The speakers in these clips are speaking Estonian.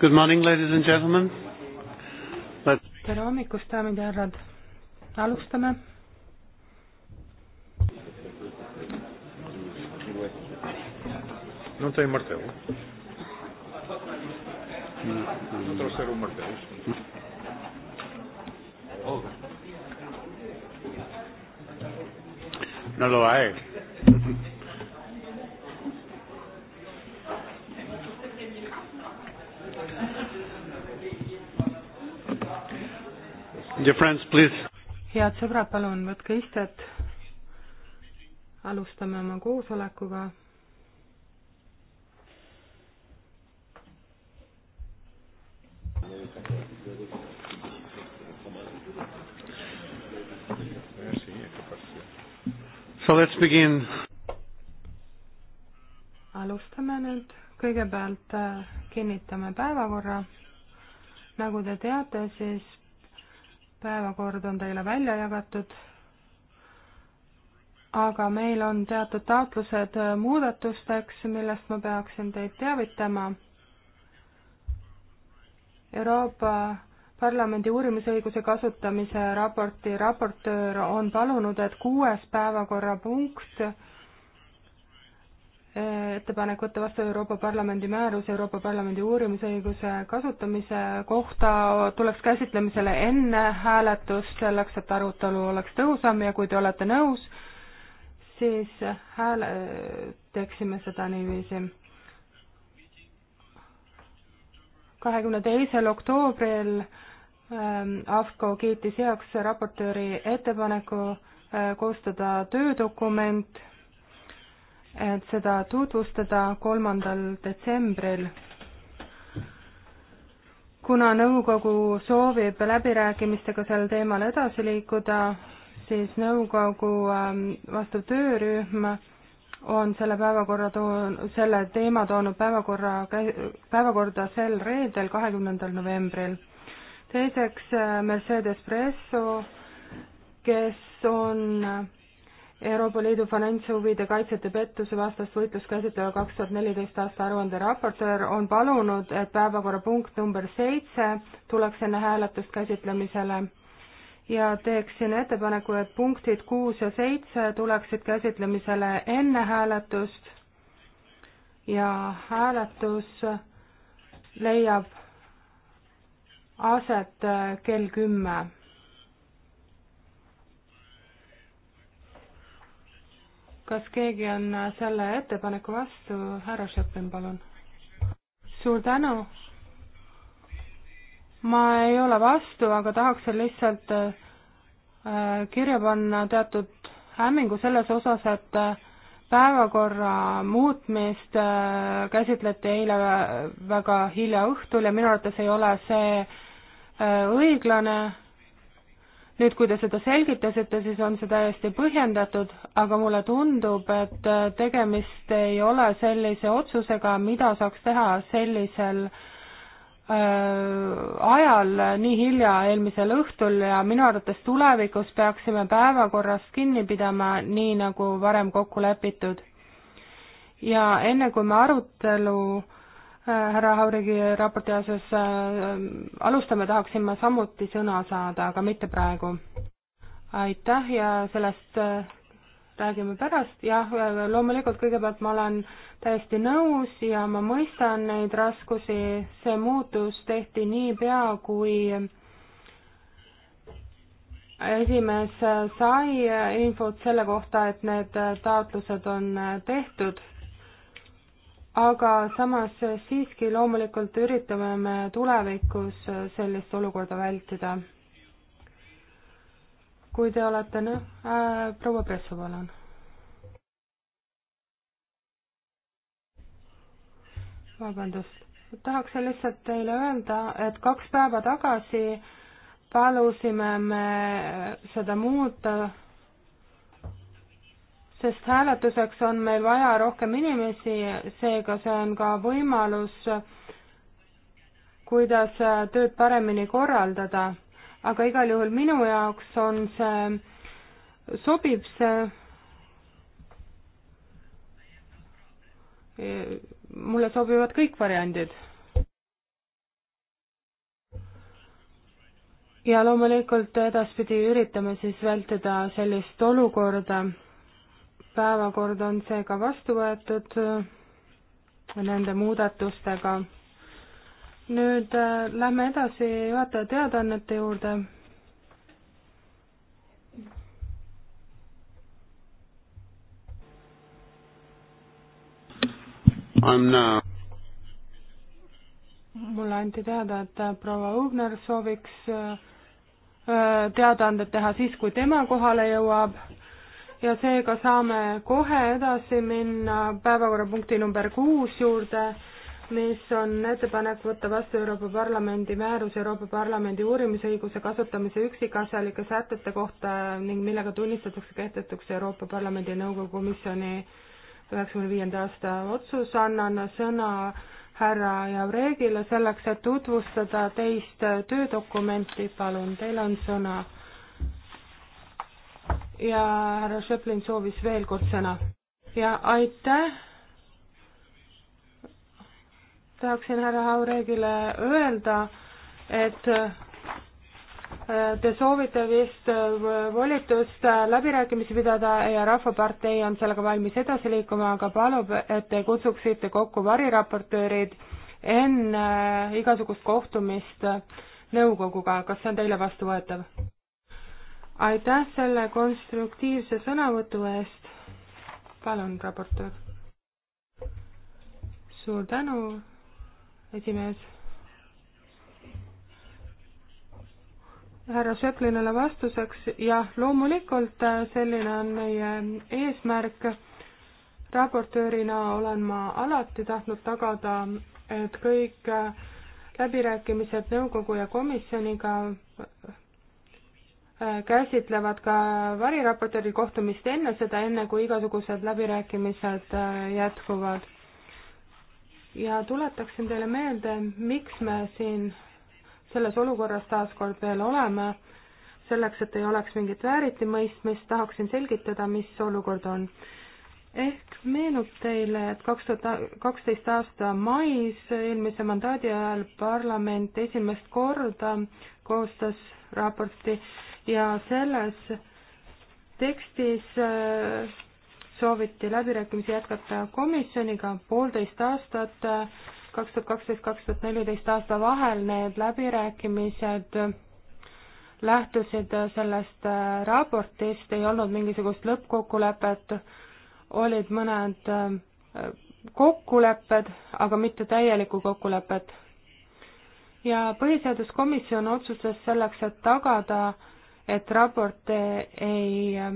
Good morning, ladies and gentlemen. Let's... tere hommikust, daamid ja härrad. alustame. no tõi Marteu mm.. otro ser un Marteu mm.. No lo hay. Dear friends, please. head sõbrad, palun võtke istet. alustame oma koosolekuga. So let's begin. alustame nüüd, kõigepealt äh, kinnitame päevakorra. nagu te teate, siis päevakord on teile välja jagatud, aga meil on teatud taotlused muudatusteks, millest ma peaksin teid teavitama. Euroopa Parlamendi uurimisõiguse kasutamise raporti raportöör on palunud, et kuues päevakorrapunkt ettepanekute vastu Euroopa Parlamendi määrus Euroopa Parlamendi uurimisõiguse kasutamise kohta tuleks käsitlemisele enne hääletust, selleks et arutelu oleks tõhusam ja kui te olete nõus, siis hääle, teeksime seda niiviisi. kahekümne teisel oktoobril ähm, AFCO kiitis heaks raportööri ettepaneku äh, koostada töödokument et seda tutvustada kolmandal detsembril. kuna nõukogu soovib läbirääkimistega sel teemal edasi liikuda, siis nõukogu ähm, vastav töörühm on selle päevakorra too-, selle teema toonud päevakorra, päevakorda sel reedel, kahekümnendal novembril. teiseks äh, Mercedes Presso, kes on Euroopa Liidu finantshuvide kaitsjate pettuse vastast võitlust käsitleva kaks tuhat neliteist aasta aruande raportöör on palunud, et päevakorrapunkt number seitse tuleks enne hääletust käsitlemisele ja teeksin ettepaneku, et punktid kuus ja seitse tuleksid käsitlemisele enne hääletust ja hääletus leiab aset kell kümme kas keegi on selle ettepaneku vastu? härra Šepin, palun. suur tänu. ma ei ole vastu, aga tahaksin lihtsalt äh, kirja panna teatud hämmingu selles osas, et äh, päevakorra muutmist äh, käsitleti eile väga hilja õhtul ja minu arvates ei ole see õiglane nüüd, kui te seda selgitasite, siis on see täiesti põhjendatud, aga mulle tundub, et äh, tegemist ei ole sellise otsusega, mida saaks teha sellisel äh, ajal, nii hilja eelmisel õhtul ja minu arvates tulevikus peaksime päevakorrast kinni pidama, nii nagu varem kokku lepitud. ja enne, kui me arutelu äh, härra Hauregi raporti osas äh, alustame, tahaksin ma samuti sõna saada, aga mitte praegu. aitäh ja sellest äh, räägime pärast, jah, äh, loomulikult kõigepealt ma olen täiesti nõus ja ma mõistan neid raskusi, see muutus tehti niipea, kui esimees sai infot selle kohta, et need taotlused on tehtud aga samas siiski loomulikult üritame me tulevikus sellist olukorda vältida. kui te olete nõ- äh,, proua Pressu, palun. vabandust, tahaksin lihtsalt teile öelda, et kaks päeva tagasi palusime me seda muuta sest hääletuseks on meil vaja rohkem inimesi, seega see on ka võimalus, kuidas tööd paremini korraldada. aga igal juhul minu jaoks on see, sobib see, mulle sobivad kõik variandid. ja loomulikult edaspidi üritame siis vältida sellist olukorda päevakord on seega vastu võetud nende muudatustega. nüüd äh, lähme edasi juhataja teadaannete juurde. mulle anti teada, et äh, proua Ugner sooviks äh, teadaanded teha siis, kui tema kohale jõuab ja seega saame kohe edasi minna päevakorrapunkti number kuus juurde, mis on ettepanek võtta vastu Euroopa Parlamendi määrus Euroopa Parlamendi uurimisõiguse kasutamise üksikasjalike sätete kohta ning millega tunnistatakse kehtetuks Euroopa Parlamendi ja Nõukogu Komisjoni üheksakümne viienda aasta otsus, annan sõna härra Javregile selleks, et tutvustada teist töödokumenti, palun, teil on sõna ja härra Šeplin soovis veel kord sõna. ja aitäh. tahaksin härra Hauregile öelda, et äh, Te soovite vist äh, volitust äh, läbirääkimisi pidada ja Rahvapartei on sellega valmis edasi liikuma, aga palub, et te kutsuksite kokku variraportöörid enne igasugust kohtumist nõukoguga, kas see on teile vastuvõetav? aitäh selle konstruktiivse sõnavõtu eest. palun, raportöör. suur tänu, esimees. härra Šeplinile vastuseks, jah, loomulikult äh, selline on meie eesmärk. raportöörina olen ma alati tahtnud tagada, et kõik äh, läbirääkimised nõukogu ja komisjoniga Äh, käsitlevad ka variraportööri kohtumist enne seda, enne kui igasugused läbirääkimised äh, jätkuvad. ja tuletaksin teile meelde, miks me siin selles olukorras taaskord veel oleme. selleks, et ei oleks mingit vääritimõistmist, tahaksin selgitada, mis olukord on. ehk meenub teile, et kaks tuhat kaksteist aasta mais eelmise mandaadi ajal parlament esimest korda koostas raporti ja selles tekstis äh, sooviti läbirääkimisi jätkata komisjoniga poolteist aastat, äh, kaks tuhat kaksteist, kaks tuhat neliteist aasta vahel need läbirääkimised lähtusid sellest äh, raportist, ei olnud mingisugust lõppkokkulepet, olid mõned kokkulepped, aga mitte täielikku kokkulepet. ja põhiseaduskomisjon otsustas selleks, et tagada et raport ei äh,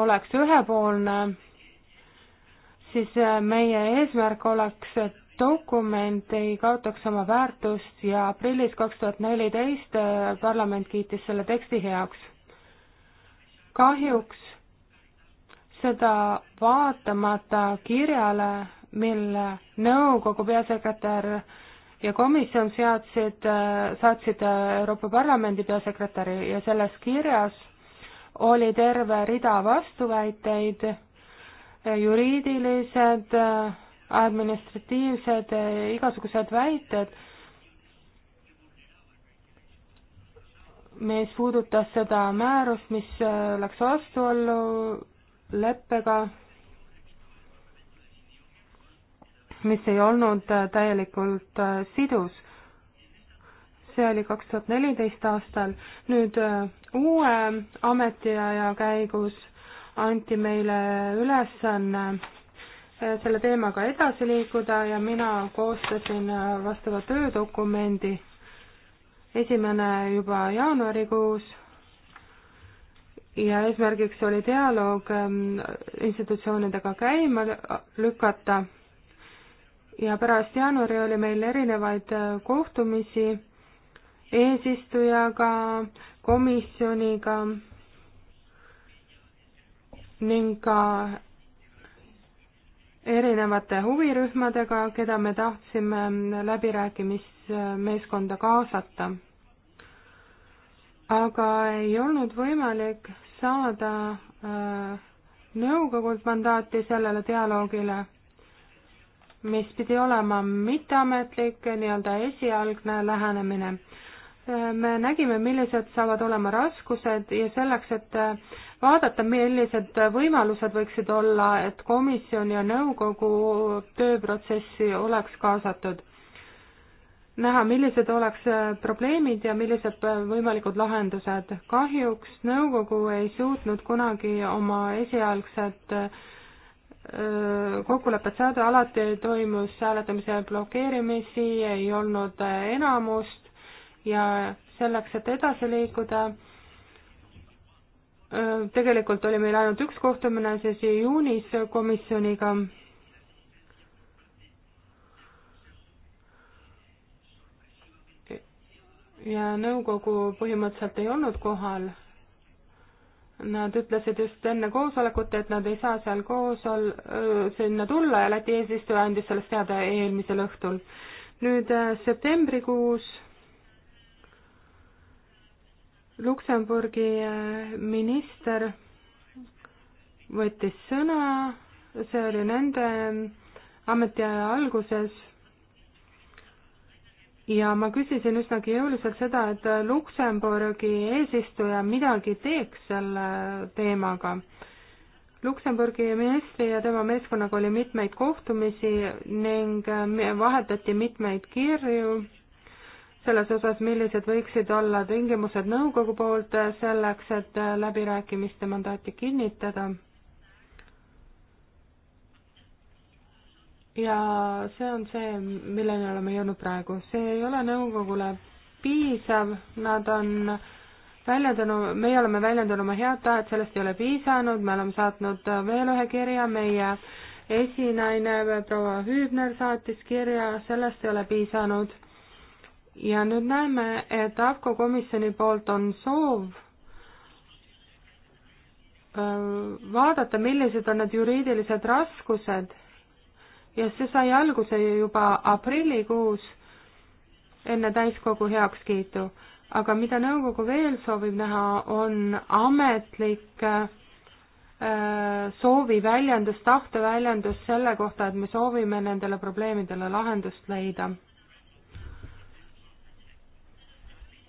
oleks ühepoolne, siis äh, meie eesmärk oleks, et dokument ei kaotaks oma väärtust ja aprillis kaks tuhat neliteist äh, parlament kiitis selle teksti heaks. kahjuks seda vaatamata kirjale, mille nõukogu peasekretär ja komisjon seadsid, saatsid Euroopa Parlamendi peasekretäri ja selles kirjas oli terve rida vastuväiteid, juriidilised, administratiivsed, igasugused väited, mis puudutas seda määrust, mis läks vastuollu leppega mis ei olnud äh, täielikult äh, sidus. see oli kaks tuhat neliteist aastal, nüüd äh, uue ametiaja käigus anti meile ülesanne selle teemaga edasi liikuda ja mina koostasin vastava töödokumendi. esimene juba jaanuarikuus ja eesmärgiks oli dialoog ähm, institutsioonidega käima lükata ja pärast jaanuari oli meil erinevaid äh, kohtumisi eesistujaga, komisjoniga ning ka erinevate huvirühmadega, keda me tahtsime läbirääkimismeeskonda kaasata. aga ei olnud võimalik saada äh, nõukogult mandaati sellele dialoogile mis pidi olema mitteametlik, nii-öelda esialgne lähenemine. me nägime, millised saavad olema raskused ja selleks, et vaadata, millised võimalused võiksid olla, et komisjon ja nõukogu tööprotsessi oleks kaasatud. näha, millised oleks probleemid ja millised võimalikud lahendused. kahjuks nõukogu ei suutnud kunagi oma esialgset kokkulepet saada, alati toimus hääletamise blokeerimisi, ei olnud äh, enamust ja selleks, et edasi liikuda, tegelikult oli meil ainult üks kohtumine, siis juunis komisjoniga. ja nõukogu põhimõtteliselt ei olnud kohal Nad ütlesid just enne koosolekut, et nad ei saa seal koosol-, sinna tulla ja Läti eesistuja andis sellest teada eelmisel õhtul. nüüd äh, septembrikuus Luksemburgi äh, minister võttis sõna, see oli nende ähm, ametiaja alguses ja ma küsisin üsnagi jõuliselt seda, et Luksemburgi eesistuja midagi teeks selle teemaga. Luksemburgi ministri ja tema meeskonnaga oli mitmeid kohtumisi ning vahetati mitmeid kirju selles osas, millised võiksid olla tingimused nõukogu poolt selleks, et läbirääkimiste mandaati kinnitada ja see on see, milleni oleme jõudnud praegu. see ei ole nõukogule piisav, nad on väljendanud, meie oleme väljendanud oma head tahet, sellest ei ole piisanud, me oleme saatnud veel ühe kirja, meie esinaine proua Hüübner saatis kirja, sellest ei ole piisanud. ja nüüd näeme, et AFCO komisjoni poolt on soov äh, vaadata, millised on need juriidilised raskused ja see sai alguse juba aprillikuus enne täiskogu heakskiitu. aga mida nõukogu veel soovib näha, on ametlik äh, soovi väljendus, tahte väljendus selle kohta, et me soovime nendele probleemidele lahendust leida.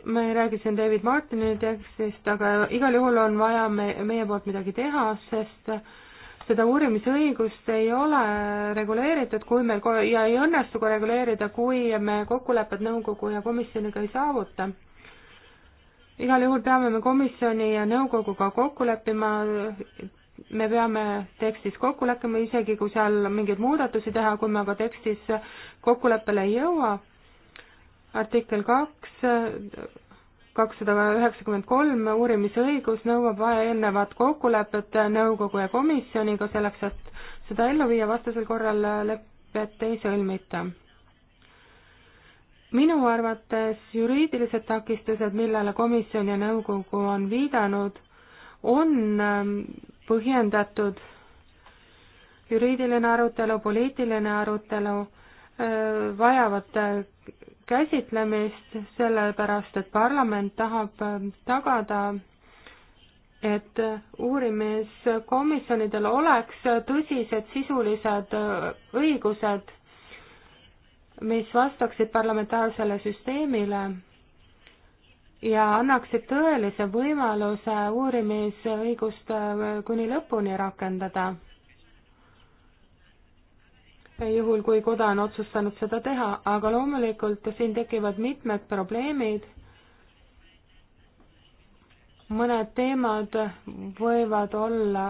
ma ei räägi siin David Martini tekstist, aga igal juhul on vaja me, meie poolt midagi teha, sest äh, seda uurimisõigust ei ole reguleeritud, kui meil ja ei õnnestu ka reguleerida, kui me kokkulepet nõukogu ja komisjoniga ei saavuta. igal juhul peame me komisjoni ja nõukoguga kokku leppima, me peame tekstis kokku leppima, isegi kui seal mingeid muudatusi teha, kui me aga tekstis kokkuleppele ei jõua, artikkel kaks kakssada üheksakümmend kolm uurimisõigus nõuab vaja eelnevat kokkulepet nõukogu ja komisjoniga selleks, et seda ellu viia, vastasel korral lepet ei sõlmita. minu arvates juriidilised takistused, millele komisjon ja nõukogu on viidanud, on ähm, põhjendatud juriidiline arutelu, poliitiline arutelu äh, vajavad äh, käsitlemist, sellepärast et parlament tahab ähm, tagada, et uurimiskomisjonidel oleks tõsised sisulised äh, õigused, mis vastaksid parlamentaarsele süsteemile ja annaksid tõelise võimaluse uurimisõigust äh, kuni lõpuni rakendada juhul kui koda on otsustanud seda teha, aga loomulikult siin tekivad mitmed probleemid. mõned teemad võivad olla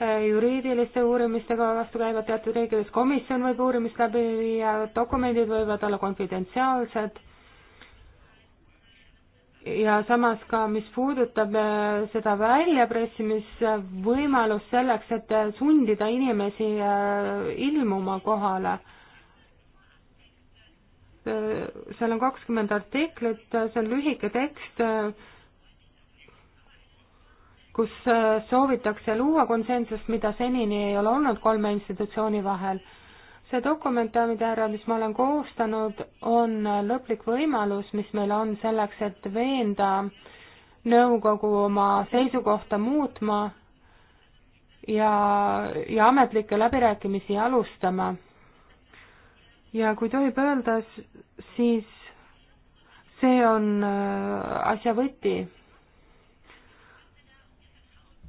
eh, juriidiliste uurimistega vastu käivad teatud riikides, komisjon võib uurimist läbi viia, dokumendid võivad olla konfidentsiaalsed ja samas ka, mis puudutab äh, seda väljapressimisvõimalust selleks, et äh, sundida inimesi äh, ilmuma kohale. seal on kakskümmend artiklit, see on lühike tekst, kus soovitakse luua konsensust, mida senini ei ole olnud kolme institutsiooni vahel see dokument, daamid ja härrad, mis ma olen koostanud, on lõplik võimalus, mis meil on selleks, et veenda nõukogu oma seisukohta muutma ja, ja ametlikke läbirääkimisi alustama. ja kui tohib öelda, siis see on äh, asja võti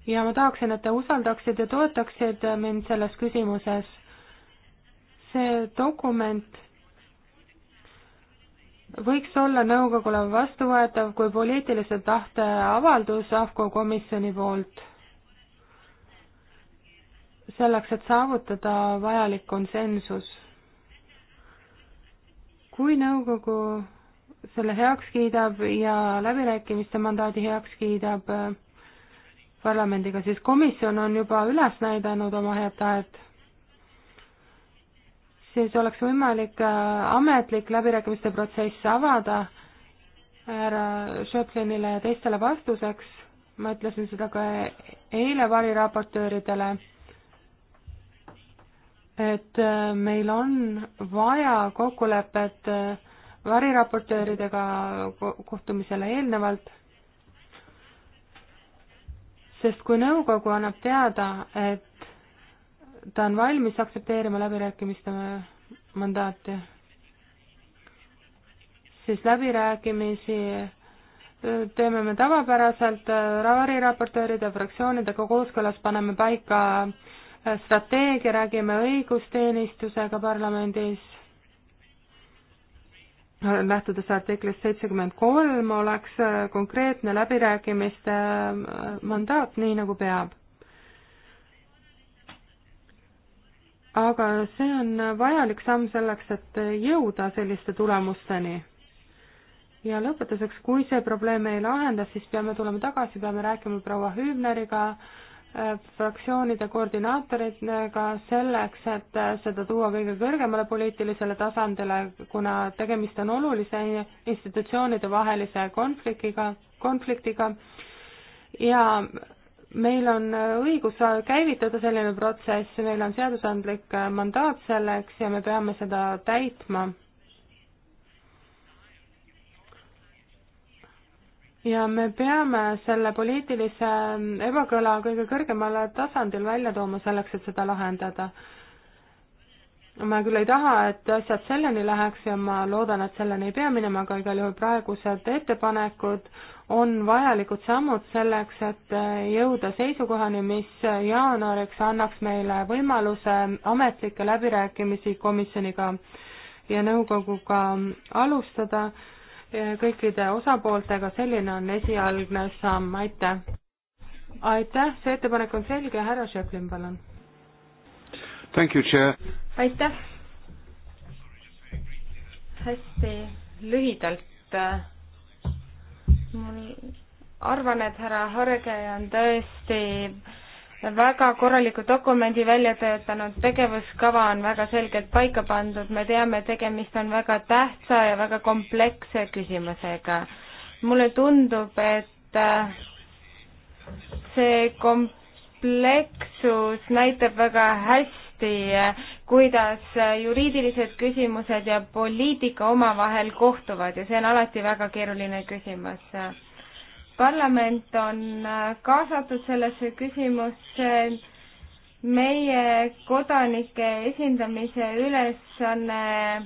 ja ma tahaksin, et te usaldaksite ja toetaksite mind selles küsimuses see dokument võiks olla nõukogule vastuvõetav kui poliitilise tahte avaldus AFCO komisjoni poolt selleks, et saavutada vajalik konsensus. kui nõukogu selle heaks kiidab ja läbirääkimiste mandaadi heaks kiidab eh, parlamendiga, siis komisjon on juba üles näidanud oma head tahet siis oleks võimalik äh, ametlik läbirääkimiste protsess avada härra Schöpflinile ja teistele vastuseks, ma ütlesin seda ka eile variraportööridele, et äh, meil on vaja kokkulepet äh, variraportööridega kohtumisele eelnevalt, sest kui nõukogu annab teada, et ta on valmis aktsepteerima läbirääkimiste mandaati, siis läbirääkimisi teeme me tavapäraselt ravariraportööride fraktsioonidega kooskõlas, paneme paika strateegia, räägime õigusteenistusega parlamendis, lähtudes artiklist seitsekümmend kolm, oleks konkreetne läbirääkimiste mandaat, nii nagu peab aga see on vajalik samm selleks, et jõuda selliste tulemusteni. ja lõpetuseks, kui see probleem ei lahenda, siis peame tulema tagasi, peame rääkima proua Hübneriga, äh, fraktsioonide koordinaatoritega selleks, et äh, seda tuua kõige kõrgemale poliitilisele tasandile, kuna tegemist on olulise institutsioonide vahelise konfliktiga, konfliktiga ja meil on äh, õigus käivitada selline protsess, meil on seadusandlik äh, mandaat selleks ja me peame seda täitma. ja me peame selle poliitilise ähm, ebakõla kõige kõrgemale tasandil välja tooma selleks, et seda lahendada. ma küll ei taha, et asjad selleni läheks ja ma loodan, et selleni ei pea minema, aga igal juhul praegused ettepanekud on vajalikud sammud selleks, et jõuda seisukohani, mis jaanuariks annaks meile võimaluse ametlikke läbirääkimisi komisjoniga ja nõukoguga alustada kõikide osapooltega, selline on esialgne samm, aitäh. aitäh, see ettepanek on selge, härra Šeflin, palun. aitäh. hästi lühidalt äh, mul arvan, et härra Harge on tõesti väga korraliku dokumendi välja töötanud, tegevuskava on väga selgelt paika pandud, me teame, tegemist on väga tähtsa ja väga kompleksse küsimusega. mulle tundub, et äh, see kompleksus näitab väga hästi, äh, kuidas juriidilised küsimused ja poliitika omavahel kohtuvad ja see on alati väga keeruline küsimus. parlament on äh, kaasatud sellesse küsimusse, meie kodanike esindamise ülesanne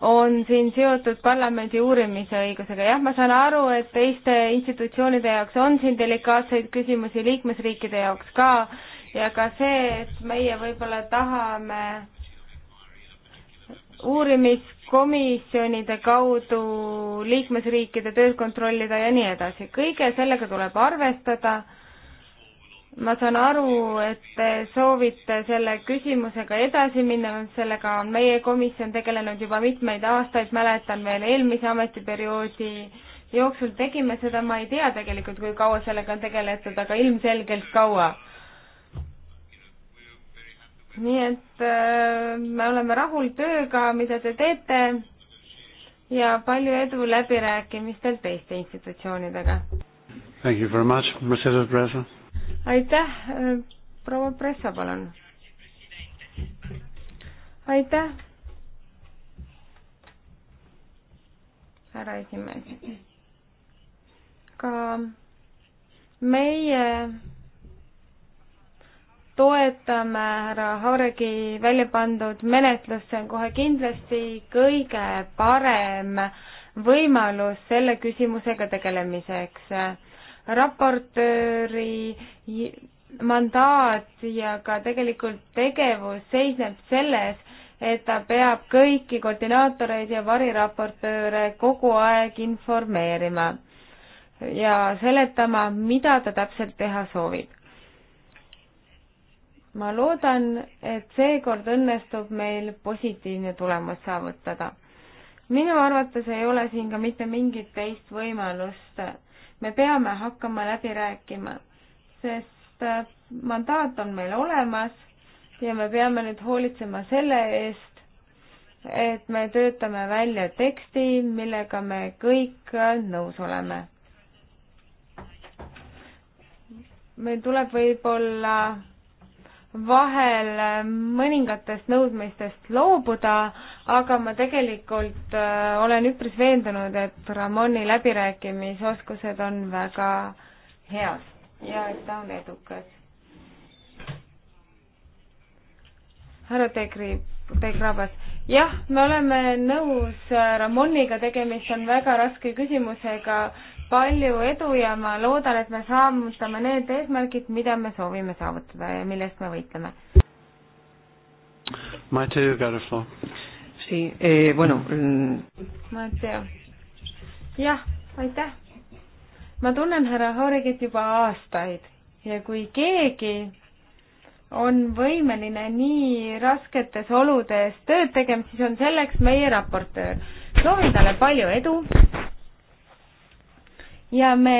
on siin seotud parlamendi uurimisõigusega. jah, ma saan aru, et teiste institutsioonide jaoks on siin delikaatseid küsimusi, liikmesriikide jaoks ka, ja ka see, et meie võib-olla tahame uurimiskomisjonide kaudu liikmesriikide tööd kontrollida ja nii edasi. kõige sellega tuleb arvestada. ma saan aru, et te soovite selle küsimusega edasi minna, sellega on meie komisjon tegelenud juba mitmeid aastaid, mäletan veel eelmise ametiperioodi jooksul tegime seda, ma ei tea tegelikult, kui kaua sellega on tegeletud, aga ilmselgelt kaua nii et äh, me oleme rahul tööga, mida te teete ja palju edu läbirääkimistel teiste institutsioonidega. Thank you very much, Mercedes Presso. aitäh, äh, proua Presso, palun. aitäh, härra esimees. ka meie toetame härra Hauregi välja pandud menetlust, see on kohe kindlasti kõige parem võimalus selle küsimusega tegelemiseks. raportööri mandaat ja ka tegelikult tegevus seisneb selles, et ta peab kõiki koordinaatoreid ja variraportööre kogu aeg informeerima ja seletama, mida ta täpselt teha soovib ma loodan, et seekord õnnestub meil positiivne tulemus saavutada. minu arvates ei ole siin ka mitte mingit teist võimalust. me peame hakkama läbi rääkima, sest äh, mandaat on meil olemas ja me peame nüüd hoolitsema selle eest, et me töötame välja teksti, millega me kõik äh, nõus oleme. meil tuleb võib-olla vahel mõningatest nõudmistest loobuda, aga ma tegelikult äh, olen üpris veendunud, et Ramoni läbirääkimisoskused on väga head ja et ta on edukas. härra Tegri, Tegrabas, jah, me oleme nõus äh, Ramoniga, tegemist on väga raske küsimusega palju edu ja ma loodan, et me saavutame need eesmärgid, mida me soovime saavutada ja mille eest me võitleme. Mateo Garofo. Sí, eh, bueno. Mm, Mateo. jah, aitäh. ma tunnen härra Horegit juba aastaid ja kui keegi on võimeline nii rasketes oludes tööd tegema, siis on selleks meie raportöör. soovin talle palju edu ja me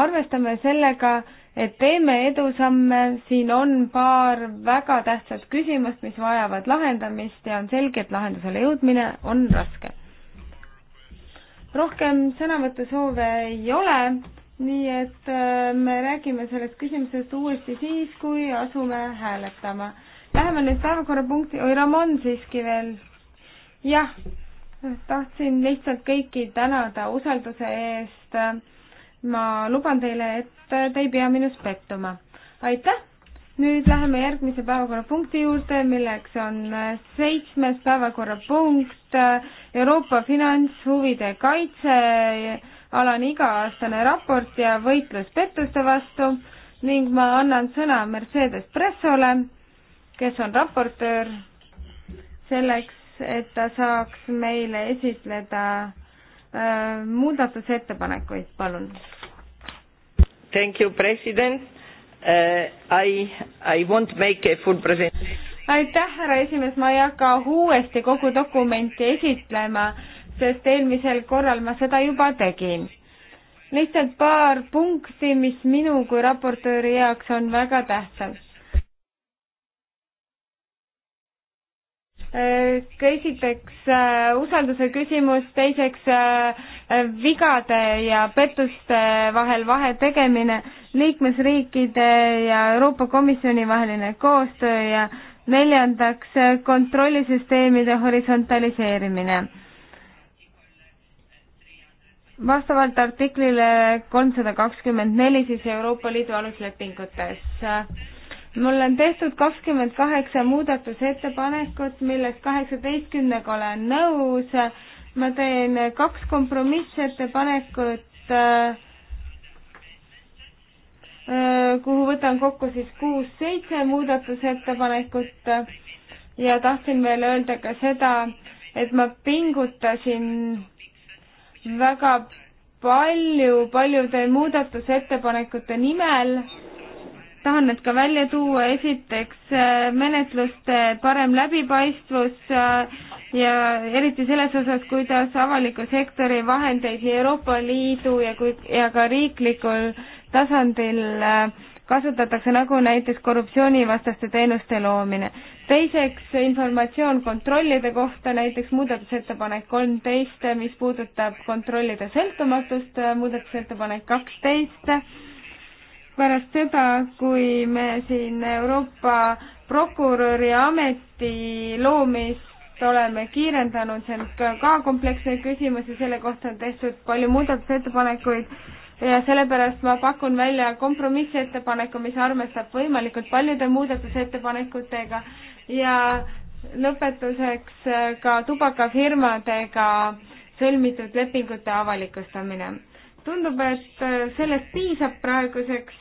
arvestame sellega, et teeme edusamme, siin on paar väga tähtsat küsimust, mis vajavad lahendamist ja on selge, et lahendusele jõudmine on raske. rohkem sõnavõtusoove ei ole, nii et äh, me räägime sellest küsimusest uuesti siis, kui asume hääletama. Läheme nüüd päevakorrapunkti, oi Ramon siiski veel. jah tahtsin lihtsalt kõiki tänada usalduse eest. ma luban teile, et te ei pea minus pettuma. aitäh! nüüd läheme järgmise päevakorrapunkti juurde, milleks on seitsmes päevakorrapunkt Euroopa finantshuvide kaitse alane iga-aastane raport ja võitlus pettuste vastu ning ma annan sõna Mercedes Pressole, kes on raportöör selleks, et ta saaks meile esitleda äh, muudatusettepanekuid, palun. Thank you, president uh,. I, I won't make a full presentation. aitäh, härra esimees, ma ei hakka uuesti kogu dokumenti esitlema, sest eelmisel korral ma seda juba tegin lihtsalt paar punkti, mis minu kui raportööri jaoks on väga tähtsad. Äh, esiteks äh, usalduse küsimus, teiseks äh, vigade ja pettuste vahel vahe tegemine, liikmesriikide ja Euroopa Komisjoni vaheline koostöö ja neljandaks kontrollisüsteemide horisontaliseerimine. vastavalt artiklile kolmsada kakskümmend neli siis Euroopa Liidu aluslepingutes mul on tehtud kakskümmend kaheksa muudatusettepanekut, millest kaheksateistkümnega olen nõus. ma teen kaks kompromissettepanekut, äh, kuhu võtan kokku siis kuus-seitse muudatusettepanekut ja tahtsin veel öelda ka seda, et ma pingutasin väga palju paljude muudatusettepanekute nimel tahan need ka välja tuua, esiteks äh, menetluste parem läbipaistvus äh, ja eriti selles osas, kuidas avaliku sektori vahendeid nii Euroopa Liidu ja kui, ja ka riiklikul tasandil äh, kasutatakse, nagu näiteks korruptsioonivastaste teenuste loomine. teiseks informatsioon kontrollide kohta, näiteks muudatusettepanek kolmteist, mis puudutab kontrollide sõltumatust, muudatusettepanek kaksteist pärast seda, kui me siin Euroopa prokuröri ameti loomist oleme kiirendanud, see on ka kompleksne küsimus ja selle kohta on tehtud palju muudatusettepanekuid ja sellepärast ma pakun välja kompromissettepaneku, mis arvestab võimalikult paljude muudatusettepanekutega ja lõpetuseks ka tubakafirmadega sõlmitud lepingute avalikustamine. tundub, et sellest piisab praeguseks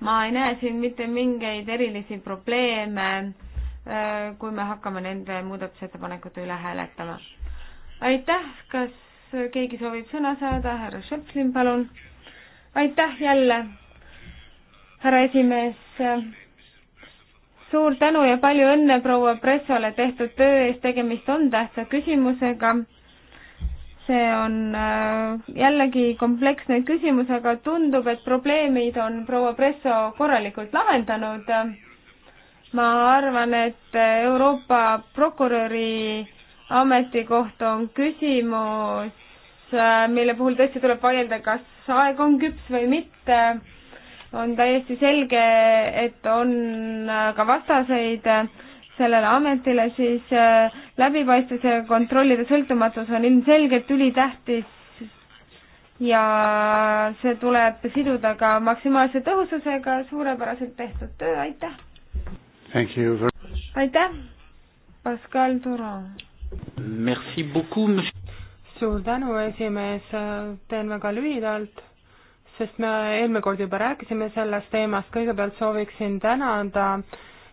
ma ei näe siin mitte mingeid erilisi probleeme, äh, kui me hakkame nende muudatusettepanekute üle hääletama. aitäh, kas keegi soovib sõna saada, härra Šõplin, palun. aitäh jälle, härra esimees. suur tänu ja palju õnne proua Pressole tehtud töö eest, tegemist on tähtsa küsimusega see on äh, jällegi kompleksne küsimus, aga tundub, et probleemid on proua Presso korralikult lahendanud. ma arvan, et Euroopa prokuröri ametikoht on küsimus, äh, mille puhul tõesti tuleb vaielda, kas aeg on küps või mitte. on täiesti selge, et on äh, ka vastaseid sellele ametile, siis äh, läbipaistvus ja kontrollide sõltumatus on ilmselgelt ülitähtis ja see tuleb siduda ka maksimaalse tõhususega, suurepäraselt tehtud töö, aitäh! aitäh, Pascal Durand! Merci beaucoup, monsieur. suur tänu, esimees, teen väga lühidalt, sest me eelmine kord juba rääkisime sellest teemast, kõigepealt sooviksin tänada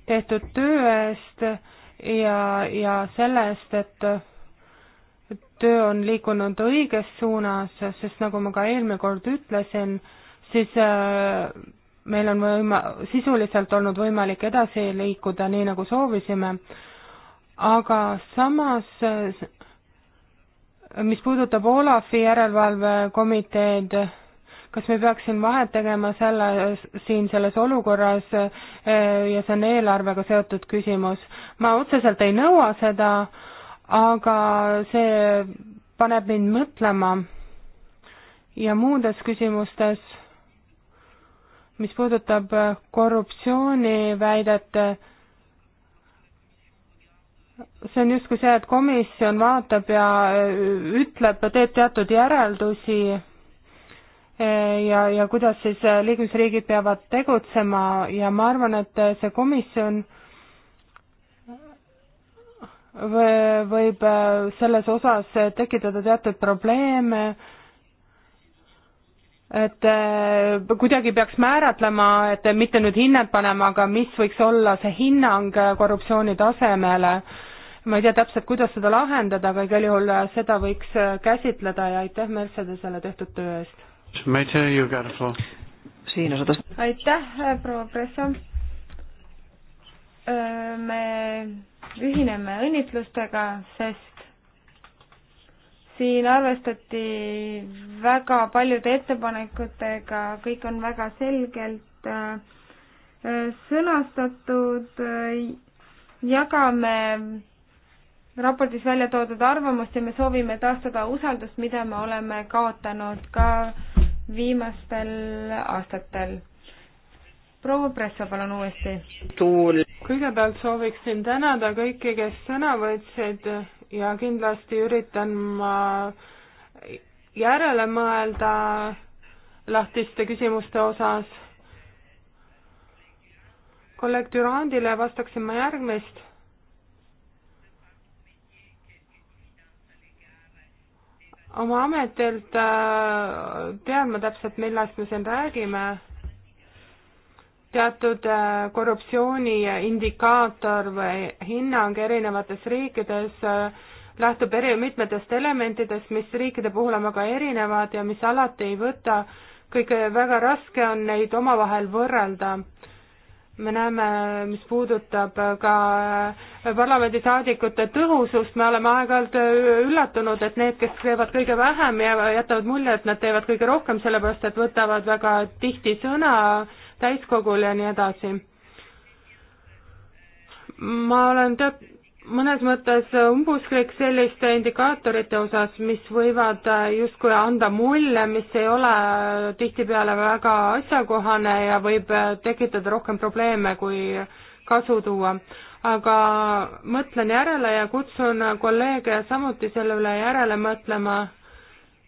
tehtud töö eest ja, ja selle eest, et töö on liikunud õiges suunas, sest nagu ma ka eelmine kord ütlesin, siis äh, meil on võima-, sisuliselt olnud võimalik edasi liikuda nii, nagu soovisime, aga samas mis puudutab Olafi järelevalvekomiteed, kas me peaks siin vahet tegema selle, siin selles olukorras eh, ja see on eelarvega seotud küsimus. ma otseselt ei nõua seda, aga see paneb mind mõtlema ja muudes küsimustes, mis puudutab korruptsiooniväidet, see on justkui see, et komisjon vaatab ja ütleb, teeb teatud järeldusi ja, ja kuidas siis äh, liikmesriigid peavad tegutsema ja ma arvan, et äh, see komisjon võib äh, selles osas tekitada teatud probleeme, et kuidagi peaks määratlema, et mitte nüüd hinnad panema, aga mis võiks olla see hinnang korruptsiooni tasemele. ma ei tea täpselt, kuidas seda lahendada, aga igal juhul seda võiks käsitleda ja aitäh Mercedesele tehtud töö eest Mete, you got the floor. Siim osatas. aitäh, äh, proua Presso. me ühineme õnnitlustega, sest siin arvestati väga paljude ettepanekutega, kõik on väga selgelt äh, äh, sõnastatud, jagame raportis välja toodud arvamust ja me soovime taastada usaldust, mida me oleme kaotanud ka äh, viimastel aastatel. proua Presso, palun uuesti. kõigepealt sooviksin tänada kõiki, kes sõna võtsid ja kindlasti üritan ma järele mõelda lahtiste küsimuste osas. kolleeg Dürandile vastaksin ma järgmist oma ametilt äh, tean ma täpselt, millest me siin räägime. teatud äh, korruptsiooni indikaator või hinnang erinevates riikides äh, lähtub eri, mitmetest elementidest, mis riikide puhul on väga erinevad ja mis alati ei võta, kõik väga raske on neid omavahel võrrelda me näeme, mis puudutab ka parlamendisaadikute tõhusust, me oleme aeg-ajalt üllatunud, et need, kes teevad kõige vähem ja jätavad mulje, et nad teevad kõige rohkem, sellepärast et võtavad väga tihti sõna täiskogul ja nii edasi. ma olen tead-, mõnes mõttes umbusklik selliste indikaatorite osas, mis võivad äh, justkui anda mulje, mis ei ole tihtipeale väga asjakohane ja võib äh, tekitada rohkem probleeme, kui kasu tuua. aga mõtlen järele ja kutsun kolleege samuti selle üle järele mõtlema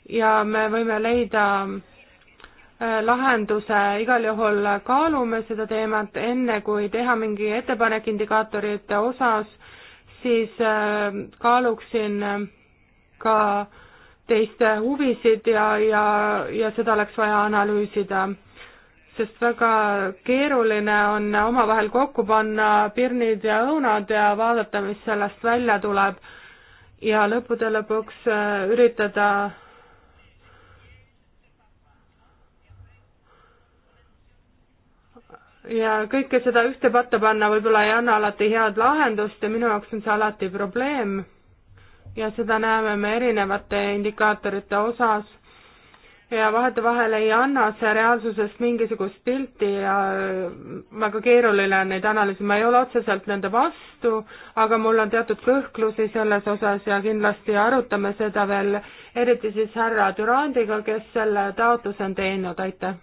ja me võime leida äh, lahenduse, igal juhul kaalume seda teemat, enne kui teha mingi ettepanek indikaatorite osas siis äh, kaaluksin äh, ka teiste äh, huvisid ja, ja, ja seda oleks vaja analüüsida. sest väga keeruline on omavahel kokku panna pirnid ja õunad ja vaadata, mis sellest välja tuleb ja lõppude lõpuks üritada ja kõike seda ühte patta panna võib-olla ei anna alati head lahendust ja minu jaoks on see alati probleem. ja seda näeme me erinevate indikaatorite osas ja vahetevahel ei anna see reaalsusest mingisugust pilti ja väga keeruline on neid analüüse, ma ei ole otseselt nende vastu, aga mul on teatud kõhklusi selles osas ja kindlasti arutame seda veel, eriti siis härra Dürandiga, kes selle taotluse on teinud, aitäh!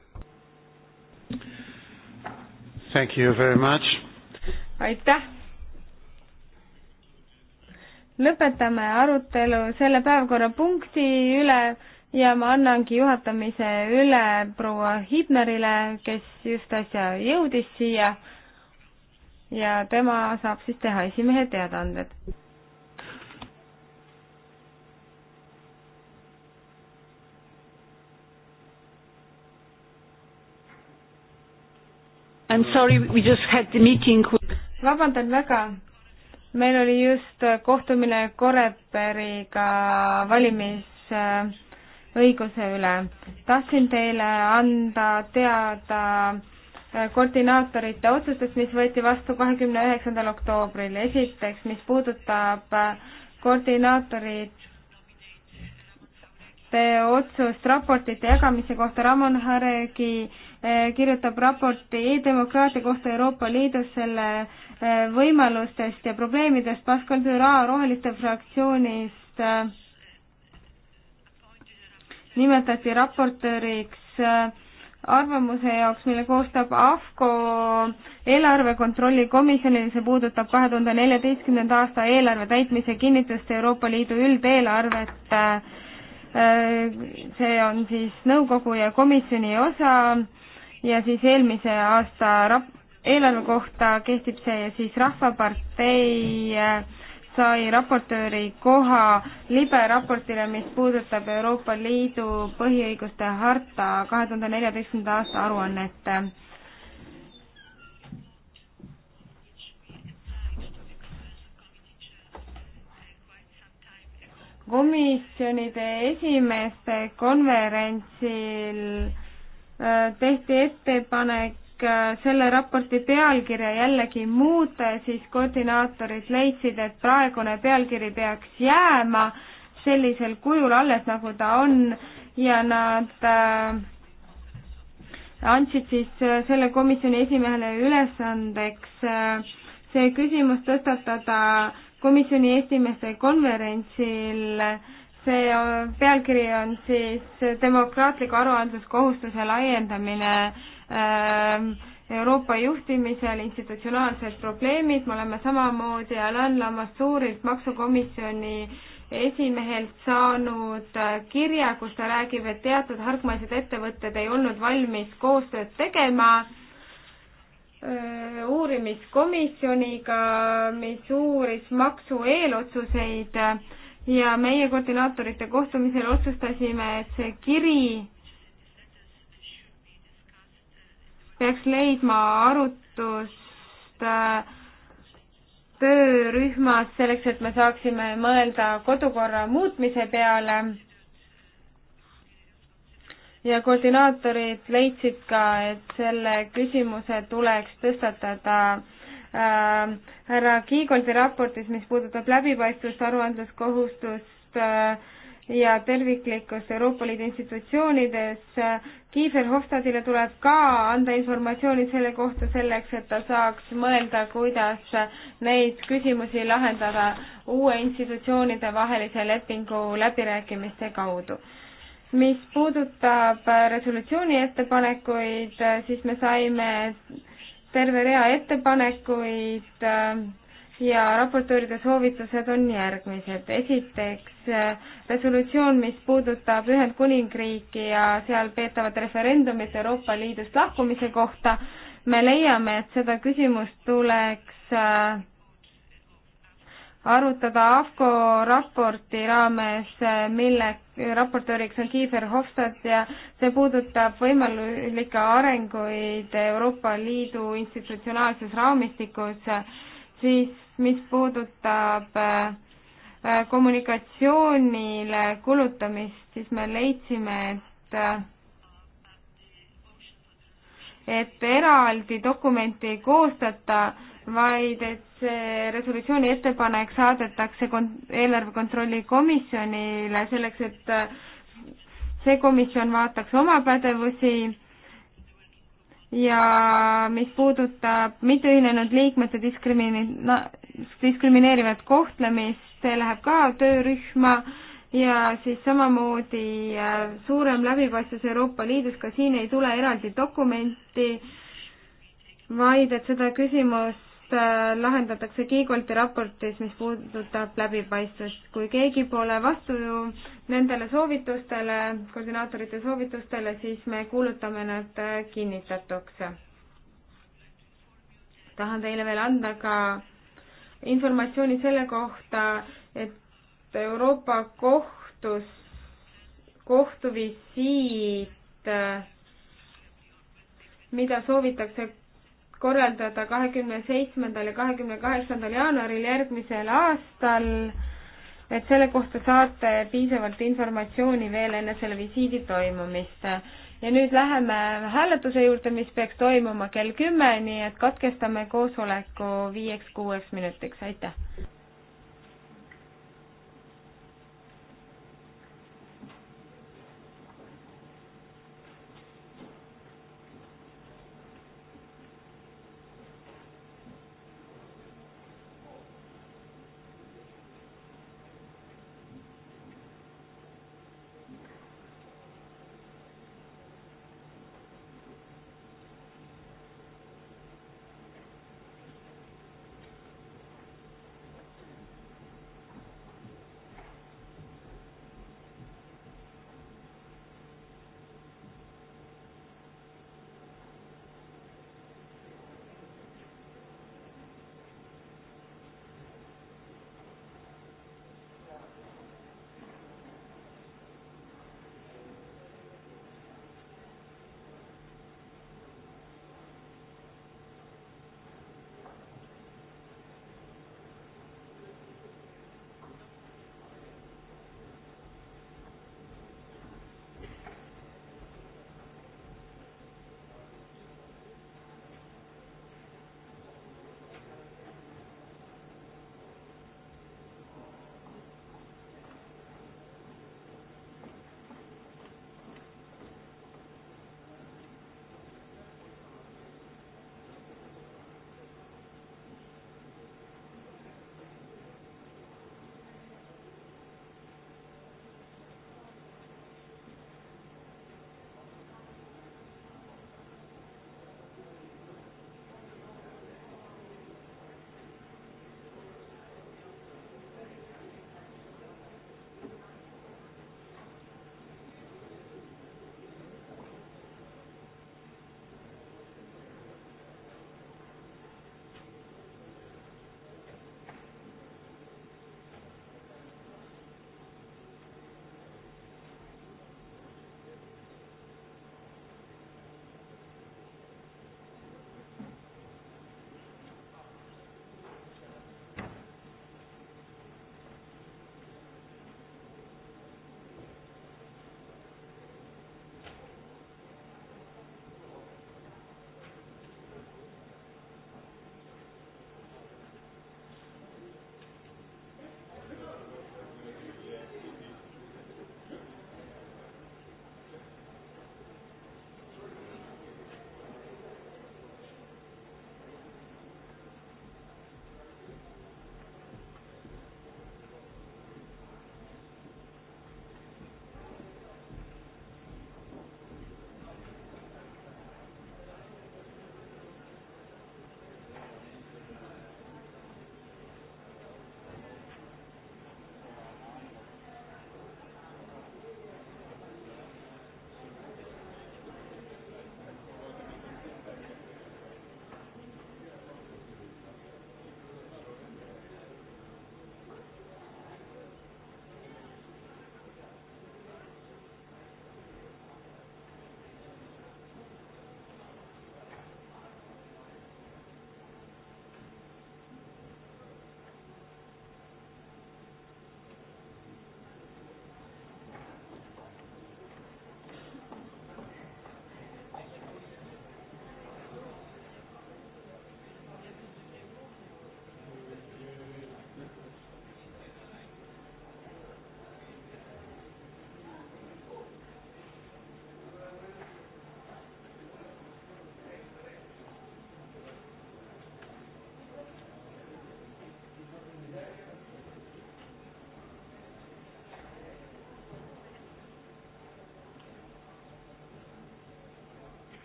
Thank you very much. aitäh. lõpetame arutelu selle päevakorrapunkti üle ja ma annangi juhatamise üle proua Hibnerile, kes just äsja jõudis siia ja tema saab siis teha esimehe teadaanded. I'm sorry, we just had the meeting. vabandan väga. meil oli just kohtumine Koreperiga valimisõiguse üle. tahtsin teile anda teada eh, koordinaatorite otsustest, mis võeti vastu kahekümne üheksandal oktoobril. esiteks, mis puudutab eh, koordinaatorit otsust raportite jagamise kohta Ramon Haregi kirjutab raporti e-demokraatia kohta Euroopa Liidus selle eh, võimalustest ja probleemidest. Pascal Düra Roheliste fraktsioonist eh, nimetati raportööriks eh, arvamuse jaoks, mille koostab AFCO eelarvekontrolli komisjonile, see puudutab kahe tuhande neljateistkümnenda aasta eelarve täitmise kinnitust Euroopa Liidu üldeelarvet äh, see on siis nõukogu ja komisjoni osa ja siis eelmise aasta rap-, eelarve kohta kehtib see ja siis Rahvapartei äh, sai raportööri koha liberaportile, mis puudutab Euroopa Liidu põhiõiguste harta kahe tuhande neljateistkümnenda aasta aruannet. komisjonide esimeeste konverentsil tehti ettepanek äh, selle raporti pealkirja jällegi muuta ja siis koordinaatorid leidsid, et praegune pealkiri peaks jääma sellisel kujul alles, nagu ta on ja nad äh, andsid siis äh, selle komisjoni esimehele ülesandeks äh, see küsimus tõstatada komisjoni esimeeste konverentsil äh, see on, äh, pealkiri on siis demokraatliku aruandluskohustuse laiendamine ähm, Euroopa juhtimisel institutsionaalsed probleemid, me oleme samamoodi Alan Lamassourilt, maksukomisjoni esimehelt saanud äh, kirja, kus ta räägib, et teatud hargmaised ettevõtted ei olnud valmis koostööd tegema äh, uurimiskomisjoniga, mis uuris maksu eelotsuseid ja meie koordinaatorite kohtumisel otsustasime, et see kiri peaks leidma arutust äh, töörühmas selleks, et me saaksime mõelda kodukorra muutmise peale. ja koordinaatorid leidsid ka, et selle küsimuse tuleks tõstatada Äh, härra Kiigoldi raportis, mis puudutab läbipaistvust, aruandluskohustust äh, ja terviklikkust Euroopa Liidu institutsioonides. Äh, Kiefer Hofstadile tuleb ka anda informatsiooni selle kohta selleks, et ta saaks mõelda, kuidas neid küsimusi lahendada uue institutsioonide vahelise lepingu läbirääkimiste kaudu mis puudutab resolutsiooni ettepanekuid, siis me saime terve rea ettepanekuid äh, ja raportööride soovitused on järgmised. esiteks äh, resolutsioon, mis puudutab Ühendkuningriiki ja seal peetavat referendumit Euroopa Liidust lahkumise kohta. me leiame, et seda küsimust tuleks äh, arutada AFCO raporti raames, mille raportööriks on Kiefer Hofstad ja see puudutab võimalikke arenguid Euroopa Liidu institutsionaalses raamistikus, siis mis puudutab äh, kommunikatsioonile kulutamist, siis me leidsime, et äh, et eraldi dokumenti ei koostata, vaid et see resolutsiooni ettepanek saadetakse kon-, eelarve kontrolli komisjonile selleks, et äh, see komisjon vaataks oma pädevusi ja mis puudutab mitteühinenud liikmete diskrimineeri-, diskrimineerivat kohtlemist, see läheb ka töörühma ja siis samamoodi äh, suurem läbipaistvus Euroopa Liidus, ka siin ei tule eraldi dokumenti, vaid et seda küsimust Äh, lahendatakse Kiigolti raportis, mis puudutab läbipaistvust. kui keegi pole vastu nendele soovitustele, koordinaatorite soovitustele, siis me kuulutame nad äh, kinnitatuks. tahan teile veel anda ka informatsiooni selle kohta, et Euroopa kohtus, kohtuvisiit, äh, mida soovitakse korraldada kahekümne seitsmendal ja kahekümne kaheksandal jaanuaril järgmisel aastal. et selle kohta saate piisavalt informatsiooni veel enne selle visiidi toimumist. ja nüüd läheme hääletuse juurde, mis peaks toimuma kell kümme, nii et katkestame koosoleku viieks-kuueks minutiks, aitäh!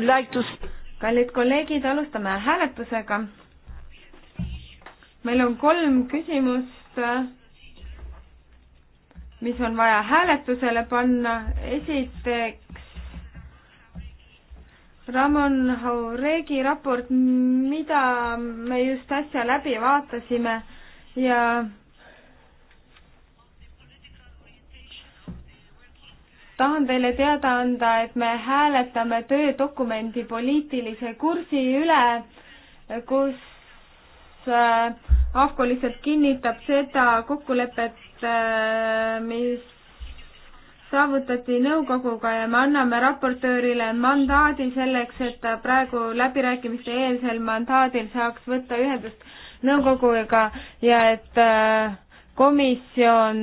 Like to... kallid kolleegid, alustame hääletusega. meil on kolm küsimust, mis on vaja hääletusele panna. esiteks Ramon Hauregi raport, mida me just äsja läbi vaatasime ja teile teada anda, et me hääletame töödokumendi poliitilise kursi üle, kus äh, AFCO lihtsalt kinnitab seda kokkulepet, äh, mis saavutati nõukoguga ja me anname raportöörile mandaadi selleks, et ta praegu läbirääkimiste eelsel mandaadil saaks võtta ühendust nõukoguga ja et äh, komisjon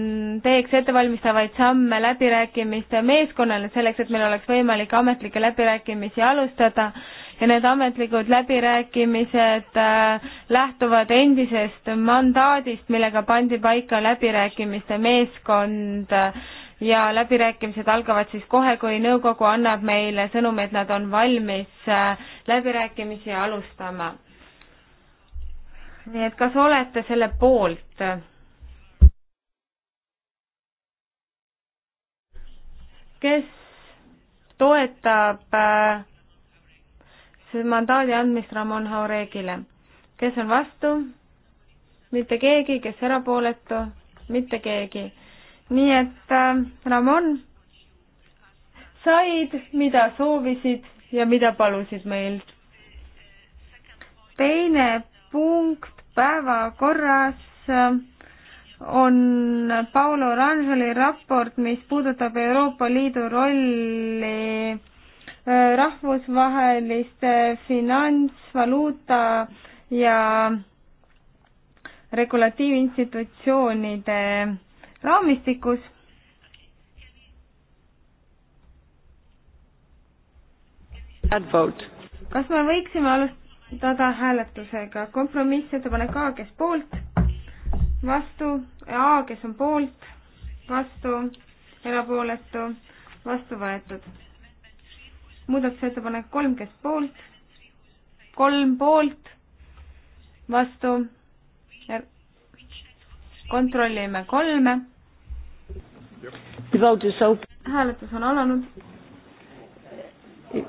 teeks ettevalmistavaid samme läbirääkimiste meeskonnale selleks, et meil oleks võimalik ametlikke läbirääkimisi alustada ja need ametlikud läbirääkimised äh, lähtuvad endisest mandaadist, millega pandi paika läbirääkimiste meeskond ja läbirääkimised algavad siis kohe, kui nõukogu annab meile sõnumi, et nad on valmis äh, läbirääkimisi alustama. nii et kas olete selle poolt? kes toetab äh, mandaadi andmist Ramon Jauregile, kes on vastu, mitte keegi, kes erapooletu, mitte keegi. nii et äh, Ramon, said, mida soovisid ja mida palusid meilt. teine punkt päevakorras äh, on Paolo Rangeli raport, mis puudutab Euroopa Liidu rolli äh, rahvusvaheliste finantsvaluuta ja regulatiivinstitutsioonide raamistikus. kas me võiksime alustada hääletusega kompromissettepanek A, kes poolt? vastu, A, kes on poolt, vastu, erapooletu, vastu võetud. muudatusettepanek kolm, kes poolt, kolm poolt, vastu, kontrollime kolme. hääletus on alanud.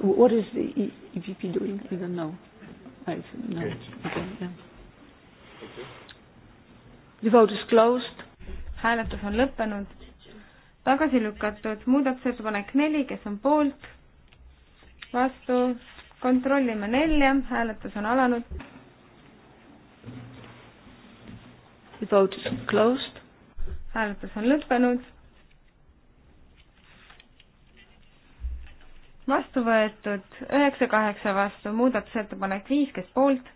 What is the EPP e doing? I don't know. I don't know. Okay, yeah. The vote is closed. hääletus on lõppenud. tagasi lükatud muudatusettepanek neli, kes on poolt, vastu, kontrollime nelja, hääletus on alanud. The vote is closed. hääletus on lõppenud. vastu võetud üheksa kaheksa vastu, muudatusettepanek viis, kes poolt,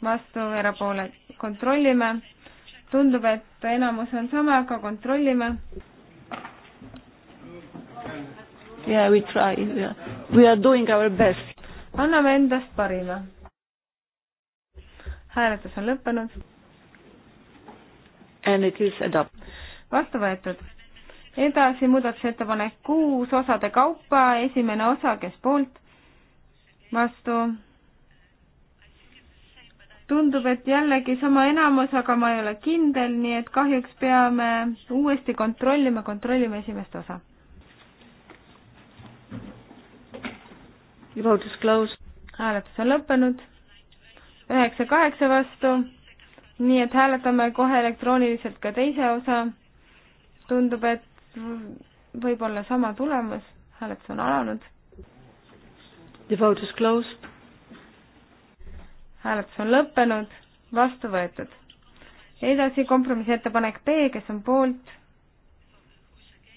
vastu, erapoole kontrollime tundub, et enamus on sama, aga kontrollime. Yeah, we try. Yeah. We are doing our best. anname endast parima. hääletus on lõppenud. And it is adopted. vastu võetud. edasi muudatusettepanek kuus osade kaupa, esimene osa, kes poolt, vastu tundub, et jällegi sama enamus, aga ma ei ole kindel, nii et kahjuks peame uuesti kontrollima, kontrollime esimest osa. hääletus on lõppenud, üheksa kaheksa vastu, nii et hääletame kohe elektrooniliselt ka teise osa. tundub, et võib olla sama tulemus, hääletus on alanud. The vote is closed hääletus on lõppenud, vastu võetud. edasi kompromissettepanek B, kes on poolt,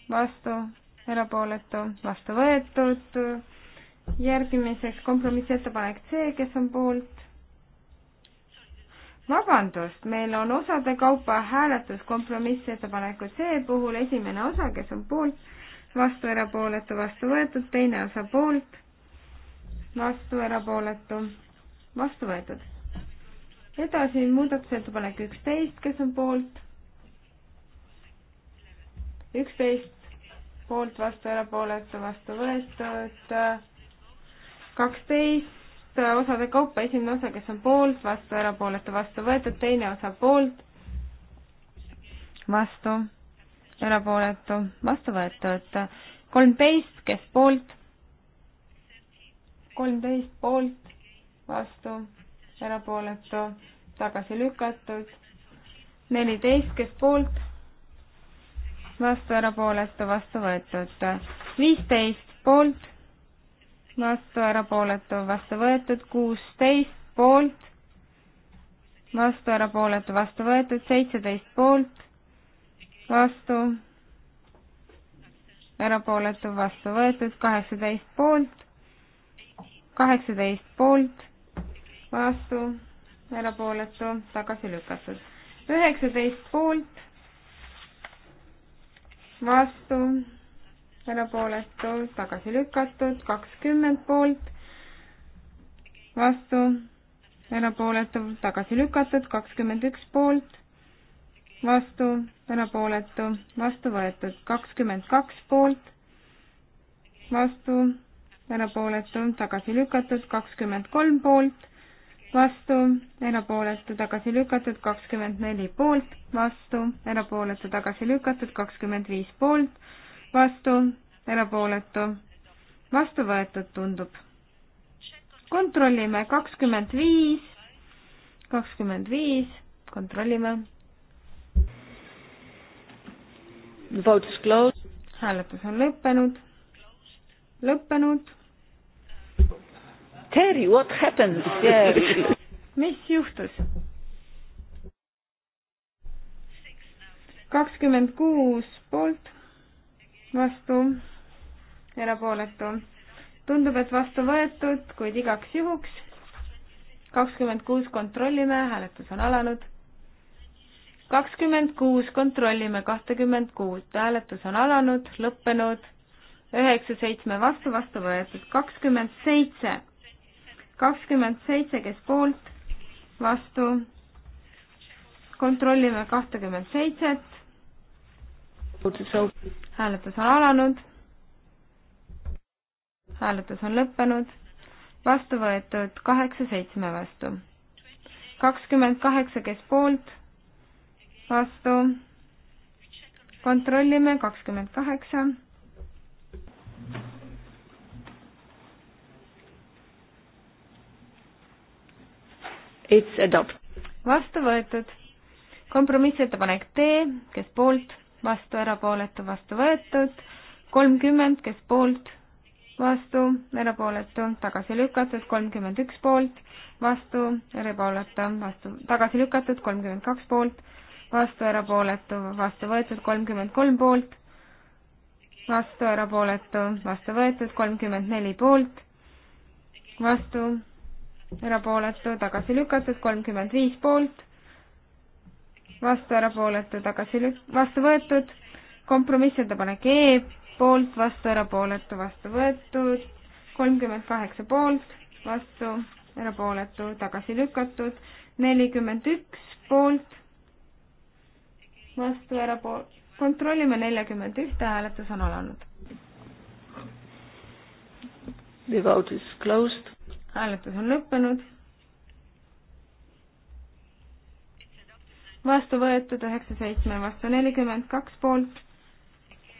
vastu, erapooletu, vastu võetud. järgimiseks kompromissettepanek C, kes on poolt, vabandust, meil on osade kaupa hääletus kompromissettepaneku C puhul, esimene osa, kes on poolt, vastu, erapooletu, vastu võetud, teine osa poolt, vastu, erapooletu, vastu võetud. edasi muudatusettepanek üksteist, kes on poolt? üksteist poolt, vastu, erapooletu, vastu võetud. kaksteist osade kaupa, esimene osa, kes on poolt, vastu, erapooletu, vastu võetud, teine osa poolt, vastu, erapooletu, vastu võetud. kolmteist, kes poolt? kolmteist poolt, vastu, erapooletu, tagasi lükatud. neliteist, kes poolt, vastu, erapooletu, vastu võetud. viisteist poolt, vastu, erapooletu, vastu võetud. kuusteist poolt, vastu, erapooletu, vastu võetud. seitseteist poolt, vastu, erapooletu, vastu võetud. kaheksateist poolt, kaheksateist poolt vastu, erapooletu, tagasi lükatud. üheksateist poolt, vastu, erapooletu, tagasi lükatud, kakskümmend poolt, vastu, erapooletu, tagasi lükatud, kakskümmend üks poolt, vastu, erapooletu, vastu võetud, kakskümmend kaks poolt, vastu, erapooletu, tagasi lükatud, kakskümmend kolm poolt, vastu, erapooletu tagasi lükatud kakskümmend neli poolt, vastu, erapooletu tagasi lükatud kakskümmend viis poolt, vastu, erapooletu, vastu võetud tundub. kontrollime kakskümmend viis, kakskümmend viis, kontrollime. hääletus on lõppenud, lõppenud Terry, what happened, Terry? mis juhtus? kakskümmend kuus poolt, vastu, erapooletu. tundub, et vastu võetud, kuid igaks juhuks. kakskümmend kuus kontrollime, hääletus on alanud. kakskümmend kuus kontrollime, kahtekümmend kuut, hääletus on alanud, lõppenud. üheksa, seitsme vastu, vastu võetud, kakskümmend seitse kakskümmend seitse, kes poolt, vastu, kontrollime kahtekümmet seitset. hääletus on alanud. hääletus on lõppenud, vastu võetud kaheksa seitsme vastu. kakskümmend kaheksa, kes poolt, vastu, kontrollime kakskümmend kaheksa. It's adopted. vastu võetud. kompromissettepanek D, kes poolt, vastu, erapooletu, vastu võetud. kolmkümmend, kes poolt, vastu, erapooletu, tagasi lükatud, kolmkümmend üks poolt, vastu, erapooletu, vastu, tagasi lükatud, kolmkümmend kaks poolt, vastu, erapooletu, vastu võetud, kolmkümmend kolm poolt, vastu, erapooletu, vastu võetud, kolmkümmend neli poolt, vastu, erapooletu, tagasi lükatud, kolmkümmend viis poolt, vastu erapooletu, tagasi lük-, vastu võetud, kompromissettepanek E, poolt, vastu erapooletu, vastu võetud, kolmkümmend kaheksa poolt, vastu erapooletu, tagasi lükatud, nelikümmend üks poolt, vastu erapool-, kontrollime neljakümmend ühte, hääletus on alanud. The vote is closed hääletus on lõppenud. vastu võetud üheksa seitsme vastu nelikümmend kaks poolt,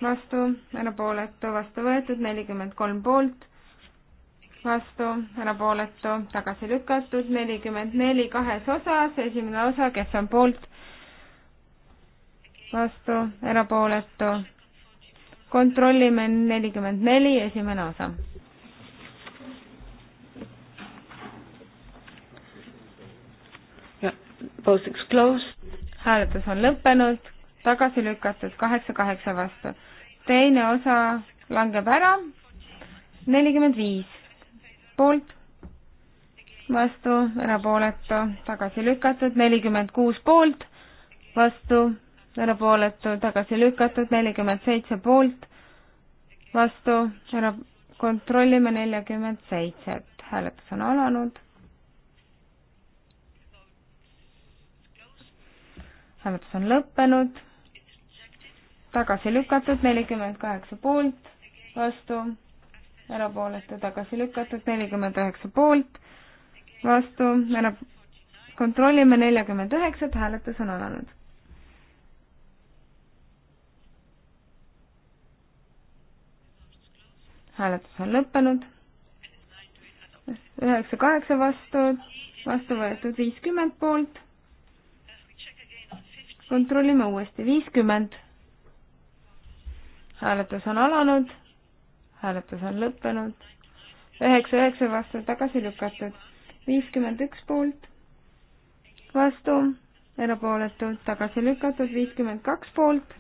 vastu erapooletu, vastu võetud nelikümmend kolm poolt, vastu erapooletu, tagasi lükatud nelikümmend neli kahes osas, esimene osa, kes on poolt, vastu erapooletu, kontrollime nelikümmend neli, esimene osa Vote is closed. hääletus on lõppenud, tagasi lükatud kaheksa kaheksa vastu. teine osa langeb ära, nelikümmend viis poolt, vastu, erapooletu, tagasi lükatud, nelikümmend kuus poolt, vastu, erapooletu, tagasi lükatud, nelikümmend seitse poolt, vastu, ära, kontrollime neljakümmend seitset, hääletus on alanud hääletus on lõppenud, tagasi lükatud, nelikümmend kaheksa poolt, vastu, erapooletu tagasi lükatud, nelikümmend üheksa poolt, vastu, ära, kontrollime neljakümmend üheksat, hääletus on alanud. hääletus on lõppenud, üheksa kaheksa vastu, vastu võetud viiskümmend poolt kontrollime uuesti, viiskümmend. hääletus on alanud, hääletus on lõppenud, üheksa, üheksa vastu tagasi lükatud, viiskümmend üks poolt, vastu, erapooletud, tagasi lükatud, viiskümmend kaks poolt,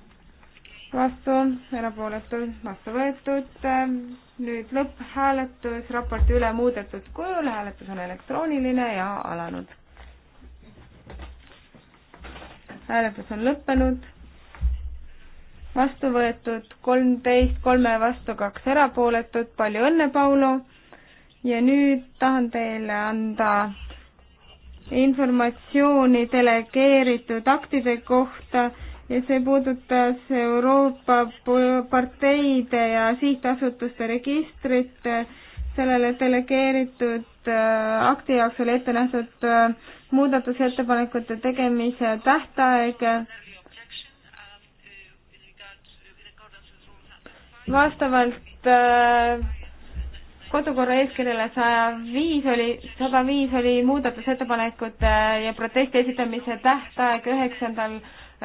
vastu, erapooletud, vastu võetud, ähm, nüüd lõpphääletus raporti üle muudetud kujul, hääletus on elektrooniline ja alanud hääletus on lõppenud. vastu võetud kolmteist, kolme vastu kaks erapooletut, palju õnne, Paulo. ja nüüd tahan teile anda informatsiooni delegeeritud aktide kohta ja see puudutas Euroopa parteide ja sihtasutuste registrit. sellele delegeeritud äh, akti jaoks oli ette nähtud äh, muudatusettepanekute tegemise tähtaeg vastavalt äh, kodukorra eeskirjale saja viis oli, sada viis oli muudatusettepanekute ja protesti esitamise tähtaeg üheksandal,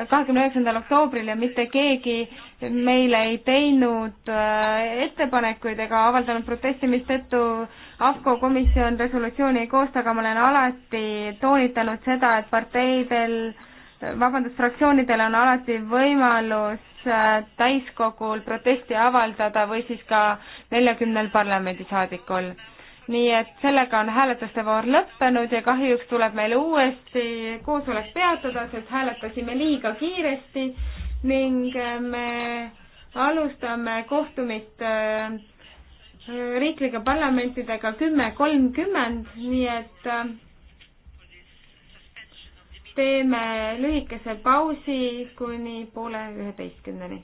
kahekümne üheksandal oktoobril ja mitte keegi meile ei teinud äh, ettepanekuid ega avaldanud protesti, mistõttu AFCO komisjon resolutsiooni ei koosta, aga ma olen alati toonitanud seda, et parteidel, vabandust, fraktsioonidel on alati võimalus äh, täiskogul protesti avaldada või siis ka neljakümnel parlamendisaadikul. nii et sellega on hääletuste voor lõppenud ja kahjuks tuleb meil uuesti koosolek peatada, sest hääletasime liiga kiiresti ning äh, me alustame kohtumist äh, riiklike parlamentidega kümme kolmkümmend, nii et äh, teeme lühikese pausi kuni poole üheteistkümneni.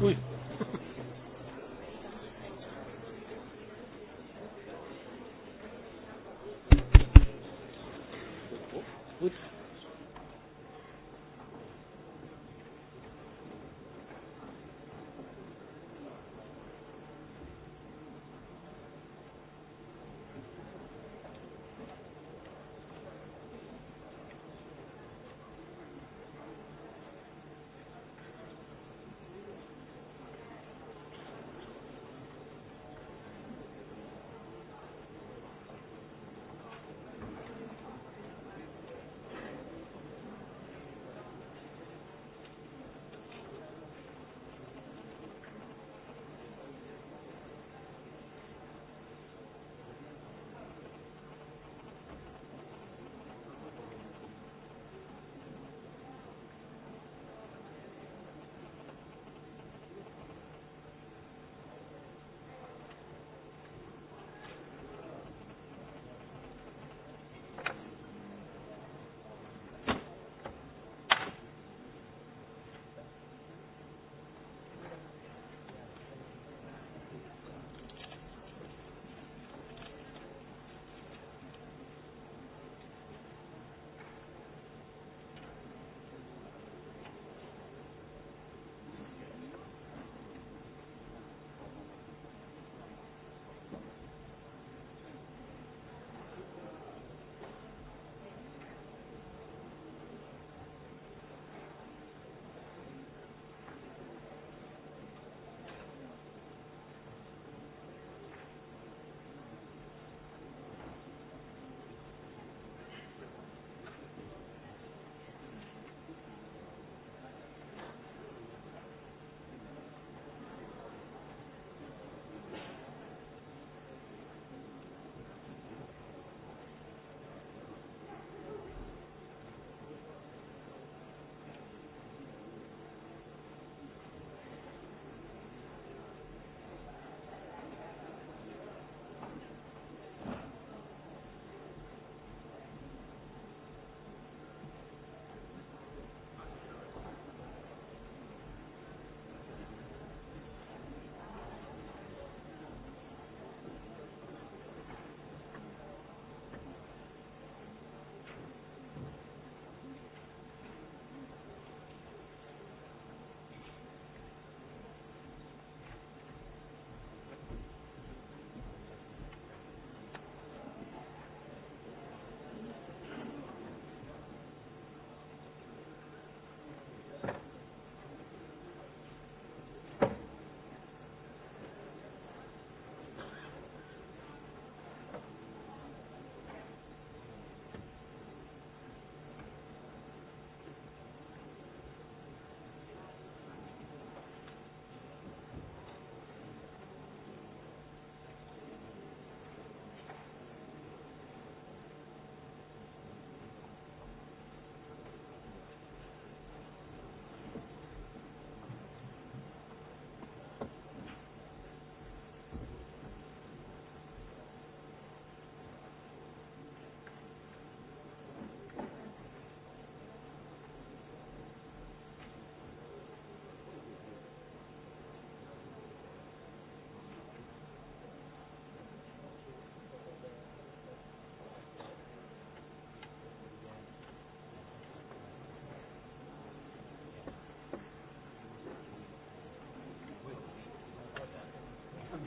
Oui.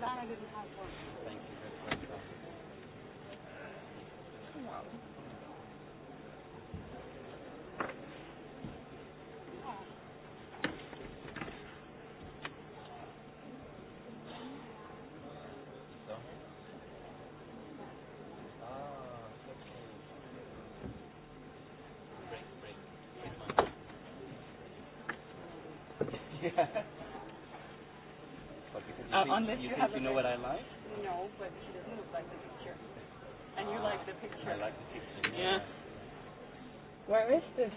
Thank you. Wow. Ah, yeah. Uh, think, unless you, you have think have you know what I like? No, but she doesn't look like the picture. And you uh, like the picture. I like the picture. Yeah. yeah. Where is this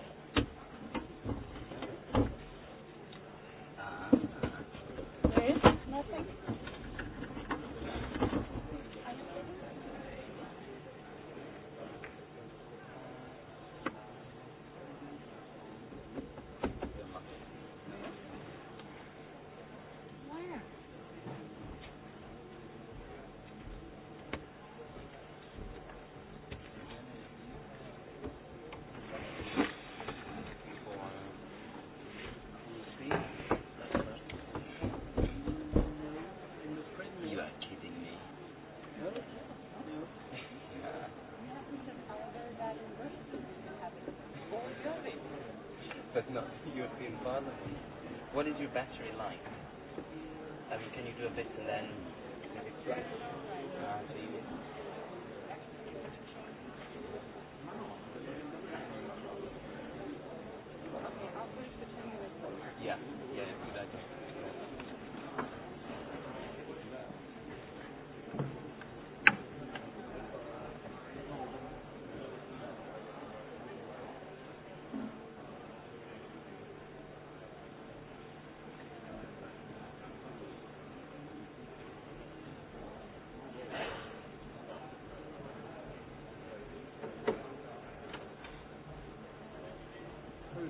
What is your battery like? I mean, can you do a bit and then maybe try?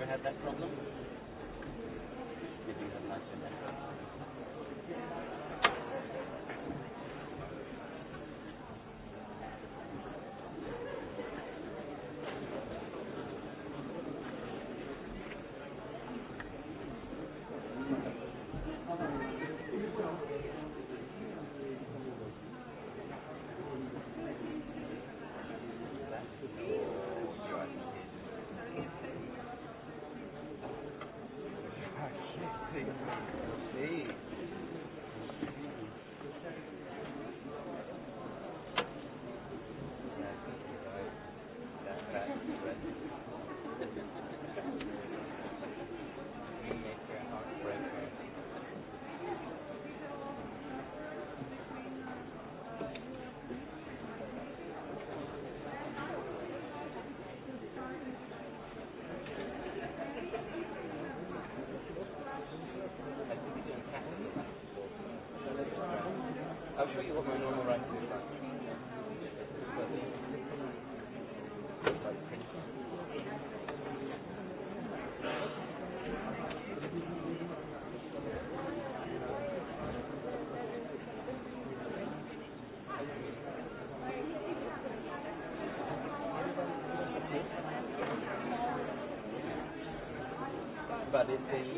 ever had that problem? I'll show you what my normal writing is like. But it's in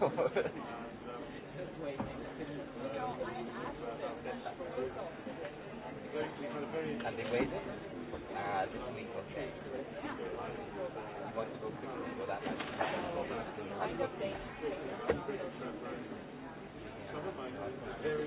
and they waited? Uh, this week, okay. You want to go quickly for that? Very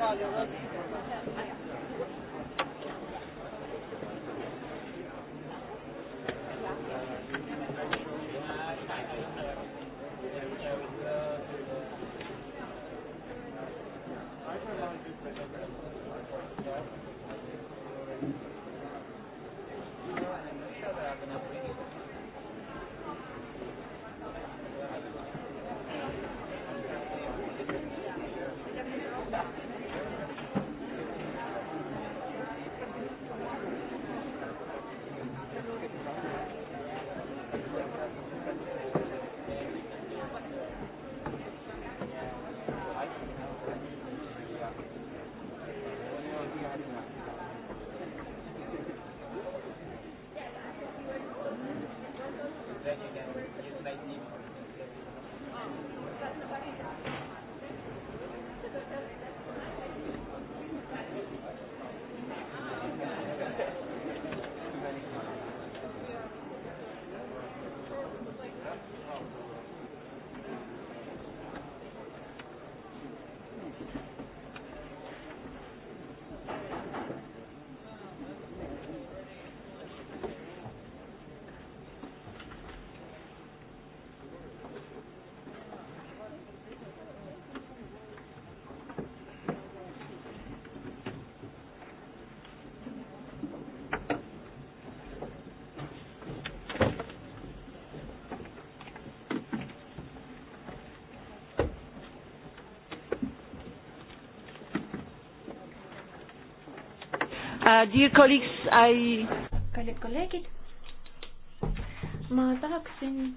Italia, uh,. Dear colleagues, I. kallid kolleegid, ma tahaksin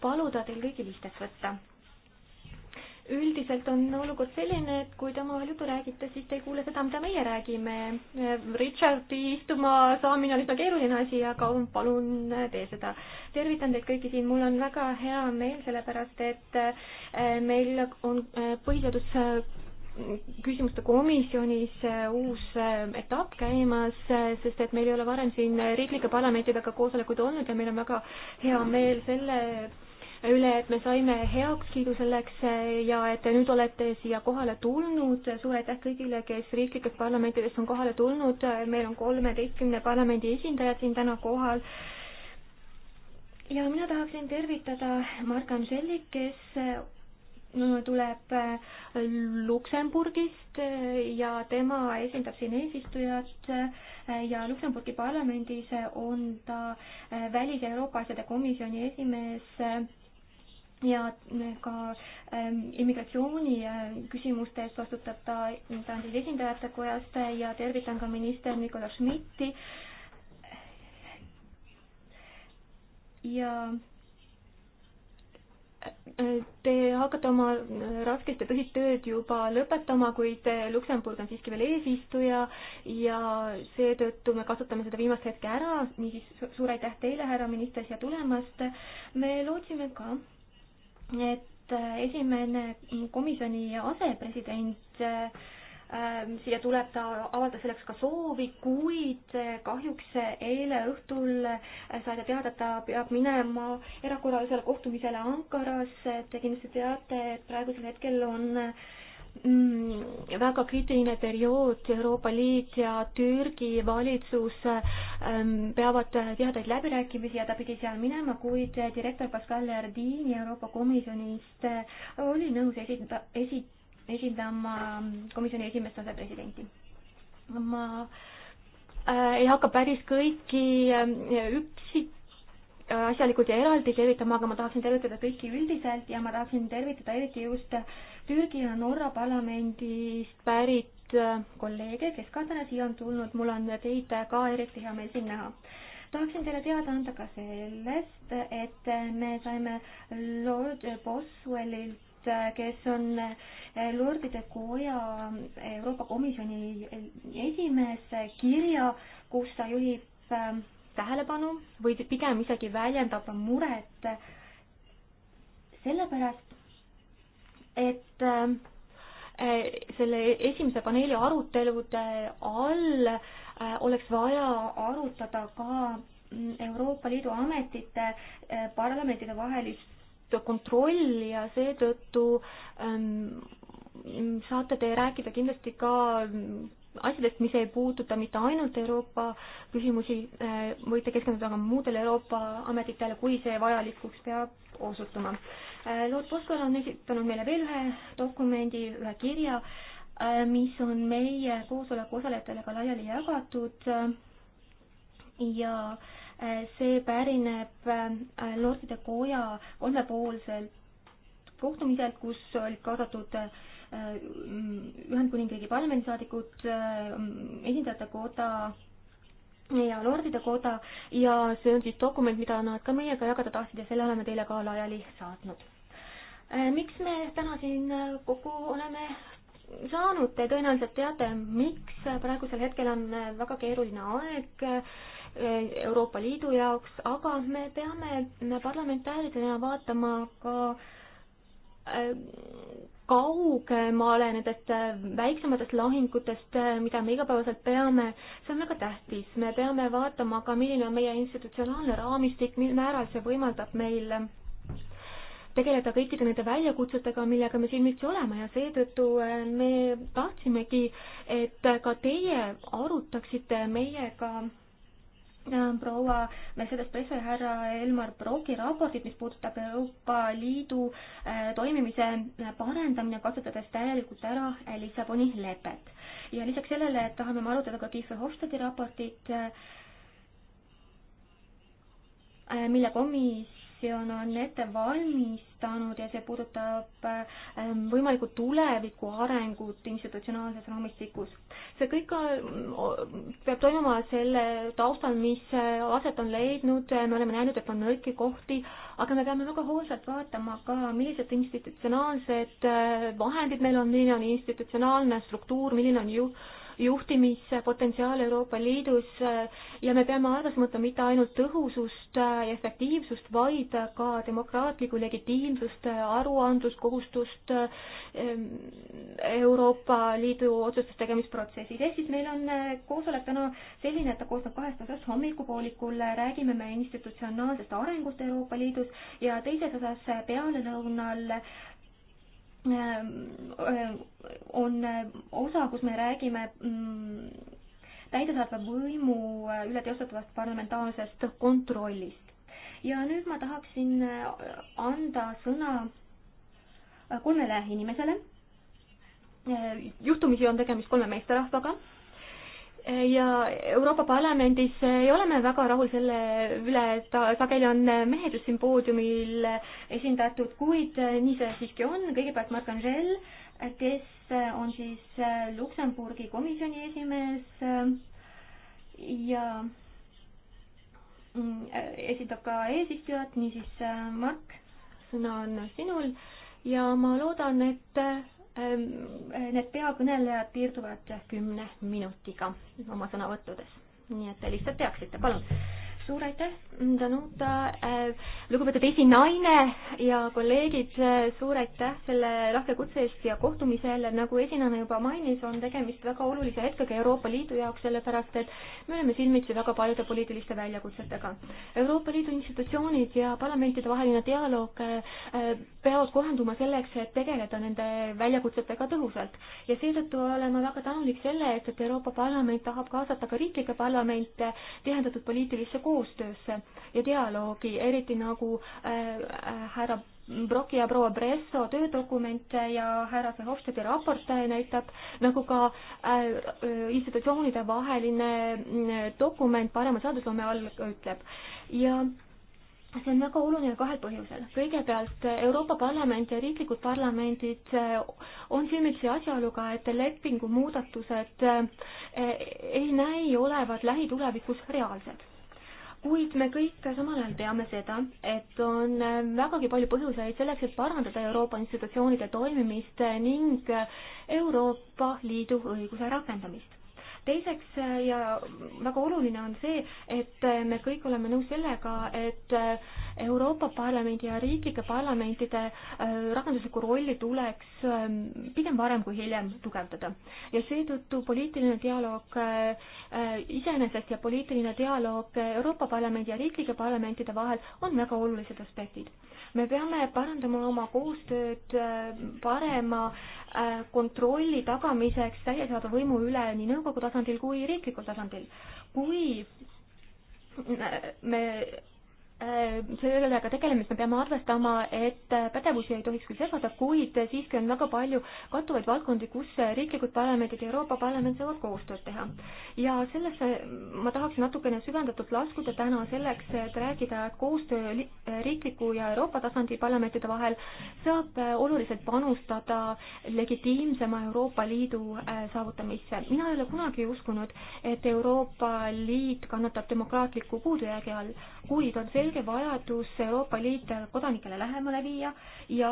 paluda teil kõigil istet võtta. üldiselt on olukord selline, et kui te omavahel juttu räägite, siis te ei kuule seda, mida meie räägime. Richardi istuma saamine on üsna keeruline asi, aga palun äh, tee seda. tervitan teid kõiki siin, mul on väga hea meel, sellepärast et äh, meil on äh, põhiseadus küsimuste komisjonis äh, uus äh, etapp käimas, äh, sest et meil ei ole varem siin riiklike parlamentidega koosolekuid olnud ja meil on väga hea meel selle üle, et me saime heakskiidu selleks ja et te nüüd olete siia kohale tulnud. suur aitäh kõigile, kes riiklikest parlamentidest on kohale tulnud. meil on kolmeteistkümne parlamendi esindajad siin täna kohal ja mina tahaksin tervitada Mark Angelit, kes tuleb äh, Luksemburgist äh, ja tema esindab siin eesistujat äh, ja Luksemburgi parlamendis on ta Välis- ja Euroopa asjade komisjoni esimees ja ka ähm, immigratsiooni küsimuste eest vastutab ta, ta on siis esindajate kojast ja tervitan ka minister Nikolai Schmidti. ja Te hakkate oma raskest ja tõsist tööd juba lõpetama, kuid Luksemburg on siiski veel eesistuja ja seetõttu me kasutame seda viimast hetke ära, niisiis suur aitäh teile, härra minister, siia tulemast. me lootsime ka, et esimene komisjoni asepresident Ähm, siia tuleb ta avaldada selleks ka soovi, kuid äh, kahjuks äh, eile õhtul äh, sai ta teada, et ta peab minema erakorralisele kohtumisele Ankaras. Te kindlasti teate, et praegusel hetkel on mm, väga kriitiline periood, Euroopa Liit ja Türgi valitsus ähm, peavad tihedaid läbirääkimisi ja ta pidi seal minema, kuid direktor Pascal Jardini Euroopa Komisjonist oli nõus esita-, esit-, esindama komisjoni esimest asepresidenti. ma äh, ei hakka päris kõiki äh, üksik äh, asjalikult ja eraldi tervitama, aga ma tahaksin tervitada kõiki üldiselt ja ma tahaksin tervitada eriti just Türgi ja Norra parlamendist pärit kolleege, kes ka täna siia on tulnud, mul on teid ka eriti hea meel siin näha. tahaksin teile teada anda ka sellest, et me saime Lord Boswellilt kes on Lordide Koja Euroopa Komisjoni esimees, kirja, kus ta juhib ähm, tähelepanu või pigem isegi väljendab muret sellepärast, et ähm, äh, selle esimese paneeli arutelude all äh, oleks vaja arutada ka mm, Euroopa Liidu ametite, äh, parlamentide vahelist kontroll ja seetõttu ähm, saate te rääkida kindlasti ka ähm, asjadest, mis ei puuduta mitte ainult Euroopa küsimusi, äh, võite keskenduda ka muudele Euroopa ametitele, kui see vajalikuks peab osutuma. Äh, Lord Postol on esitanud meile veel ühe dokumendi, ühe kirja, äh, mis on meie koosoleku osalejatele ka laiali jagatud ja äh, see pärineb äh, Lordide Koja kolmepoolselt kohtumiselt, kus olid kaasatud äh, mm, Ühendkuningriigi parlamendisaadikud, äh, esindajate koda ja Lordide koda ja see on siis dokument, mida nad ka meiega jagada tahtsid ja selle oleme teile ka laiali saatnud. miks me täna siin kokku oleme saanud, te tõenäoliselt teate, miks praegusel hetkel on väga keeruline aeg Euroopa Liidu jaoks, aga me peame parlamentääridena vaatama ka äh, kaugemale nendest äh, väiksematest lahingutest, äh, mida me igapäevaselt peame, see on väga tähtis, me peame vaatama ka, milline on meie institutsionaalne raamistik, mil määral see võimaldab meil tegeleda kõikide nende väljakutsetega, millega me silmitsi oleme ja seetõttu me tahtsimegi, et ka teie arutaksite meiega ka Äh, proua Mercedes Presso ja härra Elmar Brogi raportit, mis puudutab Euroopa Liidu äh, toimimise äh, parendamine, kasutades täielikult ära Lissaboni lepet. ja lisaks sellele tahame me arutada ka Kiefer Hofstadi raportit, mille komis-, komisjon on ette valmistanud ja see puudutab ähm, võimalikku tuleviku arengut institutsionaalses raamistikus. see kõik ähm, peab toimuma selle taustal, mis äh, aset on leidnud, me oleme näinud, et on nõrki kohti, aga me peame väga hoolsalt vaatama ka, millised institutsionaalsed äh, vahendid meil on, milline on institutsionaalne struktuur, milline on ju juhtimispotentsiaal Euroopa Liidus äh, ja me peame arvesse võtma mitte ainult tõhusust äh, ja efektiivsust, vaid ka demokraatlikku legitiimsust, äh, aruandluskohustust Euroopa Liidu otsustuste tegemisprotsessis. ehk siis meil on koosolek täna selline, et ta koosneb kahest osast. hommikupoolikul räägime me institutsionaalsest arengust Euroopa Liidus ja teises osas pealelõunal Äh, äh, on äh, osa, kus me räägime mm, täidesaatva võimu üle teostatavast parlamentaarsest kontrollist. ja nüüd ma tahaksin anda sõna kolmele inimesele. juhtumisi on tegemist kolme meesterahvaga ja Euroopa Parlamendis ei ole me väga rahul selle üle, et ta sageli on mehed just sümpoodiumil esindatud, kuid nii see siiski on, kõigepealt Mark Angel, kes on siis Luksemburgi komisjoni esimees ja mm, esindab ka eesistujat, niisiis Mark, sõna on sinul ja ma loodan, et Ehm, eh, need peakõnelejad piirduvad kümne minutiga oma sõnavõttudes. nii et te lihtsalt teaksite, palun. suur aitäh, Danuta, eh, lugupeetud esinaine ja kolleegid, eh, suur aitäh selle lahke kutse eest ja kohtumisel, nagu esinejana juba mainis, on tegemist väga olulise hetkega Euroopa Liidu jaoks, sellepärast et me oleme silmitsi väga paljude poliitiliste väljakutsetega. Euroopa Liidu institutsioonid ja parlamentidevaheline dialoog peavad kohanduma selleks, et tegeleda nende väljakutsetega tõhusalt. ja seetõttu olen ma väga tänulik selle eest, et Euroopa Parlament tahab kaasata ka riiklikke parlamente tihendatud poliitilisse koostöösse ja dialoogi, eriti nagu äh, äh härra äh, Broki ja proua Bresso töödokumente ja härra Verhofstadti raport näitab, nagu ka äh, äh institutsioonide vaheline mm, dokument parema seadusloome all ütleb ja äh, see on väga oluline kahel põhjusel. kõigepealt Euroopa Parlament ja riiklikud parlamendid eh, on silmitsi asjaoluga, et lepingu muudatused eh, ei näi olevat lähitulevikus reaalsed kuid me kõik samal ajal teame seda, et on eh, vägagi palju põhjuseid selleks, et parandada Euroopa institutsioonide toimimist ning Euroopa Liidu õiguse rakendamist teiseks äh, ja väga oluline on see, et äh, me kõik oleme nõus sellega, et äh, Euroopa Parlamendi ja riiklike parlamentide rakenduslikku rolli tuleks ähm, pigem varem kui hiljem tugevdada. ja seetõttu poliitiline dialoog iseenesest ja poliitiline dialoog Euroopa Parlamendi ja riiklike parlamentide vahel on väga olulised aspektid. me peame parandama oma koostööd parema Äh, kontrolli tagamiseks täiesaadva võimu üle nii nõukogu tasandil kui riiklikul tasandil. kui me Äh, sellega tegelemist me peame arvestama, et äh, pädevusi ei tohiks küll segada, kuid siiski on väga palju kattuvaid valdkondi, kus riiklikud parlamendid ja Euroopa Parlament saavad koostööd teha. ja sellesse ma tahaksin natukene süvendatult laskuda täna selleks, et rääkida, et koostöö riikliku ja Euroopa tasandi parlamentide vahel saab äh, oluliselt panustada legitiimsema Euroopa Liidu saavutamisse. mina ei ole kunagi uskunud, et Euroopa Liit kannatab demokraatliku puudujäägi all, kuid on selge, selge vajadus Euroopa Liit kodanikele lähemale viia ja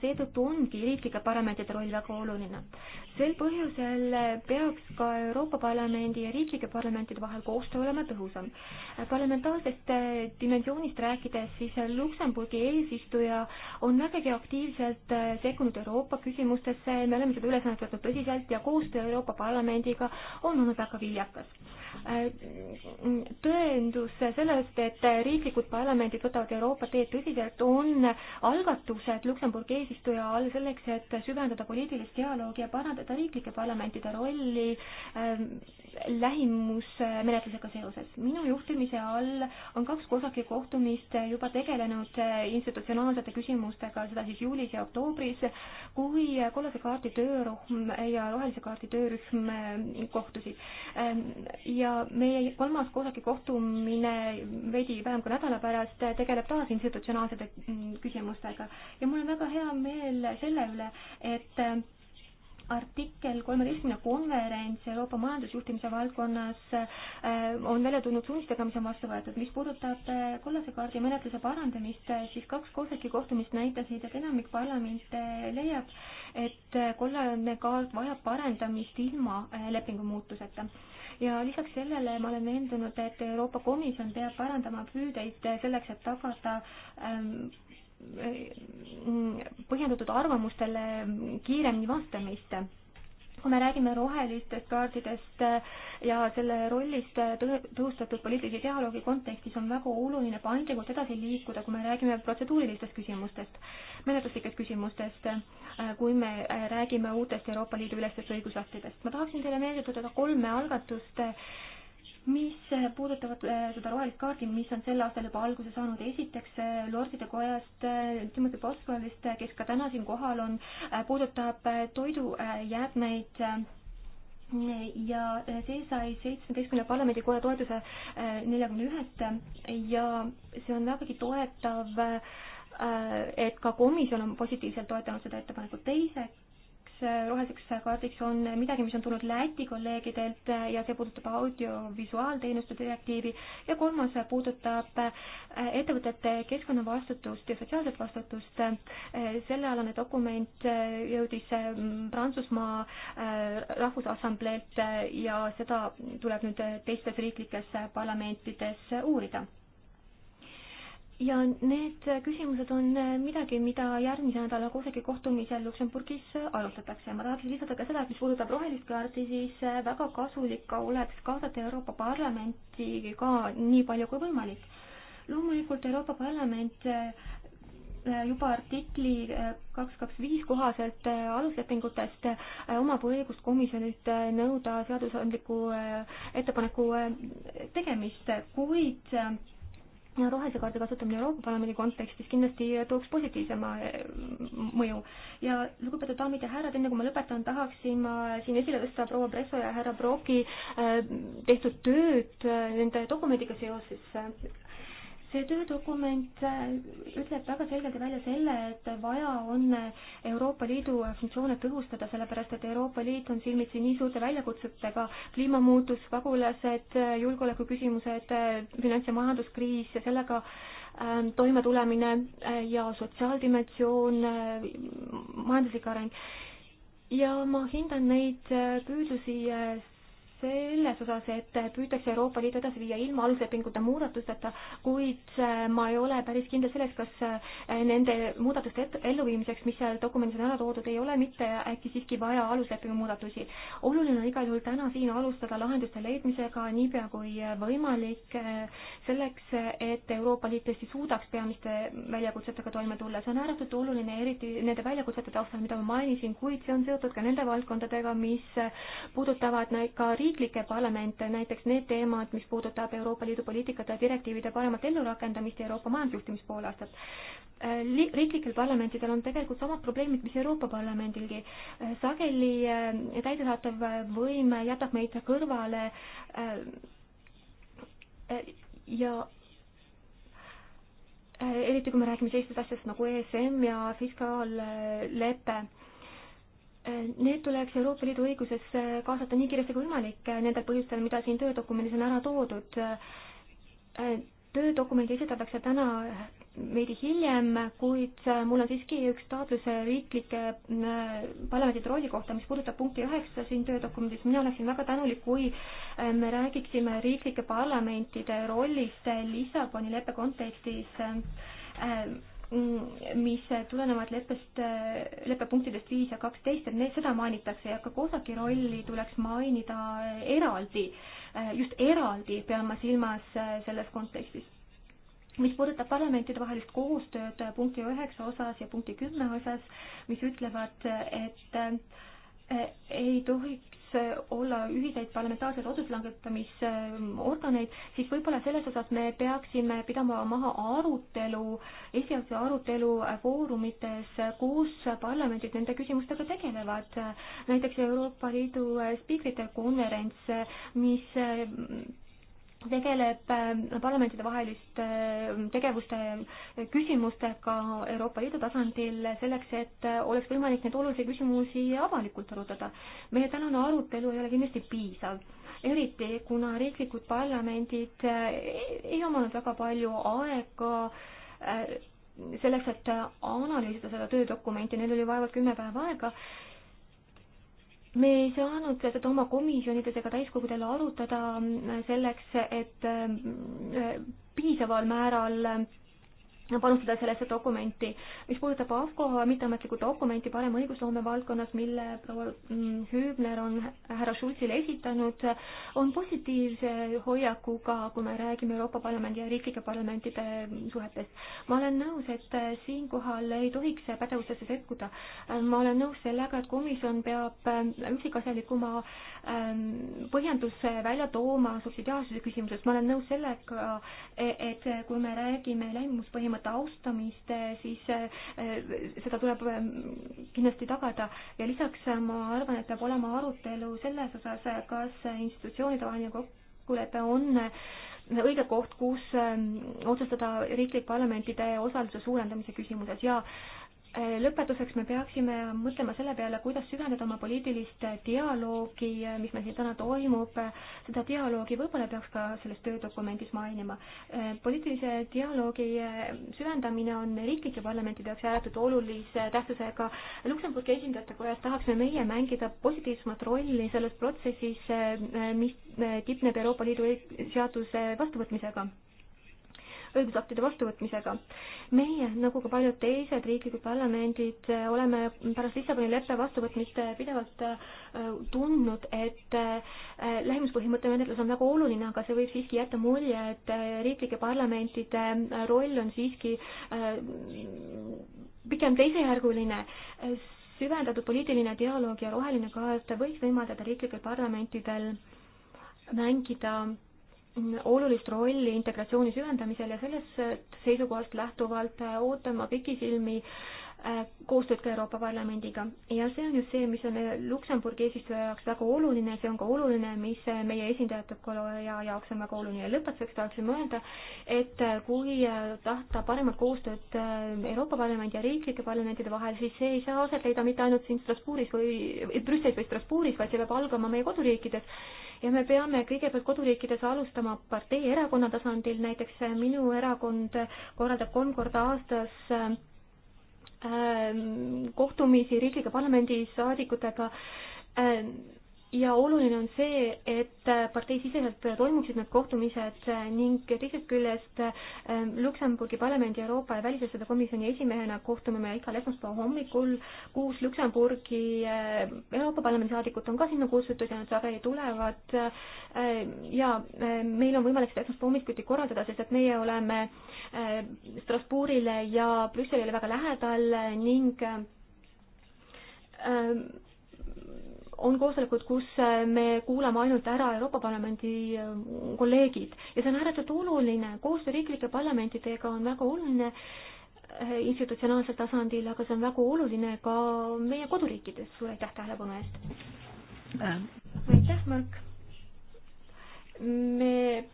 seetõttu ongi riiklike parlamentide roll väga oluline. sel põhjusel peaks ka Euroopa Parlamendi ja riiklike parlamentide vahel koostöö olema tõhusam. parlamentaarsest äh, dimensioonist rääkides, siis Luksemburgi eesistuja on vägagi aktiivselt äh, sekkunud Euroopa küsimustesse, me oleme seda ülesannet võtnud tõsiselt ja koostöö Euroopa Parlamendiga on olnud väga viljakas. Äh, tõendus sellest, et riiklikud parlamendid võtavad Euroopa teed tõsiselt, on algatused Luksemburgi eesistuja all selleks, et süvendada poliitilist dialoogi ja parandada riiklike parlamentide rolli ähm, lähimusmenetlusega seoses. minu juhtimise all on kaks COSAC-i kohtumist juba tegelenud äh, institutsionaalsete küsimustega, seda siis juulis ja oktoobris, kui kollase kaardi töörühm ja rohelise kaardi töörühm äh, kohtusid. Ähm, ja meie kolmas COSAC-i kohtumine veidi vähem kui nädala sellepärast tegeleb taas institutsionaalsete mm, küsimustega ja mul on väga hea meel selle üle, et äh, artikkel kolmeteistkümne konverents Euroopa majandusjuhtimise valdkonnas äh, on välja tulnud suunistega, mis on vastu võetud. mis puudutab äh, kollase kaardi menetluse parandamist, siis kaks COSAC-i kohtumist näitasid, et enamik parlamente leiab, et kollane kaart vajab parendamist ilma lepingu muutuseta ja lisaks sellele ma olen veendunud, et Euroopa Komisjon peab parandama püüdeid selleks, et tagada ähm, äh, põhjendatud arvamustele kiiremini vastamist kui me räägime rohelistest kaardidest äh, ja selle rollist äh, tõhustatud poliitilise dialoogi kontekstis, on väga oluline paindlikult edasi liikuda, kui me räägime protseduurilistest küsimustest, menetluslikest küsimustest, äh, kui me räägime uutest Euroopa Liidu ülestest õigusaktidest. ma tahaksin teile meelditada kolme algatust, mis äh, puudutavad äh, seda rohelist kaardi, mis on sel aastal juba alguse saanud, esiteks äh, Lordide Kojast Timothy Boswellist, kes ka täna siin kohal on, puudutab toidujäätmeid ja see sai seitsmeteistkümne parlamendikoja toetuse neljakümne ühest ja see on vägagi toetav, et ka komisjon on positiivselt toetanud seda ettepanekut. teiseks kolmandaks äh, roheliseks kaardiks on midagi, mis on tulnud Läti kolleegidelt äh, ja see puudutab audiovisuaalteenuste direktiivi ja kolmas puudutab äh, ettevõtete keskkonnavastutust ja sotsiaalset vastutust. sellealane dokument jõudis Prantsusmaa Rahvusassambleelt ja seda tuleb nüüd teistes riiklikes parlamentides uurida ja need küsimused on midagi, mida järgmise nädala COSAC-i kohtumisel Luksemburgis arutatakse. ma tahaksin lisada ka seda, et mis puudutab rohelist kaarti, siis väga kasulik ka oleks kaasata Euroopa Parlamenti ka nii palju kui võimalik. loomulikult Euroopa Parlament äh, juba artikli äh, kaks kaks viis kohaselt äh, aluslepingutest omab õigust komisjonilt nõuda seadusandliku ettepaneku tegemist, kuid rohelise kaardi kasutamine Euroopa Parlamendi kontekstis kindlasti tooks positiivsema eh, mõju. ja lugupeetud daamid ja härrad, enne kui ma lõpetan, tahaksin ma siin esile tõsta proua Presso ja härra Broki eh, tehtud tööd eh, nende dokumendiga seoses see töödokument äh, ütleb väga selgelt välja selle, et vaja on Euroopa Liidu funktsioone tõhustada, sellepärast et Euroopa Liit on silmitsi nii suurte väljakutsetega, kliimamuutus, pagulased, julgeolekuküsimused, finants- ja majanduskriis ja sellega ähm, toimetulemine äh, ja sotsiaaldimensioon, äh, majanduslik areng ja ma hindan neid püüdlusi selles osas, et püütakse Euroopa Liitu edasi viia ilma aluslepingute muudatusteta, kuid äh, ma ei ole päris kindel selles, kas äh, nende muudatuste elluviimiseks, mis seal dokumendis on ära toodud, ei ole mitte äkki siiski vaja aluslepingu muudatusi. oluline on igal juhul täna siin alustada lahenduste leidmisega niipea kui võimalik, äh, selleks et Euroopa Liit tõesti suudaks peamiste väljakutsetega toime tulla. see on ääretult oluline, eriti nende väljakutsete taustal, mida ma mainisin, kuid see on seotud ka nende valdkondadega, mis puudutavad ka riigi riiklikke parlamente, näiteks need teemad, mis puudutab Euroopa Liidu poliitikate ja direktiivide paremat ellurakendamist ja Euroopa majandusjuhtimise poole aastat. Äh, riiklikel parlamentidel on tegelikult samad probleemid, mis Euroopa Parlamendilgi. Äh, sageli äh, täidesaatav võim jätab meid kõrvale ja eriti kui me räägime sellistest asjadest nagu ESM ja fiskaallepe Need tuleks Euroopa Liidu õigusesse kaasata nii kiiresti kui võimalik eh, nendel põhjustel, mida siin töödokumendis on ära toodud. Eh, töödokument esitatakse täna eh, veidi hiljem, kuid mul on siiski üks taotlus riiklike parlamendide rolli kohta, mis puudutab punkti üheksa siin töödokumendis. mina oleksin väga tänulik, kui me räägiksime riiklike parlamentide rollist Lissaboni leppe kontekstis Mm, mis tulenevad leppest, leppepunktidest viis ja kaksteist, et need, seda mainitakse ja ka COSAC-i rolli tuleks mainida eraldi, äh, just eraldi pean ma silmas äh, selles kontekstis. mis puudutab parlamentidevahelist koostööd äh, punkti üheksa osas ja punkti kümme osas, mis ütlevad, et äh, ei tohiks olla ühiseid parlamentaarseid otsuslangetamisorganeid, siis võib-olla selles osas me peaksime pidama maha arutelu, esialgse arutelu foorumites, kus parlamendid nende küsimustega tegelevad. näiteks Euroopa Liidu spiikrite konverents, mis tegeleb äh, parlamentidevaheliste äh, tegevuste äh, küsimustega Euroopa Liidu tasandil selleks, et oleks võimalik neid olulisi küsimusi avalikult arutada. meie tänane arutelu ei ole kindlasti piisav, eriti kuna riiklikud parlamendid ei omanud väga palju aega selleks, et analüüsida seda töödokumenti, neil oli vaevalt kümme päeva aega me ei saanud seda oma komisjonides ega täiskogudel arutada selleks, et äh, piisaval määral panustada sellesse dokumenti. mis puudutab AFCO mitteametlikku dokumenti parema õigusloome valdkonnas, mille proua mm, Hüübner on härra Schulzile esitanud, on positiivse hoiakuga, kui me räägime Euroopa Parlamendi ja riiklike parlamentide suhetest. ma olen nõus, et siinkohal ei tohiks pädevustesse sekkuda. ma olen nõus sellega, et komisjon peab ähm, üksikasjalikuma ähm, põhjenduse välja tooma subsidiaarsuse küsimuses. ma olen nõus sellega, e, et kui me räägime lähimuspõhimõttest, põhimõtte austamist, eh, siis eh, seda tuleb ehm, kindlasti tagada ja lisaks eh, ma arvan, et peab olema arutelu selles osas, kas institutsioonide vaheline kokkulepe on õige koht, kus ehm, otsustada riiklike parlamentide osaluse suurendamise küsimuses ja Äh, lõpetuseks me peaksime mõtlema selle peale, kuidas süvendada oma poliitilist dialoogi, äh, mis meil siin täna toimub. seda dialoogi võib-olla peaks ka selles töödokumendis mainima. Äh, poliitilise dialoogi süvendamine on riiklike parlamentide jaoks ääretult olulise tähtsusega. Luksemburgi esindajate kojas tahaksime meie mängida positiivsemat rolli selles protsessis, mis tipneb Euroopa Liidu e-, seaduse vastuvõtmisega õigusaktide vastuvõtmisega. meie, nagu ka paljud teised riiklikud parlamendid, oleme pärast Lissaboni leppe vastuvõtmist pidevalt äh, tundnud, et äh, lähimuspõhimõtte menetlus on väga oluline, aga see võib siiski jätta mulje, et äh, riiklike parlamentide roll on siiski pigem teisejärguline süvendatud poliitiline dialoog ja roheline kaart võiks võimaldada riiklikel parlamentidel mängida olulist rolli integratsiooni süvendamisel ja sellest seisukohast lähtuvalt äh, ootan ma pikisilmi äh, koostööd ka Euroopa Parlamendiga ja see on just see, mis on äh, Luksemburgi eesistuja jaoks väga oluline, see on ka oluline, mis meie esindajate koja jaoks on väga oluline. lõpetuseks tahaksin mõelda, et kui tahta paremat koostööd Euroopa Parlamendi ja riiklike parlamentide vahel, siis see ei saa aset leida mitte ainult siin Strasbourgis või Brüsselis või Strasbourgis, vaid see peab algama meie koduriikides ja me peame kõigepealt koduriikides alustama partei erakonna tasandil, näiteks äh, minu erakond korraldab kolm korda aastas äh, kohtumisi riiklike parlamendisaadikutega äh, ja oluline on see, et äh, parteisiseselt toimuksid need kohtumised äh, ning teisest küljest äh, Luksemburgi parlamendi Euroopa ja välisasjade komisjoni esimehena kohtume me igal esmaspäeva hommikul. kuus Luksemburgi Euroopa Parlamendi saadikut on ka sinna kutsutud ja nad sageli tulevad. ja meil on võimalik seda esmaspäeva hommikuti korraldada, sest et meie oleme Strasbourgile ja Brüsselile väga lähedal ning on koosolekud, kus äh, me kuulame ainult ära Euroopa Parlamendi äh, kolleegid ja see on ääretult oluline, koostöö riiklike parlamentidega on väga oluline äh, institutsionaalsel tasandil, aga see on väga oluline ka meie koduriikides, suur aitäh tähelepanu eest äh.! aitäh, Mark! me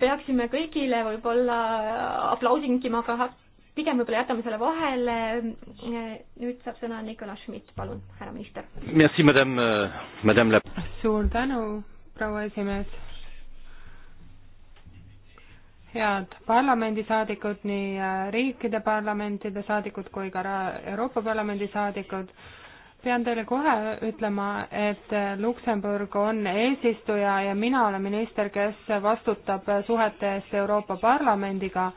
peaksime kõigile võib-olla aplausi kinkima, aga pigem võib-olla jätame selle vahele. nüüd saab sõna Nikolai Schmidt, palun, härra minister. Merci, madame, euh, madame Lep-. suur tänu, proua esimees. head parlamendisaadikud, nii äh, riikide parlamentide saadikud kui ka Euroopa Parlamendi saadikud pean teile kohe ütlema, et äh, Luksemburg on eesistuja ja mina olen minister, kes vastutab suhete eest Euroopa Parlamendiga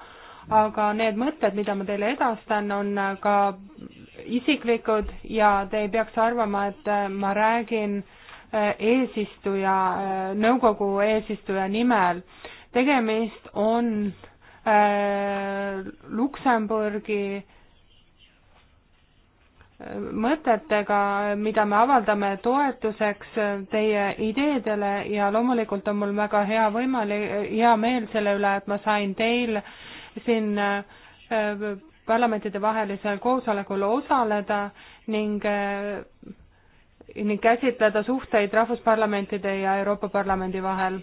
aga need mõtted, mida ma teile edastan, on ka isiklikud ja te ei peaks arvama, et äh, ma räägin äh, eesistuja, äh, nõukogu eesistuja nimel. tegemist on Luksemburgi mõtetega, mida me avaldame toetuseks teie ideedele ja loomulikult on mul väga hea võimalik, hea meel selle üle, et ma sain teil äh, siin äh, parlamentide vahelisel koosolekul osaleda ning äh, ning käsitleda suhteid rahvusparlamentide ja Euroopa Parlamendi vahel.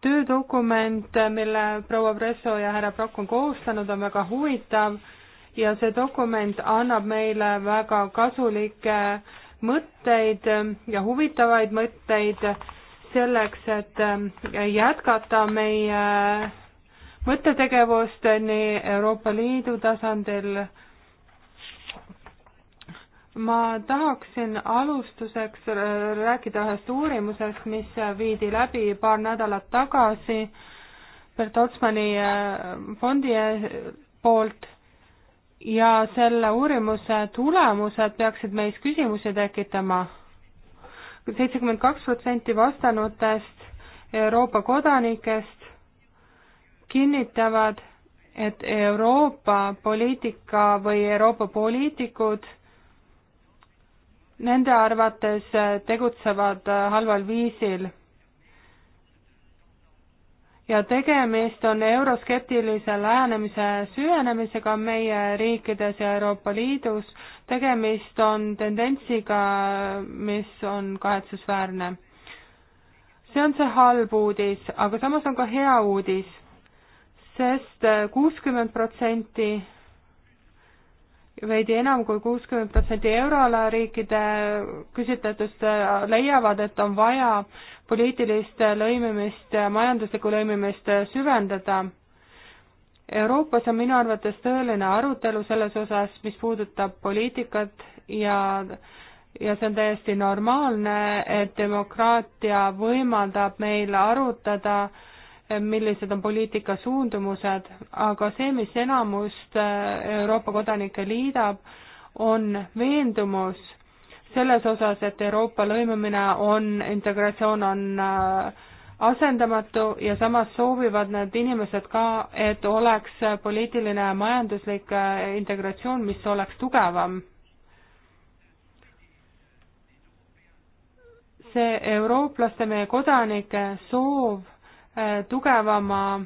töödokument, mille proua Presso ja härra Prokk on koostanud, on väga huvitav ja see dokument annab meile väga kasulikke mõtteid ja huvitavaid mõtteid selleks, et äh, jätkata meie mõttetegevust nii Euroopa Liidu tasandil. ma tahaksin alustuseks rääkida ühest uurimusest, mis viidi läbi paar nädalat tagasi Bert Otsmani äh, fondi äh, poolt ja selle uurimuse tulemused peaksid meis küsimusi tekitama. seitsekümmend kaks protsenti vastanutest Euroopa kodanikest kinnitavad, et Euroopa poliitika või Euroopa poliitikud nende arvates tegutsevad halval viisil. ja tegemist on euroskeptilise lähenemise süvenemisega meie riikides ja Euroopa Liidus, tegemist on tendentsiga, mis on kahetsusväärne. see on see halb uudis, aga samas on ka hea uudis sest äh, kuuskümmend protsenti veidi enam kui kuuskümmend protsenti euroala riikide küsitletust äh, leiavad, et on vaja poliitilist lõimimist, majanduslikku lõimimist äh, süvendada. Euroopas on minu arvates tõeline arutelu selles osas, mis puudutab poliitikat ja, ja see on täiesti normaalne, et demokraatia võimaldab meil arutada äh, millised on poliitika suundumused, aga see, mis enamust äh, Euroopa kodanikke liidab, on veendumus selles osas, et Euroopa lõimumine on, integratsioon on äh, asendamatu ja samas soovivad need inimesed ka, et oleks poliitiline ja majanduslik äh, integratsioon, mis oleks tugevam. see eurooplaste, meie kodanike soov tugevama,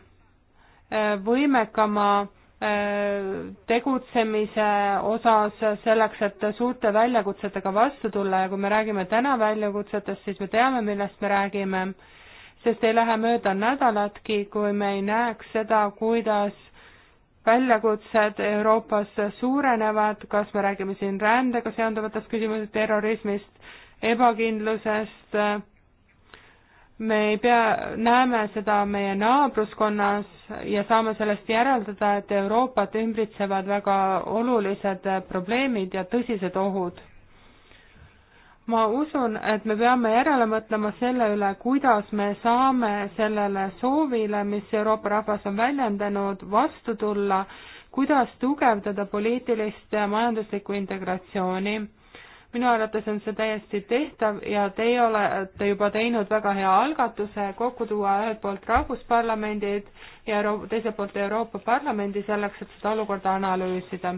võimekama eh, tegutsemise osas selleks, et suurte väljakutsetega vastu tulla ja kui me räägime täna väljakutsetest, siis me teame, millest me räägime, sest ei lähe mööda nädalatki, kui me ei näeks seda, kuidas väljakutsed Euroopas suurenevad, kas me räägime siin rändega seonduvatest küsimusest, terrorismist, ebakindlusest äh,, me ei pea, näeme seda meie naabruskonnas ja saame sellest järeldada, et Euroopat ümbritsevad väga olulised probleemid ja tõsised ohud. ma usun, et me peame järele mõtlema selle üle, kuidas me saame sellele soovile, mis Euroopa rahvas on väljendanud, vastu tulla, kuidas tugevdada poliitilist ja majanduslikku integratsiooni minu arvates on see täiesti tehtav ja teie olete juba teinud väga hea algatuse kokku tuua ühelt poolt rahvusparlamendid ja Euro teiselt poolt Euroopa Parlamendi selleks, et seda olukorda analüüsida.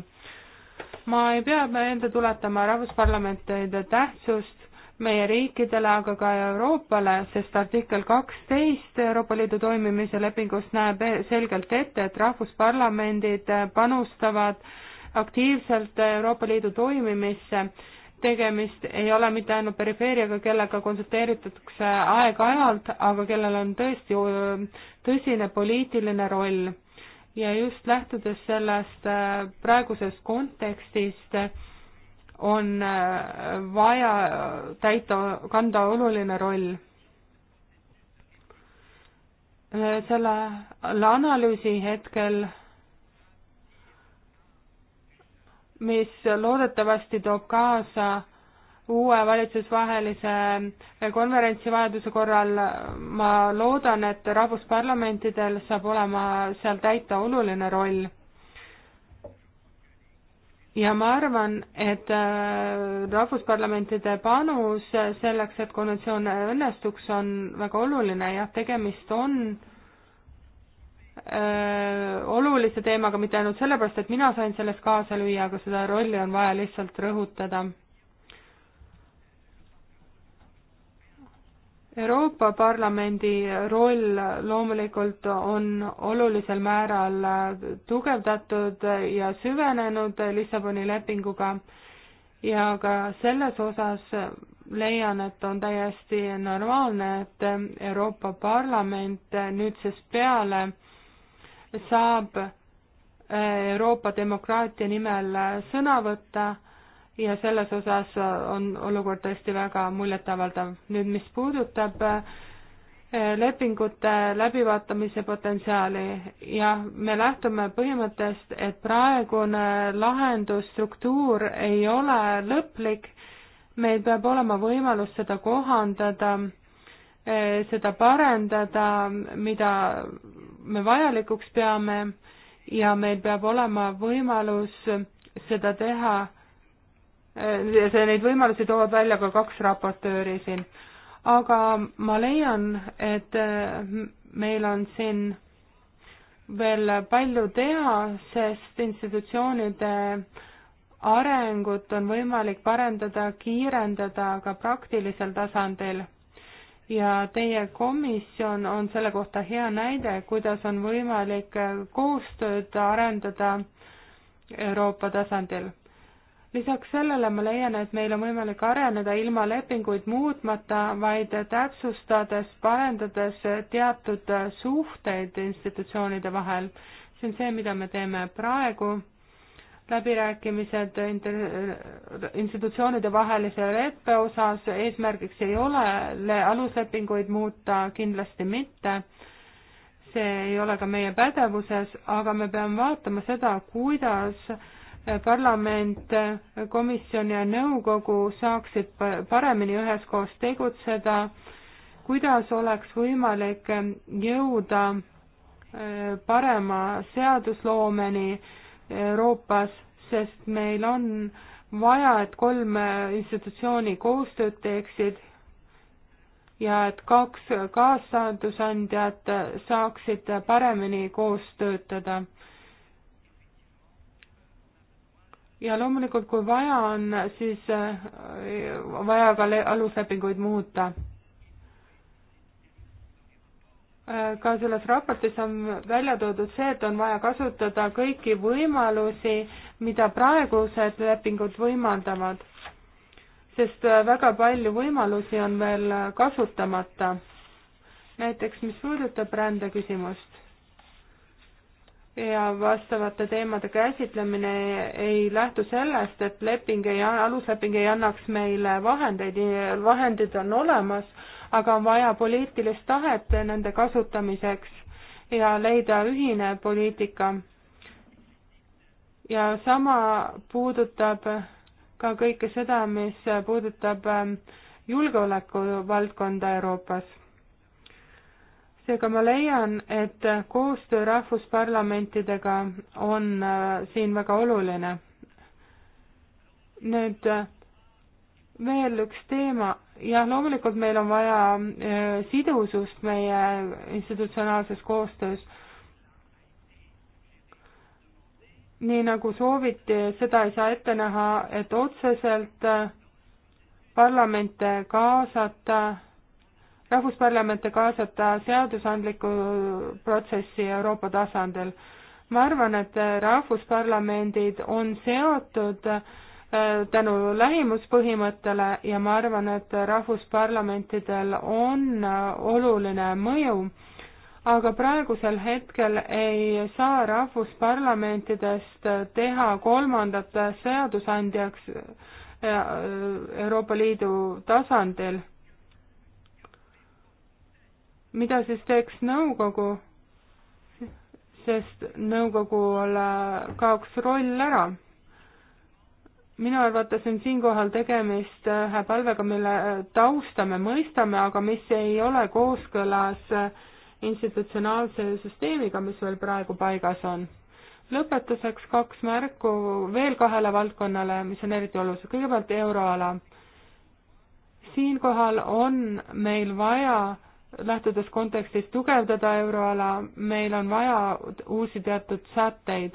ma ei pea meelde tuletama rahvusparlamentide tähtsust meie riikidele, aga ka Euroopale, sest artikkel kaksteist Euroopa Liidu toimimise lepingust näeb e- selgelt ette, et rahvusparlamendid panustavad aktiivselt Euroopa Liidu toimimisse tegemist ei ole mitte ainult perifeeriaga, kellega konsulteeritakse aeg-ajalt, aga kellel on tõesti tõsine poliitiline roll. ja just lähtudes sellest äh, praegusest kontekstist, on äh, vaja täita, kanda oluline roll. Äh, selle analüüsi hetkel mis loodetavasti toob kaasa uue valitsusvahelise konverentsi vajaduse korral ma loodan, et rahvusparlamentidel saab olema seal täita oluline roll. ja ma arvan, et äh, rahvusparlamentide panus selleks, et konventsioon õnnestuks, on väga oluline, jah, tegemist on äh, Äh, olulise teemaga, mitte ainult sellepärast, et mina sain selles kaasa lüüa, aga seda rolli on vaja lihtsalt rõhutada. Euroopa Parlamendi roll loomulikult on olulisel määral tugevdatud ja süvenenud Lissaboni lepinguga ja ka selles osas leian, et on täiesti normaalne, et Euroopa Parlament nüüdsest peale saab eh, Euroopa demokraatia nimel eh, sõna võtta ja selles osas on olukord tõesti väga muljetavaldav. nüüd, mis puudutab eh, lepingute läbivaatamise potentsiaali, jah, me lähtume põhimõttest, et praegune lahendusstruktuur ei ole lõplik, meil peab olema võimalus seda kohandada, seda parendada, mida me vajalikuks peame ja meil peab olema võimalus seda teha ja see, neid võimalusi toovad välja ka kaks raportööri siin. aga ma leian, et äh, meil on siin veel palju teha, sest institutsioonide arengut on võimalik parendada, kiirendada ka praktilisel tasandil ja teie komisjon on selle kohta hea näide, kuidas on võimalik koostööd arendada Euroopa tasandil. lisaks sellele ma leian, et meil on võimalik areneda ilma lepinguid muutmata, vaid täpsustades, parendades teatud suhteid institutsioonide vahel. see on see, mida me teeme praegu läbirääkimised inter-, institutsioonide vahelise leppe osas eesmärgiks ei ole aluslepinguid muuta, kindlasti mitte, see ei ole ka meie pädevuses, aga me peame vaatama seda, kuidas parlament, komisjon ja nõukogu saaksid paremini üheskoos tegutseda, kuidas oleks võimalik jõuda äh, parema seadusloomeni, Euroopas, sest meil on vaja, et kolm institutsiooni koostööd teeksid ja et kaks kaasseadusandjat saaksid paremini koos töötada. ja loomulikult, kui vaja on, siis vaja ka aluslepinguid muuta ka selles raportis on välja toodud see, et on vaja kasutada kõiki võimalusi, mida praegused lepingud võimaldavad, sest väga palju võimalusi on veel kasutamata. näiteks, mis puudutab rändeküsimust ja vastavate teemade käsitlemine ei lähtu sellest, et leping ei, alusleping ei annaks meile vahendeid, vahendid on olemas aga on vaja poliitilist tahet nende kasutamiseks ja leida ühine poliitika. ja sama puudutab ka kõike seda, mis puudutab ähm, julgeoleku valdkonda Euroopas. seega ma leian, et koostöö rahvusparlamentidega on äh, siin väga oluline. nüüd äh, veel üks teema jah, loomulikult meil on vaja äh, sidusust meie institutsionaalses koostöös. nii nagu sooviti, seda ei saa ette näha, et otseselt äh, parlamente kaasata, rahvusparlamente kaasata seadusandlikku protsessi Euroopa tasandil. ma arvan, et rahvusparlamendid on seotud äh, Äh, tänu lähimuspõhimõttele ja ma arvan, et rahvusparlamentidel on äh, oluline mõju, aga praegusel hetkel ei saa rahvusparlamentidest äh, teha kolmandate seadusandjaks Euroopa Liidu tasandil. mida siis teeks nõukogu? sest nõukogule kaoks roll ära minu arvates on siinkohal tegemist ühe äh, palvega, mille äh, tausta me mõistame, aga mis ei ole kooskõlas äh, institutsionaalse süsteemiga, mis veel praegu paigas on. lõpetuseks kaks märku veel kahele valdkonnale, mis on eriti olulised. kõigepealt euroala. siinkohal on meil vaja lähtudes kontekstist tugevdada euroala, meil on vaja uusi teatud sätteid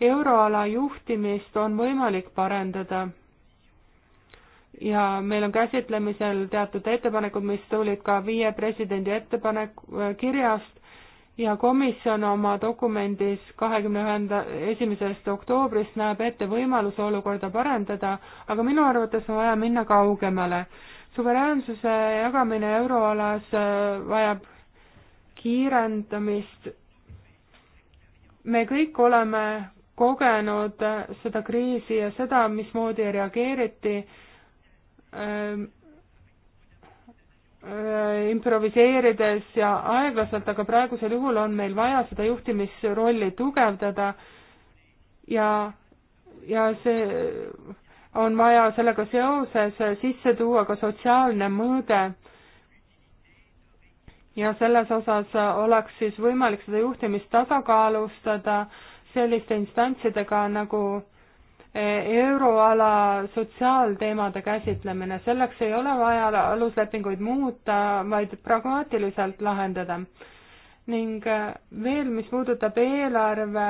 euroala juhtimist on võimalik parendada. ja meil on käsitlemisel teatud ettepanekud, mis tulid ka viie presidendi ettepanek, äh, kirjast ja komisjon oma dokumendis kahekümne ühenda, esimesest oktoobrist näeb ette võimaluse olukorda parendada, aga minu arvates on vaja minna kaugemale. suveräänsuse jagamine euroalas äh, vajab kiirendamist. me kõik oleme kogenud seda kriisi ja seda, mismoodi reageeriti ähm,, äh, improviseerides ja aeglaselt, aga praegusel juhul on meil vaja seda juhtimisrolli tugevdada ja, ja see on vaja sellega seoses sisse tuua ka sotsiaalne mõõde ja selles osas oleks siis võimalik seda juhtimist tasakaalustada äh, selliste instantsidega nagu eh, euroala sotsiaalteemade käsitlemine, selleks ei ole vaja aluslepinguid muuta, vaid pragmaatiliselt lahendada. ning eh, veel, mis puudutab eelarve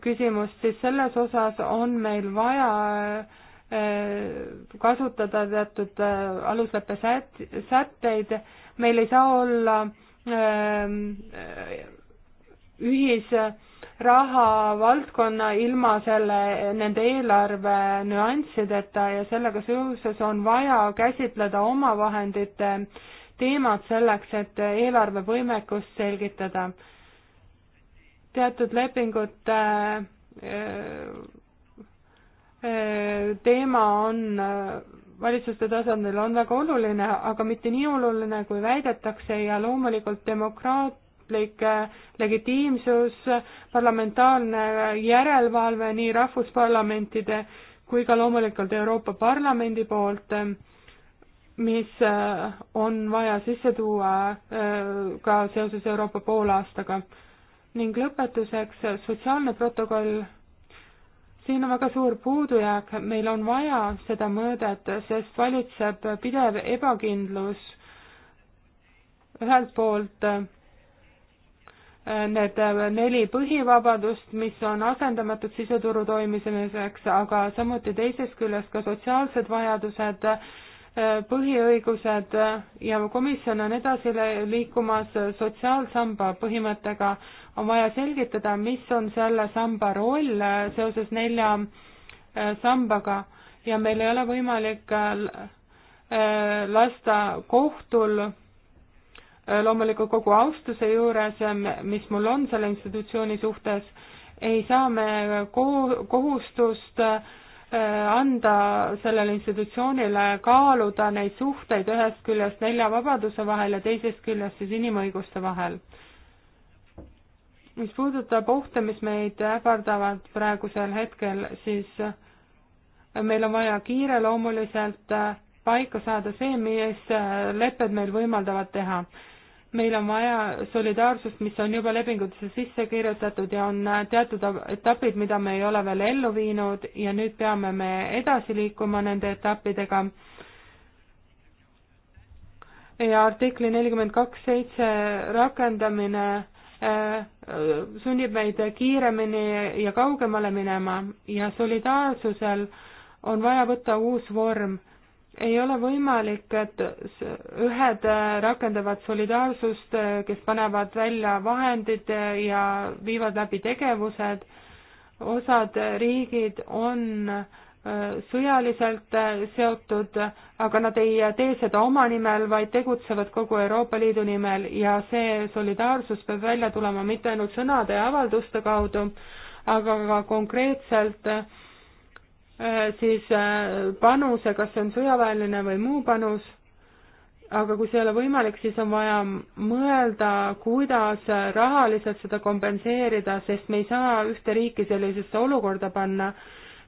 küsimust, siis selles osas on meil vaja eh, kasutada teatud alusleppe sätteid, meil ei saa olla ühisraha valdkonna ilma selle, nende eelarve nüanssideta ja sellega seoses on vaja käsitleda omavahendite teemat selleks, et eelarve võimekust selgitada. teatud lepingute äh, äh, teema on äh, valitsuste tasandil on väga oluline, aga mitte nii oluline, kui väidetakse ja loomulikult demokraat, demokraatlik äh, legitiimsus, parlamentaarne järelevalve nii rahvusparlamentide kui ka loomulikult Euroopa Parlamendi poolt, mis äh, on vaja sisse tuua äh, ka seoses Euroopa poolaastaga. ning lõpetuseks sotsiaalne protokoll siin on väga suur puudujääk, meil on vaja seda mõõdet, sest valitseb pidev ebakindlus ühelt poolt need äh, neli põhivabadust, mis on asendamatud siseturu toimimiseks, aga samuti teisest küljest ka sotsiaalsed vajadused, äh, põhiõigused äh, ja komisjon on edasi liikumas sotsiaalsamba põhimõttega. on vaja selgitada, mis on selle samba roll seoses nelja sambaga ja meil ei ole võimalik lasta kohtul Äh, loomulikult kogu austuse juures, ähm, mis mul on selle institutsiooni suhtes, ei saa me kohustust äh, anda sellele institutsioonile kaaluda neid suhteid ühest küljest nelja vabaduse vahel ja teisest küljest siis inimõiguste vahel. mis puudutab ohte, mis meid ähvardavad praegusel hetkel, siis äh, meil on vaja kiireloomuliselt paika saada see, mis lepped meil võimaldavad teha meil on vaja solidaarsust, mis on juba lepingutesse sisse kirjutatud ja on teatud etapid, mida me ei ole veel ellu viinud ja nüüd peame me edasi liikuma nende etappidega. ja artikli nelikümmend kaks seitse rakendamine äh, sunnib meid kiiremini ja kaugemale minema ja solidaarsusel on vaja võtta uus vorm ei ole võimalik, et ühed rakendavad solidaarsust, kes panevad välja vahendid ja viivad läbi tegevused. osad riigid on äh, sõjaliselt seotud, aga nad ei tee seda oma nimel, vaid tegutsevad kogu Euroopa Liidu nimel ja see solidaarsus peab välja tulema mitte ainult sõnade ja avalduste kaudu, aga ka konkreetselt äh, Äh, siis äh, panuse, kas see on sõjaväeline või muu panus, aga kui see ei ole võimalik, siis on vaja mõelda, kuidas rahaliselt seda kompenseerida, sest me ei saa ühte riiki sellisesse olukorda panna,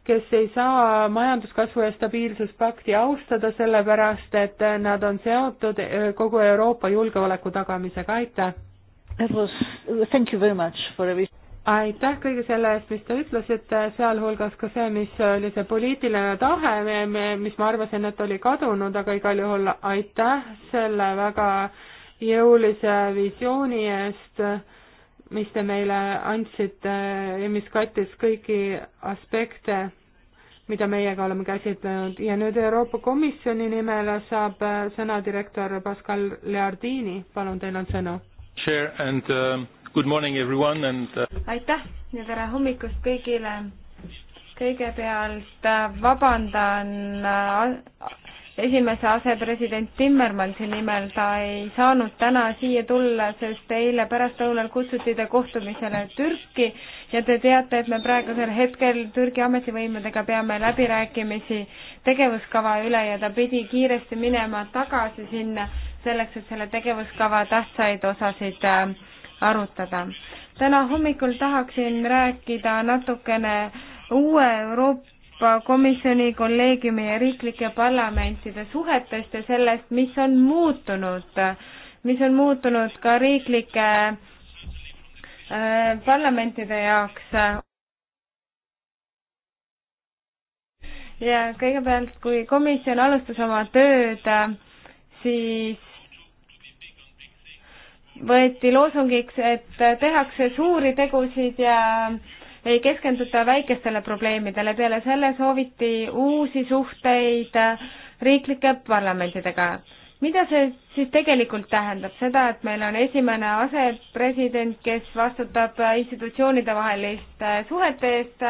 kes ei saa majanduskasvu ja stabiilsuspakti austada, sellepärast et nad on seotud äh, kogu Euroopa julgeoleku tagamisega, aitäh! That was, thank you very much for everything aitäh kõige selle eest, mis te ütlesite, sealhulgas ka see, mis oli see poliitiline tahe, mis ma arvasin, et oli kadunud, aga igal juhul aitäh selle väga jõulise visiooni eest, mis te meile andsite ja mis kattis kõiki aspekte, mida meiega oleme käsitlenud ja nüüd Euroopa Komisjoni nimel saab sõna direktor Pascal Leardini, palun, teil on sõna. Chair and um... Uh Good morning everyone and uh, aitäh ja tere hommikust kõigile. kõigepealt äh, vabandan äh, esimese asepresident Timmermansi nimel, ta ei saanud täna siia tulla, sest eile pärastlõunal kutsuti ta kohtumisele Türki ja te teate, et me praegusel hetkel Türgi ametivõimudega peame läbirääkimisi tegevuskava üle ja ta pidi kiiresti minema tagasi sinna, selleks et selle tegevuskava tähtsaid osasid äh, arutada. täna hommikul tahaksin rääkida natukene uue Euroopa Komisjoni kolleegiumi ja riiklike parlamentide suhetest ja sellest, mis on muutunud, mis on muutunud ka riiklike äh, parlamentide jaoks. ja kõigepealt, kui komisjon alustas oma tööd, siis võeti loosungiks, et tehakse suuri tegusid ja ei keskenduta väikestele probleemidele, peale selle sooviti uusi suhteid riiklike parlamentidega. mida see siis tegelikult tähendab, seda, et meil on esimene asepresident, kes vastutab institutsioonidevaheliste suhete eest,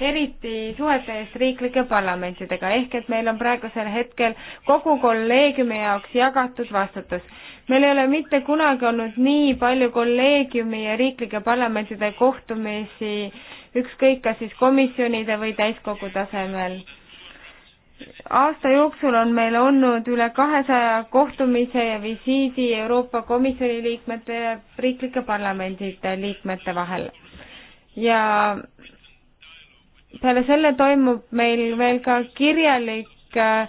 eriti suhete eest riiklike parlamentidega, ehk et meil on praegusel hetkel kogu kolleegiumi jaoks jagatud vastutus meil ei ole mitte kunagi olnud nii palju kolleegiumi ja riiklike parlamentide kohtumisi, ükskõik kas siis komisjonide või täiskogu tasemel. aasta jooksul on meil olnud üle kahesaja kohtumise ja visiidi Euroopa Komisjoni liikmete ja riiklike parlamendide liikmete vahel. ja peale selle toimub meil veel ka kirjalik äh,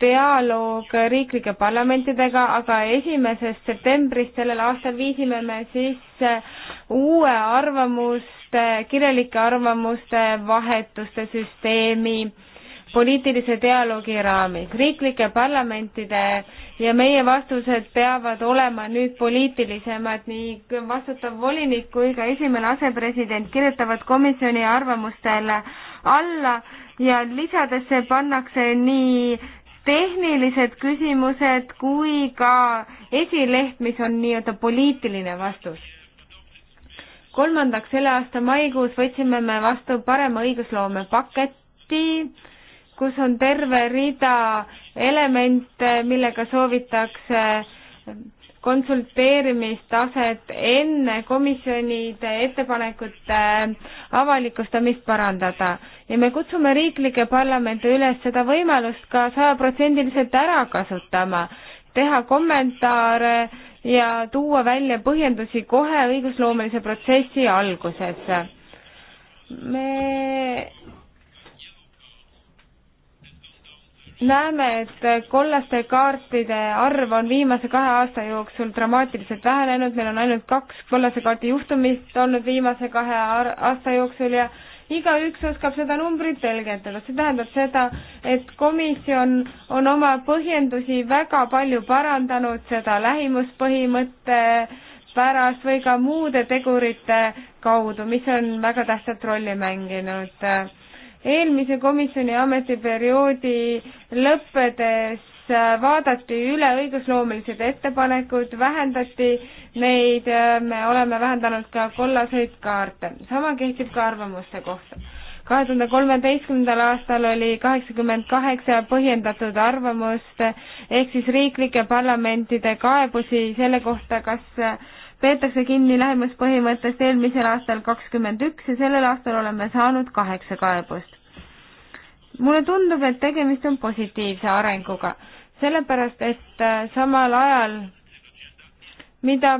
dialoog riiklike parlamentidega, aga esimesest septembrist sellel aastal viisime me sisse uue arvamuste, kirjalike arvamuste vahetuste süsteemi poliitilise dialoogi raamis. riiklike parlamentide ja meie vastused peavad olema nüüd poliitilisemad, nii vastutav volinik kui ka esimene asepresident kirjutavad komisjoni arvamustele alla ja lisadesse pannakse nii tehnilised küsimused kui ka esileht, mis on nii-öelda poliitiline vastus. kolmandaks, selle aasta maikuus võtsime me vastu parema õigusloome paketi, kus on terve rida elemente, millega soovitakse konsulteerimistaset enne komisjonide ettepanekute avalikustamist parandada ja me kutsume riiklikke parlamente üles seda võimalust ka sajaprotsendiliselt ära kasutama, teha kommentaare ja tuua välja põhjendusi kohe õigusloomelise protsessi alguses. me näeme, et kollaste kaartide arv on viimase kahe aasta jooksul dramaatiliselt vähenenud, meil on ainult kaks kollase kaardi juhtumit olnud viimase kahe aasta jooksul ja igaüks oskab seda numbrit tõlgendada, see tähendab seda, et komisjon on oma põhjendusi väga palju parandanud, seda lähimuspõhimõtte pärast või ka muude tegurite kaudu, mis on väga tähtsat rolli mänginud eelmise komisjoni ametiperioodi lõppedes äh, vaadati üle õigusloomelised ettepanekud, vähendati neid, äh, me oleme vähendanud ka kollaseid kaarte, sama kehtib ka arvamuste kohta. kahe tuhande kolmeteistkümnendal aastal oli kaheksakümmend kaheksa põhjendatud arvamust ehk siis riiklike parlamentide kaebusi selle kohta, kas äh, peetakse kinni lähimuspõhimõttest eelmisel aastal kakskümmend üks ja sellel aastal oleme saanud kaheksa kaebust. mulle tundub, et tegemist on positiivse arenguga, sellepärast et äh, samal ajal, mida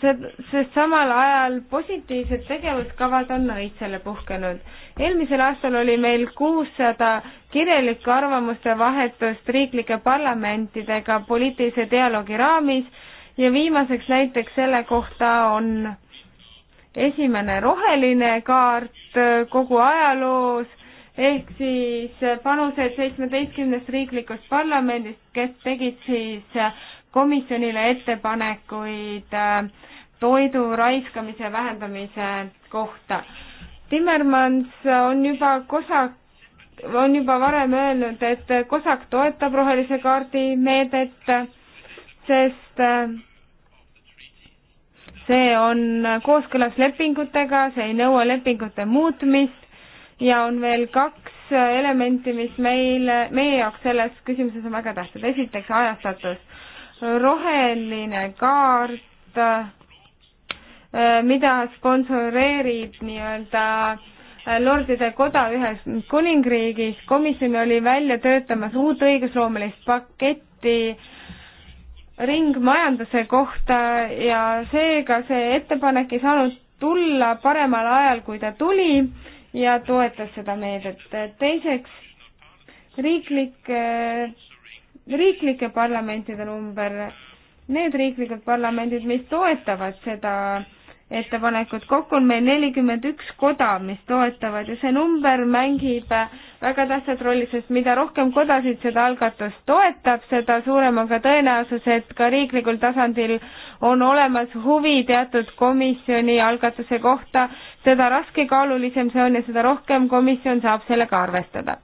sest samal ajal positiivsed tegevuskavad on õitsele puhkenud. eelmisel aastal oli meil kuussada kirjalikku arvamuste vahetust riiklike parlamentidega poliitilise dialoogi raamis ja viimaseks näiteks selle kohta on esimene roheline kaart kogu ajaloos, ehk siis panused seitsmeteistkümnest riiklikust parlamendist, kes tegid siis komisjonile ettepanekuid toidu raiskamise vähendamise kohta. Timmermans on juba kosak, on juba varem öelnud, et kosak toetab rohelise kaardi meedet, sest see on kooskõlas lepingutega, see ei nõua lepingute muutmist ja on veel kaks elementi, mis meile, meie jaoks selles küsimuses on väga tähtsad. esiteks ajastatus, roheline kaart, äh, mida sponsoreerib nii-öelda äh, Lordide Koda ühes kuningriigis, komisjon oli välja töötamas uut õigusloomelist paketti äh, ringmajanduse kohta ja seega see ettepanek ei saanud tulla paremal ajal, kui ta tuli ja toetas seda meedet. teiseks, riiklik, eh, riiklike parlamentide number, need riiklikud parlamendid, mis toetavad seda ettepanekut, kokku on meil nelikümmend üks koda, mis toetavad ja see number mängib väga tähtsat rolli, sest mida rohkem kodasid seda algatust toetab, seda suurem on ka tõenäosus, et ka riiklikul tasandil on olemas huvi teatud komisjoni algatuse kohta, seda raskekaalulisem see on ja seda rohkem komisjon saab sellega arvestada.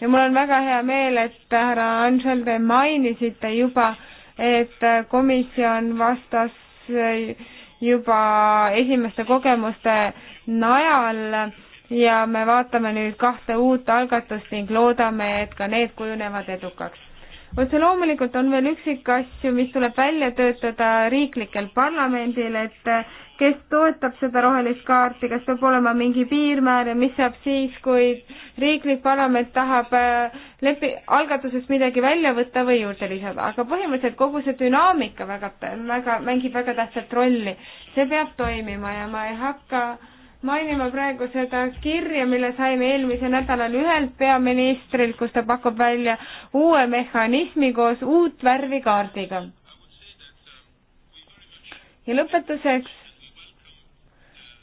ja mul on väga hea meel, et härra Anžel, te mainisite juba, et komisjon vastas äh, juba esimeste kogemuste najal ja me vaatame nüüd kahte uut algatust ning loodame, et ka need kujunevad edukaks. otse loomulikult on veel üksikasju, mis tuleb välja töötada riiklikel parlamendil, et kes toetab seda rohelist kaarti, kas peab olema mingi piirmäär ja mis saab siis, kui riiklik parlament tahab äh, lepi-, algatusest midagi välja võtta või juurde lisada, aga põhimõtteliselt kogu see dünaamika väga, väga, mängib väga tähtsat rolli. see peab toimima ja ma ei hakka mainima praegu seda kirja, mille saime eelmisel nädalal ühelt peaministrilt, kus ta pakub välja uue mehhanismi koos uut värvi kaardiga. ja lõpetuseks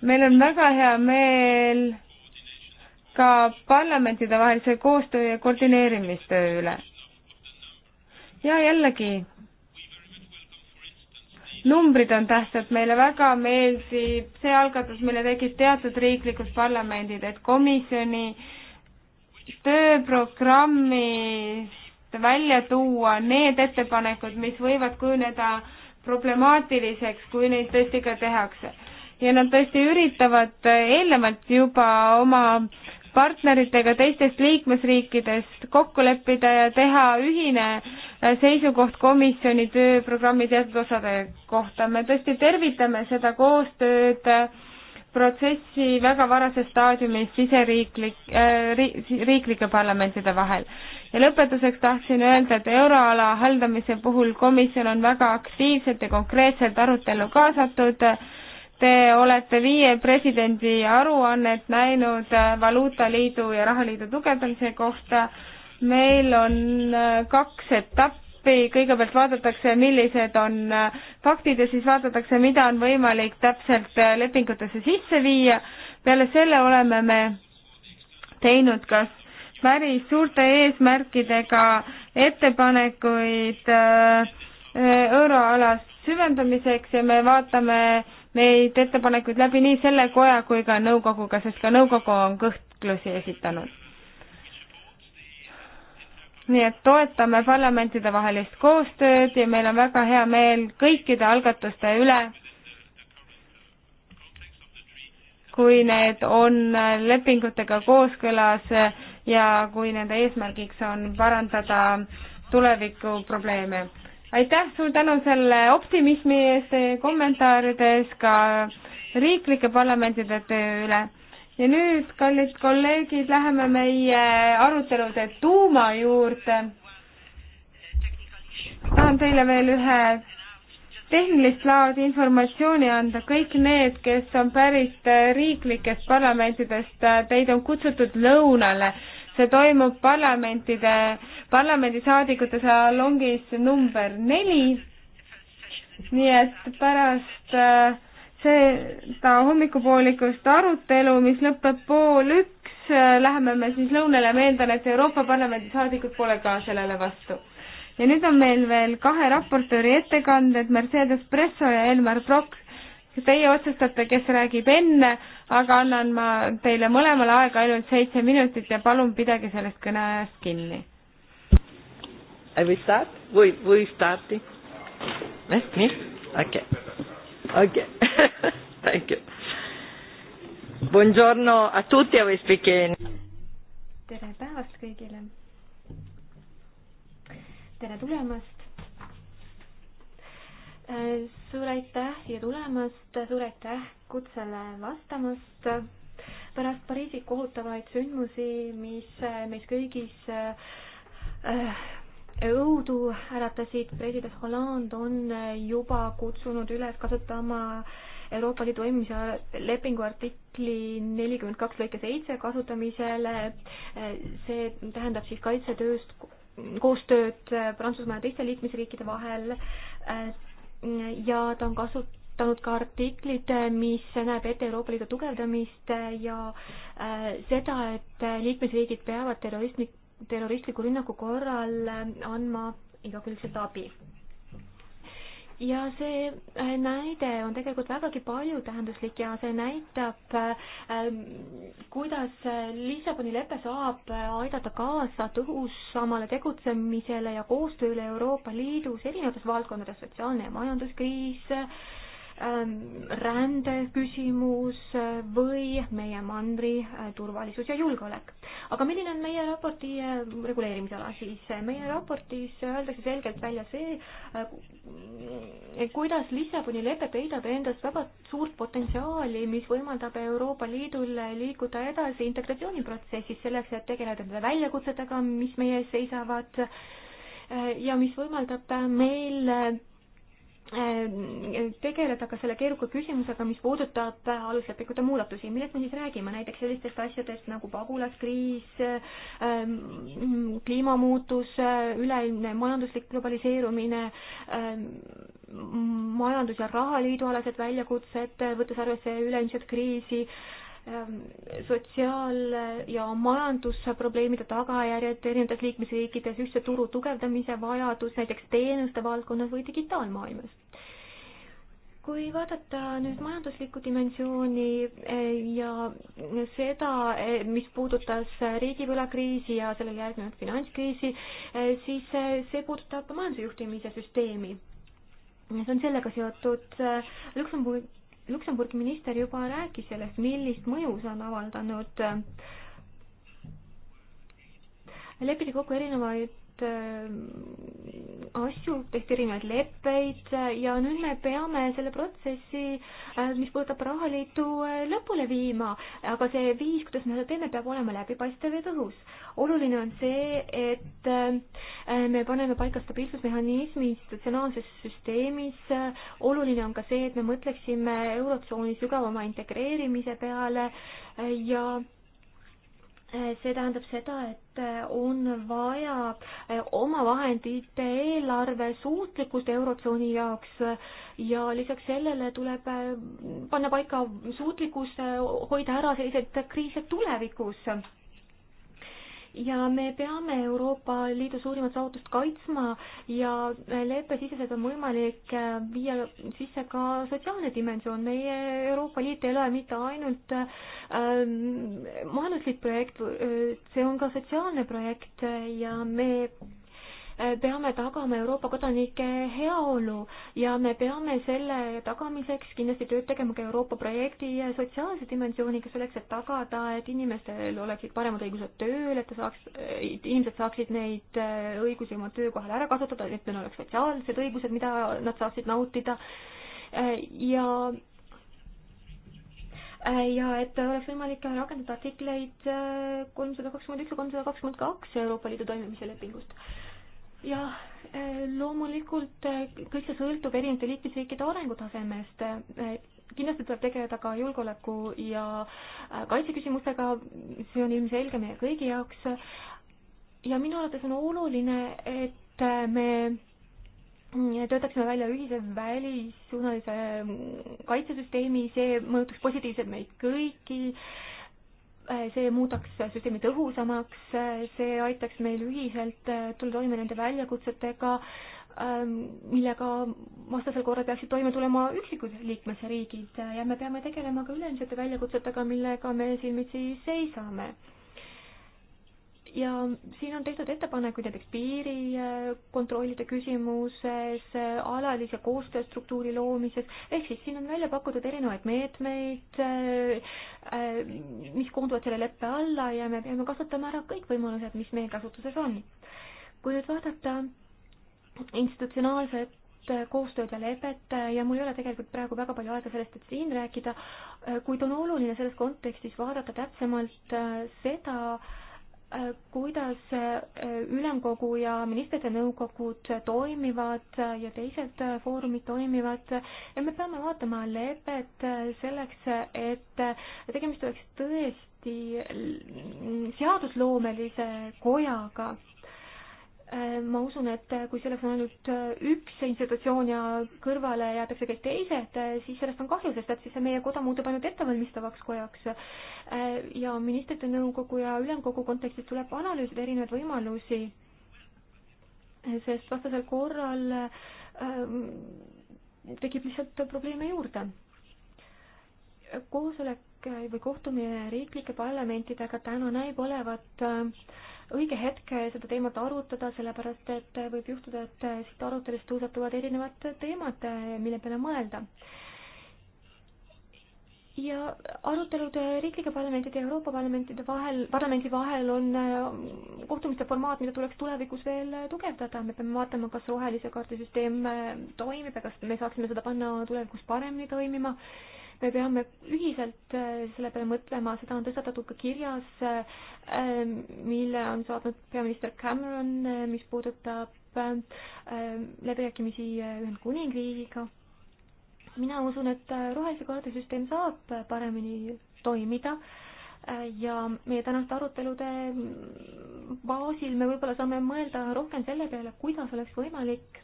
meil on väga hea meel ka parlamentidevahelise koostöö ja koordineerimistöö üle. ja jällegi, numbrid on tähtsad, meile väga meeldib see algatus, mille tegid teatud riiklikud parlamendid, et komisjoni tööprogrammist välja tuua need ettepanekud, mis võivad kujuneda problemaatiliseks, kui neid tõesti ka tehakse ja nad tõesti üritavad eh, eelnevalt juba oma partneritega teistest liikmesriikidest kokku leppida ja teha ühine eh, seisukoht komisjoni tööprogrammi teatud osade kohta. me tõesti tervitame seda koostööd eh, protsessi väga varases staadiumis siseriiklik äh,, riiklike parlamentide vahel. ja lõpetuseks tahtsin öelda, et euroala haldamise puhul komisjon on väga aktiivselt ja konkreetselt arutelu kaasatud äh, Te olete viie presidendi aruannet näinud äh, Valuutaliidu ja Rahaliidu tugevdamise kohta. meil on äh, kaks etappi, kõigepealt vaadatakse, millised on äh, faktid ja siis vaadatakse, mida on võimalik täpselt lepingutesse sisse viia. peale selle oleme me teinud kas päris suurte eesmärkidega ettepanekuid euroalas süvendamiseks ja me vaatame äh, neid ettepanekuid läbi nii selle koja kui ka nõukoguga, sest ka nõukogu on kõhklusi esitanud. nii et toetame parlamentidevahelist koostööd ja meil on väga hea meel kõikide algatuste üle, kui need on lepingutega kooskõlas ja kui nende eesmärgiks on parandada tulevikuprobleeme aitäh, suur tänu selle optimismi eest kommentaarides ka riiklike parlamentide töö üle. ja nüüd, kallid kolleegid, läheme meie arutelude tuuma juurde. tahan teile veel ühe tehnilist laadi informatsiooni anda, kõik need, kes on pärit riiklikest parlamentidest, teid on kutsutud lõunale see toimub parlamentide, parlamendisaadikute salongis number neli. nii et pärast äh, seda hommikupoolikust arutelu, mis lõpeb pool üks, äh, läheme me siis lõunale, ma eeldan, et Euroopa Parlamendi saadikud pole ka sellele vastu ja nüüd on meil veel kahe raportööri ettekanded, Mercedes Presso ja Elmar Brock Teie otsustate, kes räägib enne, aga annan ma teile mõlemale aega ainult seitse minutit ja palun pidage sellest kõneajast kinni. Või start või, või starti? nii, okei, okei, thank you. Buongiorno a tutti ja või speaking. tere päevast kõigile. tere tulemast suur aitäh siia tulemast, suur aitäh kutsele vastamast. pärast Pariisi kohutavaid sündmusi, mis meis kõigis äh, õudu äratasid, president Hollande on juba kutsunud üles kasutama Euroopa Liidu eelmise lepingu artikli nelikümmend kaks lõike seitse kasutamisele. see tähendab siis kaitsetööst, koostööd Prantsusmaa ja teiste liikmesriikide vahel ja ta on kasutanud ka artiklit, mis näeb ette Euroopa Liidu tugevdamist ja äh, seda, et liikmesriigid peavad terrorismi, terroristliku rünnaku korral äh, andma igakülgset abi ja see äh, näide on tegelikult vägagi paljutähenduslik ja see näitab, ähm, kuidas äh, Lissaboni lepe saab äh, aidata kaasa tõhusamale tegutsemisele ja koostööle Euroopa Liidus erinevates valdkondades, sotsiaalne ja majanduskriis, Ähm, rändeküsimus äh, või meie mandri äh, turvalisus ja julgeolek. aga milline on meie raporti äh, reguleerimisala siis? meie raportis öeldakse selgelt välja see, kuidas Lissaboni lepe peidab endast väga suurt potentsiaali, mis võimaldab Euroopa Liidul liikuda edasi integratsiooniprotsessis selleks, et tegeleda nende väljakutsetega, mis meie ees seisavad ja mis võimaldab meil Ehm, tegeleda ka selle keeruka küsimusega, mis puudutab aluslepingute muudatusi, millest me siis räägime, näiteks sellistest asjadest nagu pagulaskriis, ehm, kliimamuutus, üleilmne majanduslik globaliseerumine, ehm, majandus- ja rahaliidu alased väljakutsed, võttes arvesse üleilmset kriisi, Ähm, sotsiaal- ja majandusprobleemide tagajärjed erinevates liikmesriikides, ühtse turu tugevdamise vajadus näiteks teenuste valdkonnas või digitaalmaailmas. kui vaadata nüüd majanduslikku dimensiooni eh, ja seda, eh, mis puudutas riigivõlakriisi ja sellele järgnenud finantskriisi, eh, siis see puudutab majanduse juhtimise süsteemi. see on sellega seotud Luksemburgi Luksemburgi minister juba rääkis sellest, millist mõju see on avaldanud. lepiti kokku erinevaid äh, asju, tehti erinevaid leppeid ja nüüd me peame selle protsessi, äh, mis puudutab rahaliitu, äh, lõpule viima, aga see viis, kuidas me seda teeme, peab olema läbipaistev ja tõhus oluline on see, et äh, me paneme paika stabiilsusmehhanismi institutsionaalses süsteemis, oluline on ka see, et me mõtleksime Eurotsooni sügavama integreerimise peale ja äh, see tähendab seda, et äh, on vaja omavahendite eelarve suutlikkust Eurotsooni jaoks ja lisaks sellele tuleb panna paika suutlikkus hoida ära selliseid kriise tulevikus ja me peame Euroopa Liidu suurimat saavutust kaitsma ja leppesiseselt on võimalik äh, viia sisse ka sotsiaalne dimensioon. meie Euroopa Liit ei ole mitte ainult ähm, majanduslik projekt, äh, see on ka sotsiaalne projekt ja me peame tagama Euroopa kodanike heaolu ja me peame selle tagamiseks kindlasti tööd tegema ka Euroopa projekti sotsiaalse dimensiooniga selleks, et tagada, et inimestel oleksid paremad õigused tööl, et ta saaks, inimesed saaksid neid äh, õigusi oma töökohal ära kasutada, et neil oleks sotsiaalsed õigused, mida nad saaksid nautida äh, ja äh, ja et oleks võimalik rakendada artikleid kolmsada kakskümmend üks ja kolmsada kakskümmend kaks Euroopa Liidu toimimise lepingust jah, eh, loomulikult eh, kõik see sõltub erinevate liikmesriikide arengutasemest. Eh, kindlasti tuleb tegeleda ka julgeoleku ja kaitseküsimustega, see on ilmselge meie kõigi jaoks. ja minu arvates on oluline, et me mm, töötaksime välja ühise välissuunalise mm, kaitsesüsteemi, see mõjutaks positiivselt meid kõiki Äh, see muudaks süsteemi tõhusamaks, äh, see aitaks meil ühiselt äh, tulla toime nende väljakutsetega, ähm, millega vastasel korral peaksid toime tulema üksikud liikmesriigid ja me peame tegelema ka ülejäänud väljakutsetega, millega me silmitsi seisame ja siin on tehtud ettepanekuid näiteks piirikontrollide küsimuses, alalise koostööstruktuuri loomises, ehk siis siin on välja pakutud erinevaid meetmeid, mis koonduvad selle leppe alla ja me peame kasutama ära kõik võimalused, mis meie käsutuses on. kui nüüd vaadata institutsionaalset koostööd ja lepet ja mul ei ole tegelikult praegu väga palju aega sellest, et siin rääkida, kuid on oluline selles kontekstis vaadata täpsemalt äh, seda, Äh, kuidas äh, ülemkogu ja ministrite nõukogud toimivad äh, ja teised foorumid toimivad ja me peame vaatama lepet selleks, et tegemist oleks tõesti seadusloomelise kojaga Äh, ma usun, et äh, kui selleks on ainult äh, üks institutsioon ja kõrvale jäetakse kõik teised, siis sellest on kahju, sest et siis meie koda muutub ainult ettevalmistavaks kojaks. ja ministrite nõukogu ja ülemkogu kontekstis tuleb analüüsida erinevaid võimalusi, sest vastasel korral tekib lihtsalt probleeme juurde. koosolek või kohtumine riiklike parlamentidega täna näib olevat äh, õige hetk seda teemat arutada, sellepärast et võib juhtuda, et siit arutelust tõusetuvad erinevad teemad, mille peale mõelda. ja arutelud riiklike parlamentide ja Euroopa parlamentide vahel, parlamendi vahel on ähm, kohtumiste formaat, mida tuleks tulevikus veel tugevdada, me peame vaatama, kas rohelise kaardi süsteem äh, toimib ja kas me saaksime seda panna tulevikus paremini toimima me peame ühiselt äh, selle peale mõtlema, seda on tõstatatud ka kirjas, äh, mille on saatnud peaminister Cameron, äh, mis puudutab läbirääkimisi Ühendkuningriigiga. mina usun, et rohelise kaardi süsteem saab paremini toimida ja meie tänaste arutelude baasil me võib-olla saame mõelda rohkem selle peale, kuidas oleks võimalik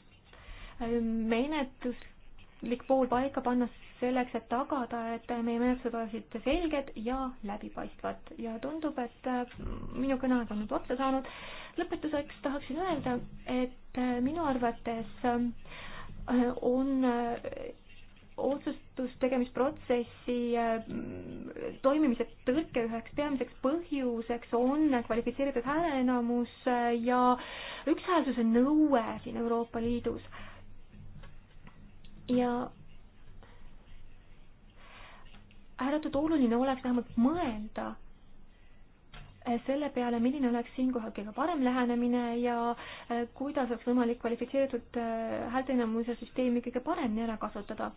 menetluslik pool paika panna selleks, et tagada, et meie menetlused oleksid selged ja läbipaistvad ja tundub, et äh, minu kõneaeg on nüüd otsa saanud. lõpetuseks tahaksin öelda, et äh, minu arvates äh, on otsustustegemisprotsessi toimimise tõrke üheks peamiseks põhjuseks on kvalifitseeritud hääleenamus ja ükshäälsuse nõue siin Euroopa Liidus ja ääretult oluline oleks vähemalt mõelda eh, selle peale, milline oleks siinkohal kõige parem lähenemine ja eh, kuidas oleks võimalik kvalifitseeritud eh, häälteenamuse süsteemi kõige paremini ära kasutada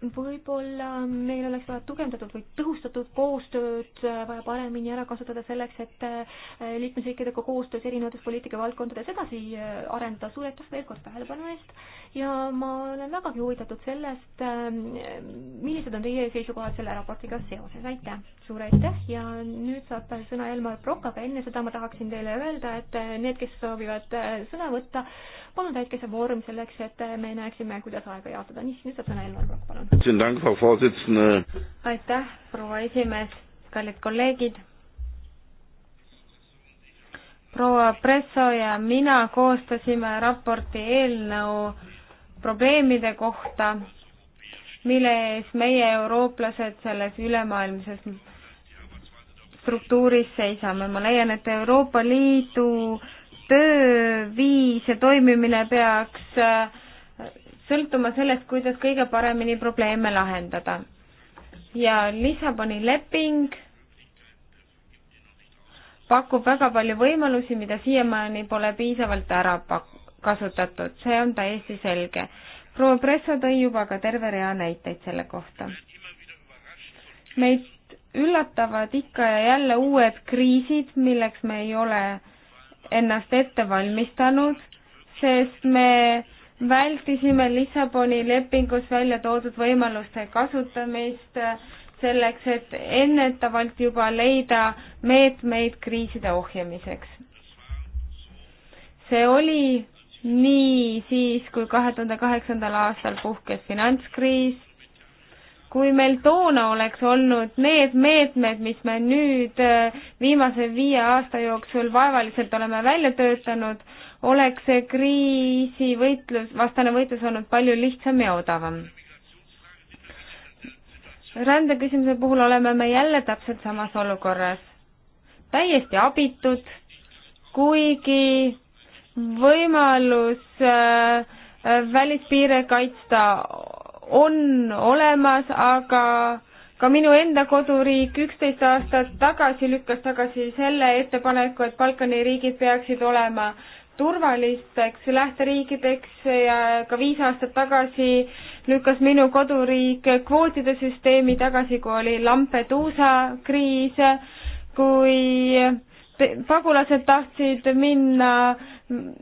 võib-olla meil oleks vaja tugevdatud või tõhustatud koostööd vaja paremini ära kasutada selleks, et äh, liikmesriikidega koostöös erinevates poliitikavaldkondades edasi äh, arendada. suur aitäh veel kord tähelepanu eest ja ma olen vägagi huvitatud sellest, äh, millised on teie seisukohad selle raportiga seoses. aitäh, suur aitäh ja nüüd saab sõna Elmar Prokk, aga enne seda ma tahaksin teile öelda, et need, kes soovivad sõna võtta, palun täitke see vorm selleks, et me näeksime, kuidas aega jaotada. nii, nüüd saab sõna Elmar Kokk, palun. aitäh, proua esimees, kallid kolleegid. proua Presso ja mina koostasime raporti eelnõu probleemide kohta, mille ees meie, eurooplased, selles ülemaailmses struktuuris seisame. ma leian, et Euroopa Liidu tööviis ja toimimine peaks äh, sõltuma sellest, kuidas kõige paremini probleeme lahendada. ja Lissaboni leping pakub väga palju võimalusi, mida siiamaani pole piisavalt ära pak-, kasutatud, see on täiesti selge. proua Presso tõi juba ka terve rea näiteid selle kohta. meid üllatavad ikka ja jälle uued kriisid, milleks me ei ole ennast ette valmistanud, sest me vältisime Lissaboni lepingus välja toodud võimaluste kasutamist selleks, et ennetavalt juba leida meetmeid kriiside ohjamiseks. see oli nii siis, kui kahe tuhande kaheksandal aastal puhkes finantskriis kui meil toona oleks olnud need meetmed, mis me nüüd äh, viimase viie aasta jooksul vaevaliselt oleme välja töötanud, oleks see kriisivõitlus, vastane võitlus olnud palju lihtsam ja odavam. rändeküsimuse puhul oleme me jälle täpselt samas olukorras. täiesti abitud, kuigi võimalus äh, välispiire kaitsta on olemas, aga ka minu enda koduriik üksteist aastat tagasi lükkas tagasi selle ettepaneku, et Balkani riigid peaksid olema turvalisteks lähteriikideks ja ka viis aastat tagasi lükkas minu koduriik kvootide süsteemi tagasi, kui oli Lampeduusa kriis, kui pagulased tahtsid minna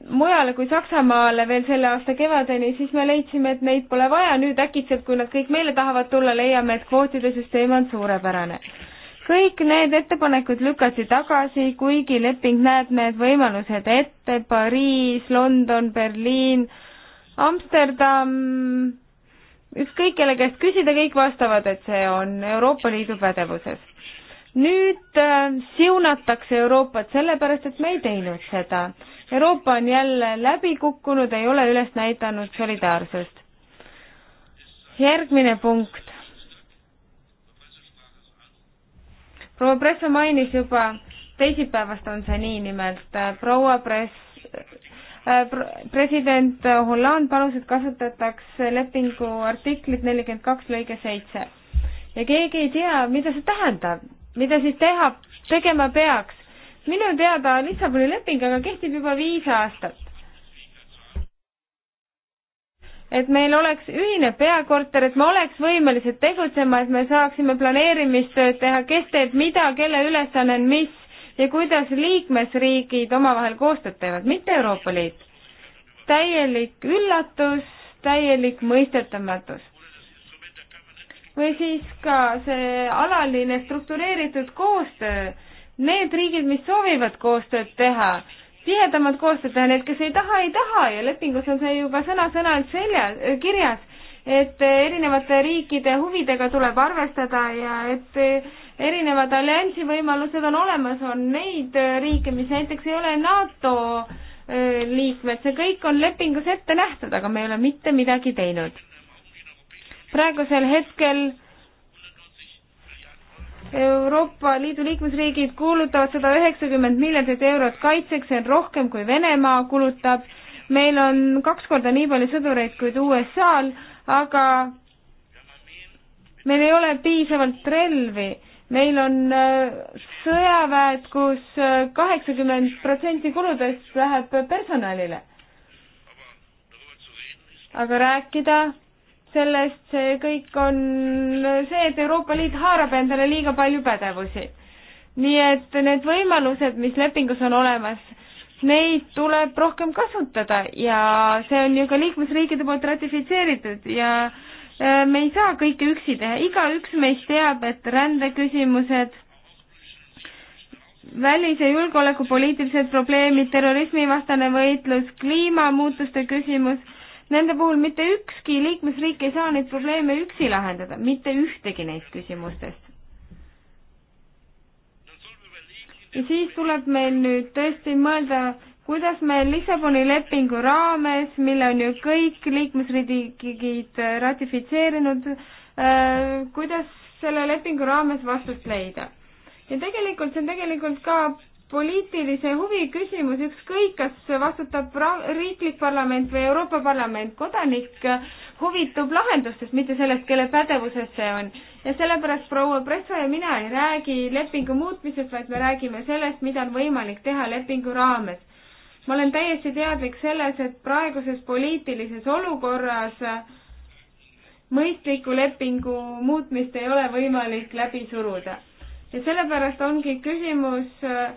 mujale kui Saksamaale veel selle aasta kevadeni, siis me leidsime, et neid pole vaja, nüüd äkitselt, kui nad kõik meile tahavad tulla, leiame, et kvootide süsteem on suurepärane. kõik need ettepanekud lükati tagasi, kuigi leping näeb need võimalused ette, Pariis, London, Berliin, Amsterdam, ükskõik kelle käest küsida, kõik vastavad, et see on Euroopa Liidu pädevuses nüüd äh, siunatakse Euroopat sellepärast, et me ei teinud seda Euroopa on jälle läbi kukkunud, ei ole üles näidanud solidaarsust. järgmine punkt. proua Presso mainis juba, teisipäevast on see nii nimelt, proua Press äh, president Hollande palus, et kasutataks lepingu artiklit nelikümmend kaks lõige seitse ja keegi ei tea, mida see tähendab, mida siis teha, tegema peaks minu teada Lissaboni leping aga kehtib juba viis aastat. et meil oleks ühine peakorter, et me oleks võimelised tegutsema, et me saaksime planeerimistööd teha, kes teeb mida, kelle ülesanne on mis ja kuidas liikmesriigid omavahel koostööd teevad, mitte Euroopa Liit. täielik üllatus, täielik mõistetamatus või siis ka see alaline struktureeritud koostöö, Need riigid, mis soovivad koostööd teha, tihedamat koostööd teha, need, kes ei taha, ei taha ja lepingus on see juba sõna-sõnalt seljas, äh, kirjas, et äh, erinevate riikide huvidega tuleb arvestada ja et äh, erinevad alliansi võimalused on olemas, on neid riike, mis näiteks ei ole NATO liikmed, see kõik on lepingus ette nähtud, aga me ei ole mitte midagi teinud. praegusel hetkel Euroopa Liidu liikmesriigid kulutavad sada üheksakümmend miljardit eurot kaitseks, see on rohkem kui Venemaa kulutab. meil on kaks korda nii palju sõdureid kui USA-l, aga meil ei ole piisavalt relvi. meil on äh, sõjaväed kus, kus äh, kaheksakümmend protsenti kuludest läheb personalile. aga rääkida sellest, see kõik on see, et Euroopa Liit haarab endale liiga palju pädevusi. nii et need võimalused, mis lepingus on olemas, neid tuleb rohkem kasutada ja see on ju ka liikmesriikide poolt ratifitseeritud ja äh, me ei saa kõike üksi teha, igaüks meist teab, et rändeküsimused, välis- ja julgeolekupoliitilised probleemid, terrorismivastane võitlus, kliimamuutuste küsimus Nende puhul mitte ükski liikmesriik ei saa neid probleeme üksi lahendada, mitte ühtegi neist küsimustest. ja siis tuleb meil nüüd tõesti mõelda, kuidas me Lissaboni lepingu raames, mille on ju kõik liikmesriigid äh, ratifitseerinud, äh, kuidas selle lepingu raames vastust leida. ja tegelikult see on tegelikult ka poliitilise huvi küsimus, ükskõik, kas vastutab riiklik parlament või Euroopa Parlament, kodanik huvitub lahendustest, mitte sellest, kelle pädevuses see on. ja sellepärast proua Presso ja mina ei räägi lepingu muutmisest, vaid me räägime sellest, mida on võimalik teha lepingu raames. ma olen täiesti teadlik selles, et praeguses poliitilises olukorras mõistliku lepingu muutmist ei ole võimalik läbi suruda ja sellepärast ongi küsimus äh,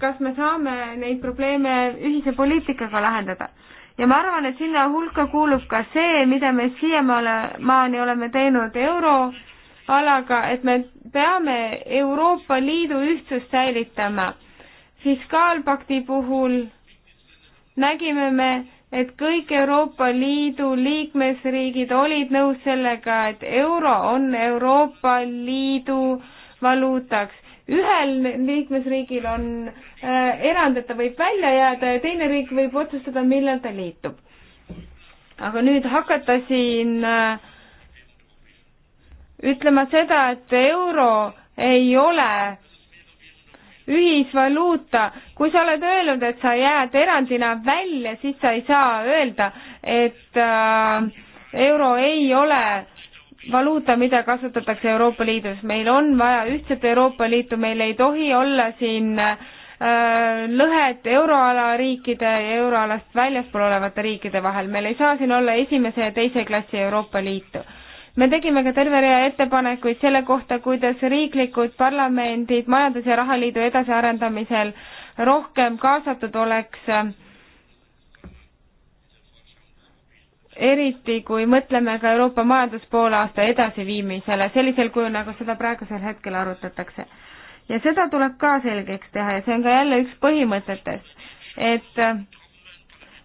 kas me saame neid probleeme ühise poliitikaga lahendada. ja ma arvan, et sinna hulka kuulub ka see, mida me siiamaani oleme teinud euroalaga, et me peame Euroopa Liidu ühtsust säilitama. fiskaalpakti puhul nägime me, et kõik Euroopa Liidu liikmesriigid olid nõus sellega, et euro on Euroopa Liidu valuutaks ühel liikmesriigil on äh, erand, et ta võib välja jääda ja teine riik võib otsustada, millal ta liitub. aga nüüd hakata siin äh, ütlema seda, et euro ei ole ühisvaluuta, kui sa oled öelnud, et sa jääd erandina välja, siis sa ei saa öelda, et äh, euro ei ole valuuta, mida kasutatakse Euroopa Liidus. meil on vaja ühtset Euroopa Liitu, meil ei tohi olla siin äh, lõhet euroala riikide ja euroalast väljaspool olevate riikide vahel, meil ei saa siin olla esimese ja teise klassi Euroopa Liitu. me tegime ka terve rea ettepanekuid selle kohta, kuidas riiklikud parlamendid Majandus- ja Rahaliidu edasiarendamisel rohkem kaasatud oleks äh, eriti kui mõtleme ka Euroopa majanduspoolaasta edasiviimisele sellisel kujul, nagu seda praegusel hetkel arutatakse. ja seda tuleb ka selgeks teha ja see on ka jälle üks põhimõtetest, et äh,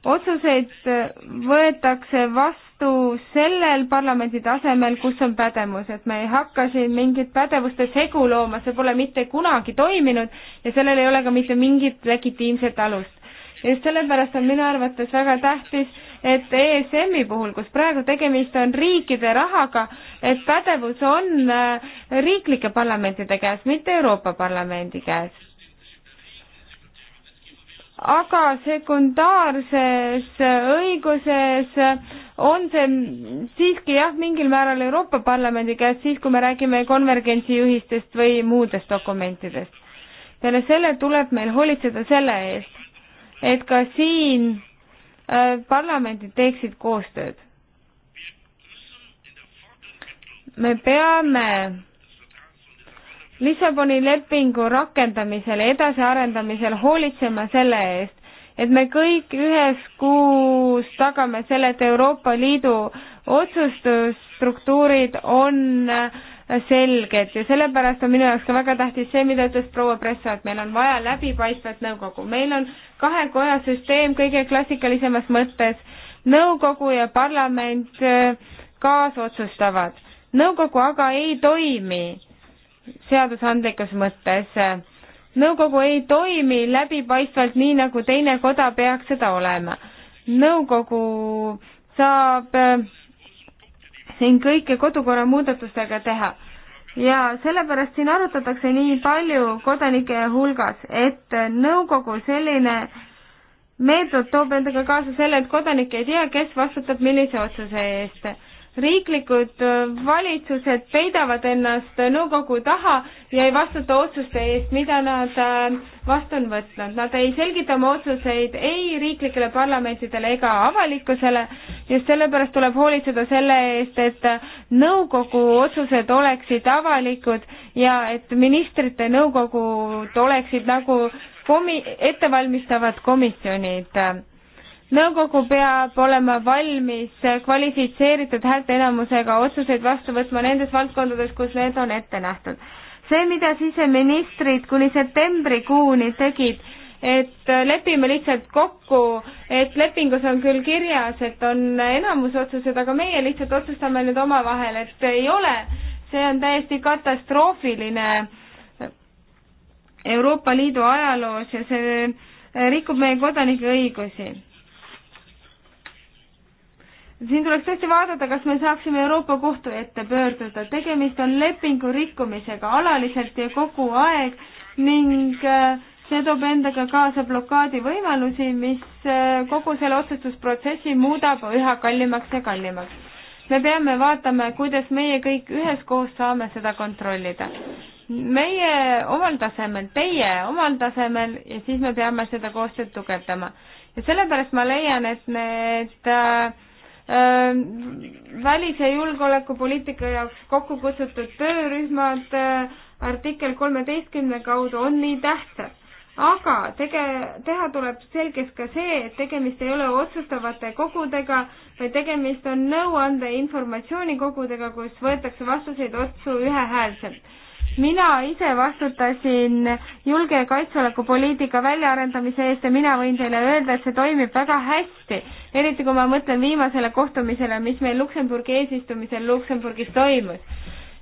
otsuseid äh, võetakse vastu sellel parlamendi tasemel, kus on pädevus, et me ei hakka siin mingit pädevuste segu looma, see pole mitte kunagi toiminud ja sellel ei ole ka mitte mingit legitiimset alust just sellepärast on minu arvates väga tähtis, et ESM-i puhul, kus praegu tegemist on riikide rahaga, et pädevus on äh, riiklike parlamentide käes, mitte Euroopa Parlamendi käes. aga sekundaarses õiguses on see siiski jah, mingil määral Euroopa Parlamendi käes, siis kui me räägime konvergentsi juhistest või muudest dokumentidest. peale selle tuleb meil hoolitseda selle eest, et ka siin äh, parlamendid teeksid koostööd. me peame Lissaboni lepingu rakendamisel ja edasiarendamisel hoolitsema selle eest, et me kõik üheskoos tagame selle, et Euroopa Liidu otsustusstruktuurid on äh, selged ja sellepärast on minu jaoks ka väga tähtis see, mida ütles proua Presso, et meil on vaja läbipaistvat nõukogu. meil on kahe koja süsteem kõige klassikalisemas mõttes. nõukogu ja parlament äh, kaasotsustavad. nõukogu aga ei toimi seadusandlikus mõttes. nõukogu ei toimi läbipaistvalt, nii nagu teine koda peaks seda olema. nõukogu saab äh, siin kõike kodukorra muudatustega teha. ja sellepärast siin arutatakse nii palju kodanike hulgas, et nõukogu selline meetod toob endaga kaasa selle, et kodanik ei tea, kes vastutab millise otsuse eest riiklikud äh, valitsused peidavad ennast nõukogu taha ja ei vastuta otsuste eest, mida nad äh, vastu on võtnud. Nad ei selgita oma otsuseid ei riiklikele parlamentidele ega avalikkusele. just sellepärast tuleb hoolitseda selle eest, et äh, nõukogu otsused oleksid avalikud ja et ministrite nõukogud oleksid nagu komi-, ettevalmistavad komisjonid nõukogu peab olema valmis kvalifitseeritud häälteenamusega otsuseid vastu võtma nendes valdkondades, kus need on ette nähtud. see, mida siseministrid kuni septembrikuuni tegid, et lepime lihtsalt kokku, et lepingus on küll kirjas, et on enamusotsused, aga meie lihtsalt otsustame nüüd omavahel, et ei ole, see on täiesti katastroofiline Euroopa Liidu ajaloos ja see rikub meie kodanike õigusi siin tuleks tõesti vaadata, kas me saaksime Euroopa Kohtu ette pöörduda, tegemist on lepingu rikkumisega alaliselt ja kogu aeg ning äh, see toob endaga kaasa blokaadi võimalusi, mis äh, kogu selle otsustusprotsessi muudab üha kallimaks ja kallimaks. me peame vaatama, kuidas meie kõik üheskoos saame seda kontrollida. meie omal tasemel, teie omal tasemel ja siis me peame seda koostööd tugevdama. ja sellepärast ma leian, et need äh, välis- ja julgeolekupoliitika jaoks kokku kutsutud töörühmad artikkel kolmeteistkümne kaudu on nii tähtsad. aga tege-, teha tuleb selgeks ka see, et tegemist ei ole otsustavate kogudega, vaid tegemist on nõuande informatsiooni kogudega, kus võetakse vastuseid otsu ühehäälselt mina ise vastutasin julge- ja kaitseolekupoliitika väljaarendamise eest ja mina võin teile öelda, et see toimib väga hästi. eriti kui ma mõtlen viimasele kohtumisele, mis meil Luksemburgi eesistumisel Luksemburgis toimus.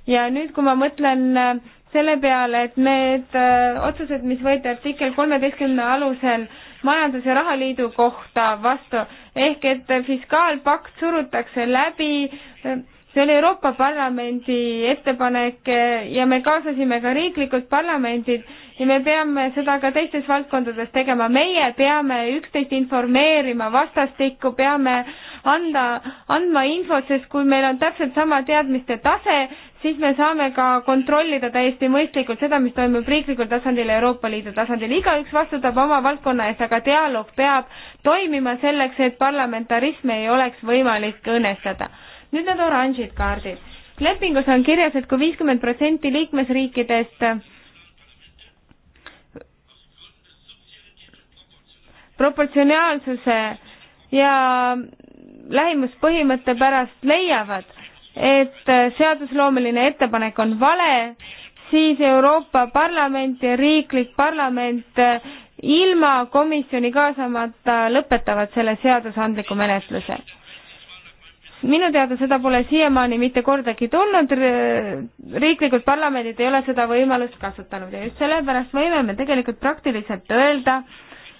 ja nüüd, kui ma mõtlen äh, selle peale, et need äh, otsused, mis võeti artikkel kolmeteistkümne alusel majandus- ja rahaliidu kohta vastu, ehk et fiskaalpakt surutakse läbi äh, see oli Euroopa Parlamendi ettepanek ja me kaasasime ka riiklikud parlamendid ja me peame seda ka teistes valdkondades tegema. meie peame üksteist informeerima vastastikku, peame anda, andma infot, sest kui meil on täpselt sama teadmiste tase, siis me saame ka kontrollida täiesti mõistlikult seda, mis toimub riiklikul tasandil ja Euroopa Liidu tasandil. igaüks vastutab oma valdkonna eest, aga dialoog peab toimima selleks, et parlamentarismi ei oleks võimalik õõnestada nüüd need oranžid kaardid. lepingus on kirjas, et kui viiskümmend protsenti liikmesriikidest proportsionaalsuse ja lähimuspõhimõtte pärast leiavad, et seadusloomeline ettepanek on vale, siis Euroopa Parlament ja riiklik parlament ilma komisjoni kaasamata lõpetavad selle seadusandliku menetluse minu teada seda pole siiamaani mitte kordagi tulnud, riiklikud parlamendid ei ole seda võimalust kasutanud ja just sellepärast võime me tegelikult praktiliselt öelda,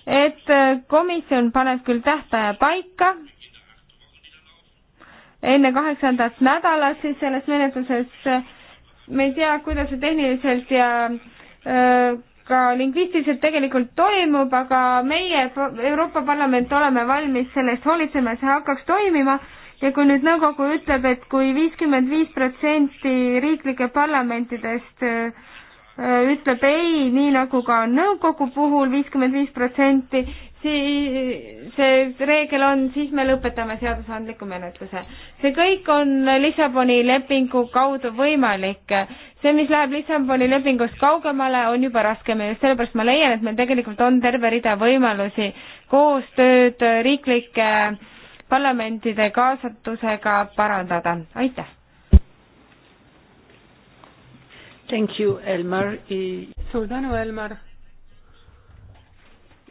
et komisjon paneb küll tähtaja paika, enne kaheksandat nädalat siis selles menetluses, me ei tea, kuidas see tehniliselt ja öö, äh, ka lingvistiliselt tegelikult toimub, aga meie Euroopa Parlament oleme valmis selle eest hoolitsema, et see hakkaks toimima ja kui nüüd nõukogu ütleb, et kui viiskümmend viis protsenti riiklike parlamentidest äh, ütleb ei, nii nagu ka nõukogu puhul viiskümmend viis protsenti, siis see reegel on, siis me lõpetame seadusandliku menetluse. see kõik on Lissaboni lepingu kaudu võimalik. see, mis läheb Lissaboni lepingust kaugemale, on juba raskem ja just sellepärast ma leian, et meil tegelikult on terve rida võimalusi koostööd riiklike äh, parlamentide kaasatusega parandada, aitäh! Thank you, Elmar. suur tänu, Elmar.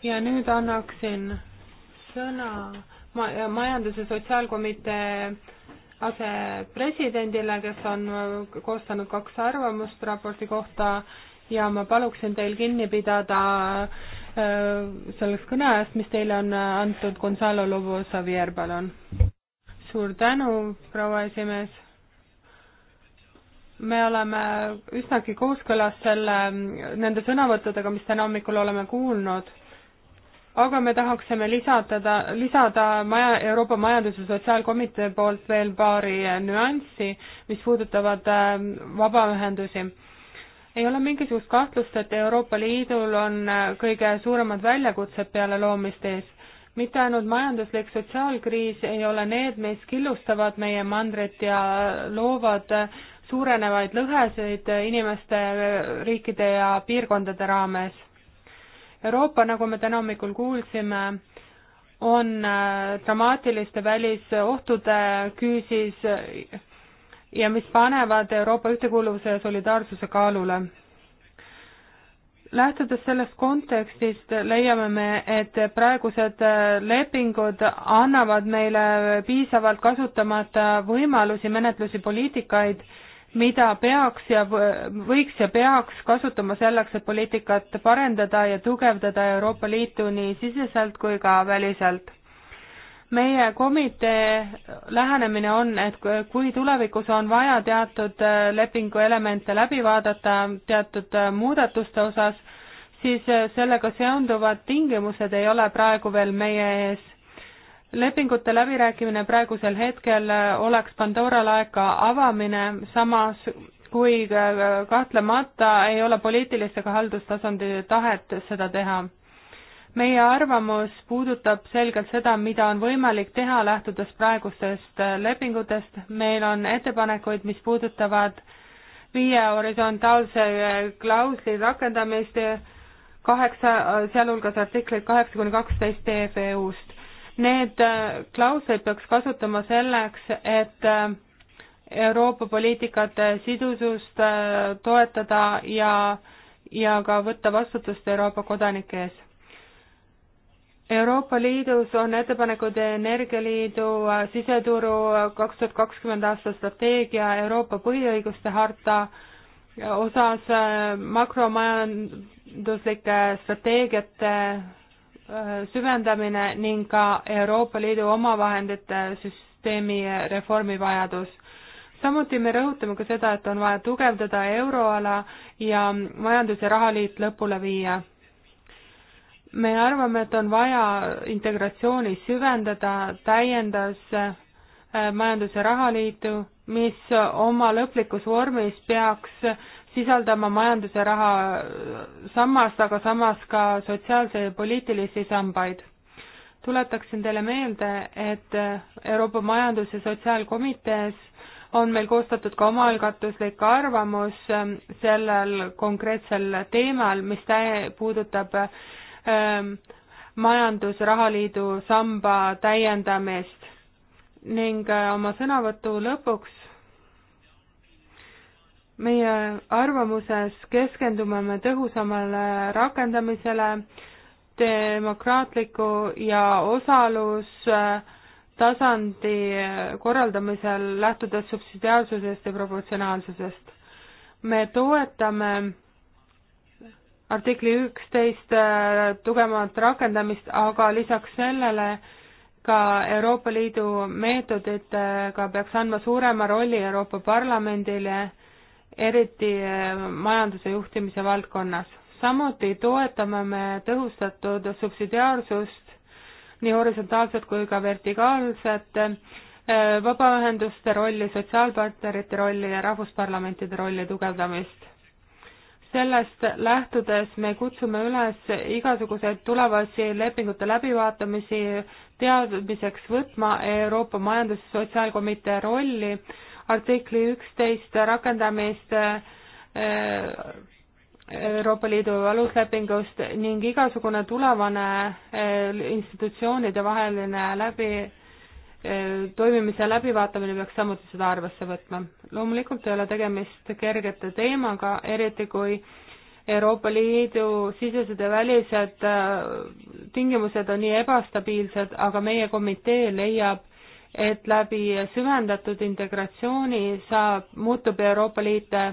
ja nüüd annaksin sõna ma-, majandus- ja sotsiaalkomitee asepresidendile, kes on koostanud kaks arvamust raporti kohta ja ma paluksin teil kinni pidada Äh, selleks kõne eest, mis teile on äh, antud. Gonzalo Lobo Xavier, palun. suur tänu, proua esimees. me oleme üsnagi kooskõlas selle, mm, nende sõnavõttudega, mis täna hommikul oleme kuulnud aga me tahaksime lisatada, lisada maja, Euroopa Majandus- ja Sotsiaalkomitee poolt veel paari äh, nüanssi, mis puudutavad vabaühendusi ei ole mingisugust kahtlust, et Euroopa Liidul on äh, kõige suuremad väljakutsed peale loomist ees. mitte ainult majanduslik sotsiaalkriis ei ole need, mis killustavad meie mandrit ja loovad äh, suurenevaid lõhesid äh, inimeste, riikide ja piirkondade raames. Euroopa, nagu me täna hommikul kuulsime, on dramaatiliste välisohtude küüsis ja mis panevad Euroopa ühtekuuluvuse ja solidaarsuse kaalule. lähtudes sellest kontekstist, leiame me, et praegused lepingud annavad meile piisavalt kasutamata võimalusi, menetlusi, poliitikaid, mida peaks ja võiks ja peaks kasutama selleks, et poliitikat parendada ja tugevdada Euroopa Liitu nii siseselt kui ka väliselt meie komitee lähenemine on, et kui tulevikus on vaja teatud äh, lepingu elemente läbi vaadata teatud äh, muudatuste osas, siis äh, sellega seonduvad tingimused ei ole praegu veel meie ees. lepingute läbirääkimine praegusel hetkel oleks Pandora laeka avamine, samas kui kahtlemata ei ole poliitilist ega haldustasandi tahet seda teha meie arvamus puudutab selgelt seda, mida on võimalik teha, lähtudes praegustest äh, lepingutest. meil on ettepanekuid, mis puudutavad viie horisontaalse äh, klausli rakendamist kaheksa, äh, sealhulgas artikleid kaheksa kuni kaksteist EFÜ-st. Need klausleid peaks kasutama selleks, et Euroopa poliitikate sidusust toetada ja, ja ka võtta vastutust Euroopa kodanike ees Euroopa Liidus on ettepanekud Energialiidu äh, siseturu äh, kaks tuhat kakskümmend aasta strateegia Euroopa põhiõiguste harta äh, osas makromajanduslike strateegiate süvendamine ning ka Euroopa Liidu omavahendite süsteemi reformi vajadus. samuti me rõhutame ka seda, et on vaja tugevdada euroala ja majandus- ja rahaliit lõpule viia me arvame, et on vaja integratsiooni süvendada, täiendas äh, majandus- ja rahaliitu, mis oma lõplikus vormis peaks sisaldama majanduse raha äh, sammast, aga samas ka sotsiaalse ja poliitilisi sambaid. tuletaksin teile meelde, et äh, Euroopa Majandus- ja Sotsiaalkomitees on meil koostatud ka omaalgatuslik arvamus sellel konkreetsel teemal, mis puudutab Ähm, majandus- ja rahaliidu samba täiendamist ning äh, oma sõnavõtu lõpuks meie arvamuses keskendume me tõhusamale rakendamisele, demokraatliku ja osalustasandi korraldamisel lähtudes subsidiaarsusest ja proportsionaalsusest. me toetame artikli üksteist äh, tugevamat rakendamist, aga lisaks sellele ka Euroopa Liidu meetoditega peaks andma suurema rolli Euroopa Parlamendile, eriti äh, majanduse juhtimise valdkonnas. samuti toetame me tõhustatud subsidiaarsust, nii horisontaalset kui ka vertikaalset, äh, vabaühenduste rolli, sotsiaalpartnerite rolli ja rahvusparlamentide rolli tugevdamist sellest lähtudes me kutsume üles igasuguseid tulevasi lepingute läbivaatamisi teadmiseks võtma Euroopa Majandus- ja Sotsiaalkomitee rolli, artikli üksteist rakendamist eh, Euroopa Liidu aluslepingust ning igasugune tulevane eh, institutsioonide vaheline läbi toimimise läbivaatamine peaks samuti seda arvesse võtma. loomulikult ei ole tegemist kergete teemaga, eriti kui Euroopa Liidu sisesed ja välised äh, tingimused on nii ebastabiilsed, aga meie komitee leiab, et läbi süvendatud integratsiooni saab, muutub Euroopa Liit äh,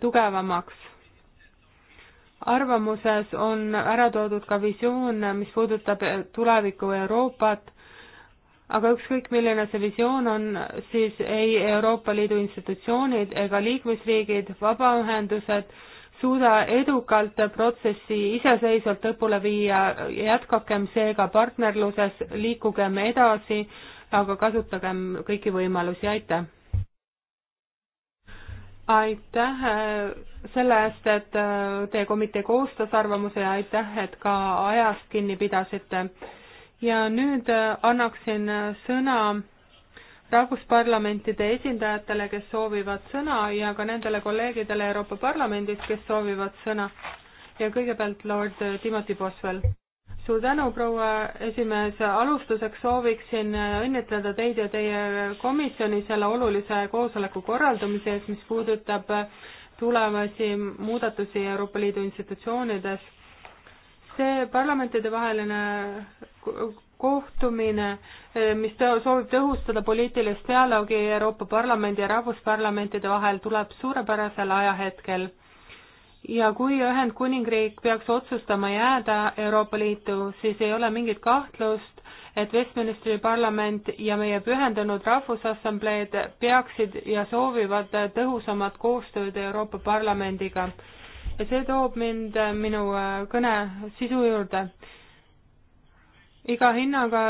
tugevamaks. arvamuses on ära toodud ka visioon, mis puudutab äh, tuleviku Euroopat aga ükskõik, milline see visioon on, siis ei Euroopa Liidu institutsioonid ega liikmesriigid, vabaühendused suuda edukalt protsessi iseseisvalt lõpule viia, jätkakem seega partnerluses, liikugem edasi, aga kasutagem kõiki võimalusi, aitäh! aitäh äh, selle eest, et äh, teie komitee koostas arvamuse ja aitäh, et ka ajast kinni pidasite ja nüüd äh, annaksin äh, sõna rahvusparlamentide esindajatele, kes soovivad sõna ja ka nendele kolleegidele Euroopa Parlamendist, kes soovivad sõna. ja kõigepealt Lord äh, Timothy Boswell. suur tänu, proua esimees, alustuseks sooviksin õnnitleda teid ja teie komisjoni selle olulise koosoleku korraldamise eest, mis puudutab tulevasi muudatusi Euroopa Liidu institutsioonides see parlamentidevaheline kohtumine, mis soovib tõhustada poliitilist dialoogi Euroopa Parlamendi ja rahvusparlamentide vahel, tuleb suurepärasel ajahetkel. ja kui Ühendkuningriik peaks otsustama jääda Euroopa Liitu, siis ei ole mingit kahtlust, et Westminsteri parlament ja meie pühendunud rahvusassambleed peaksid ja soovivad tõhusamat koostööd Euroopa Parlamendiga ja see toob mind äh, minu äh, kõne sisu juurde. iga hinnaga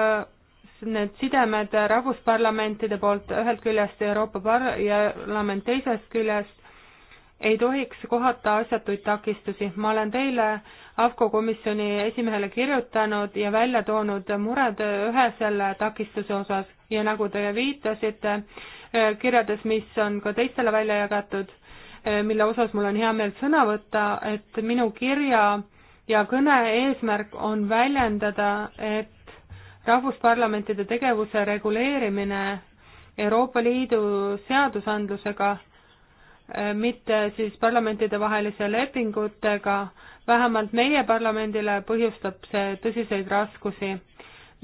need sidemed rahvusparlamentide poolt ühelt küljest Euroopa Parlament teisest küljest ei tohiks kohata asjatuid takistusi. ma olen teile, AFCO komisjoni esimehele kirjutanud ja välja toonud mured ühe selle takistuse osas ja nagu te viitasite äh, kirjades, mis on ka teistele välja jagatud, Äh, mille osas mul on hea meel sõna võtta, et minu kirja ja kõne eesmärk on väljendada, et rahvusparlamentide tegevuse reguleerimine Euroopa Liidu seadusandlusega, äh, mitte siis parlamentidevahelise lepingutega, vähemalt meie parlamendile põhjustab see tõsiseid raskusi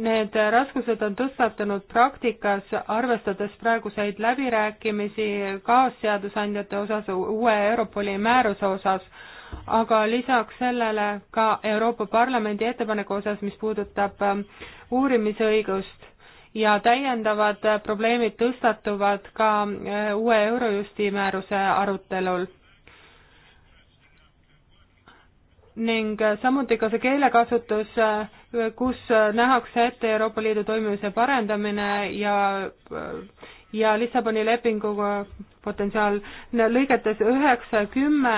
Need raskused on tõstatunud praktikas, arvestades praeguseid läbirääkimisi kaasseadusandjate osas, uue Europoli määruse osas, aga lisaks sellele ka Euroopa Parlamendi ettepaneku osas, mis puudutab ähm, uurimisõigust ja täiendavad probleemid tõstatuvad ka äh, uue Eurojusti määruse arutelul ning samuti ka see keelekasutus, kus nähakse ette Euroopa Liidu toimimise parendamine ja ja Lissaboni lepinguga potentsiaal lõigetes üheksa ja kümme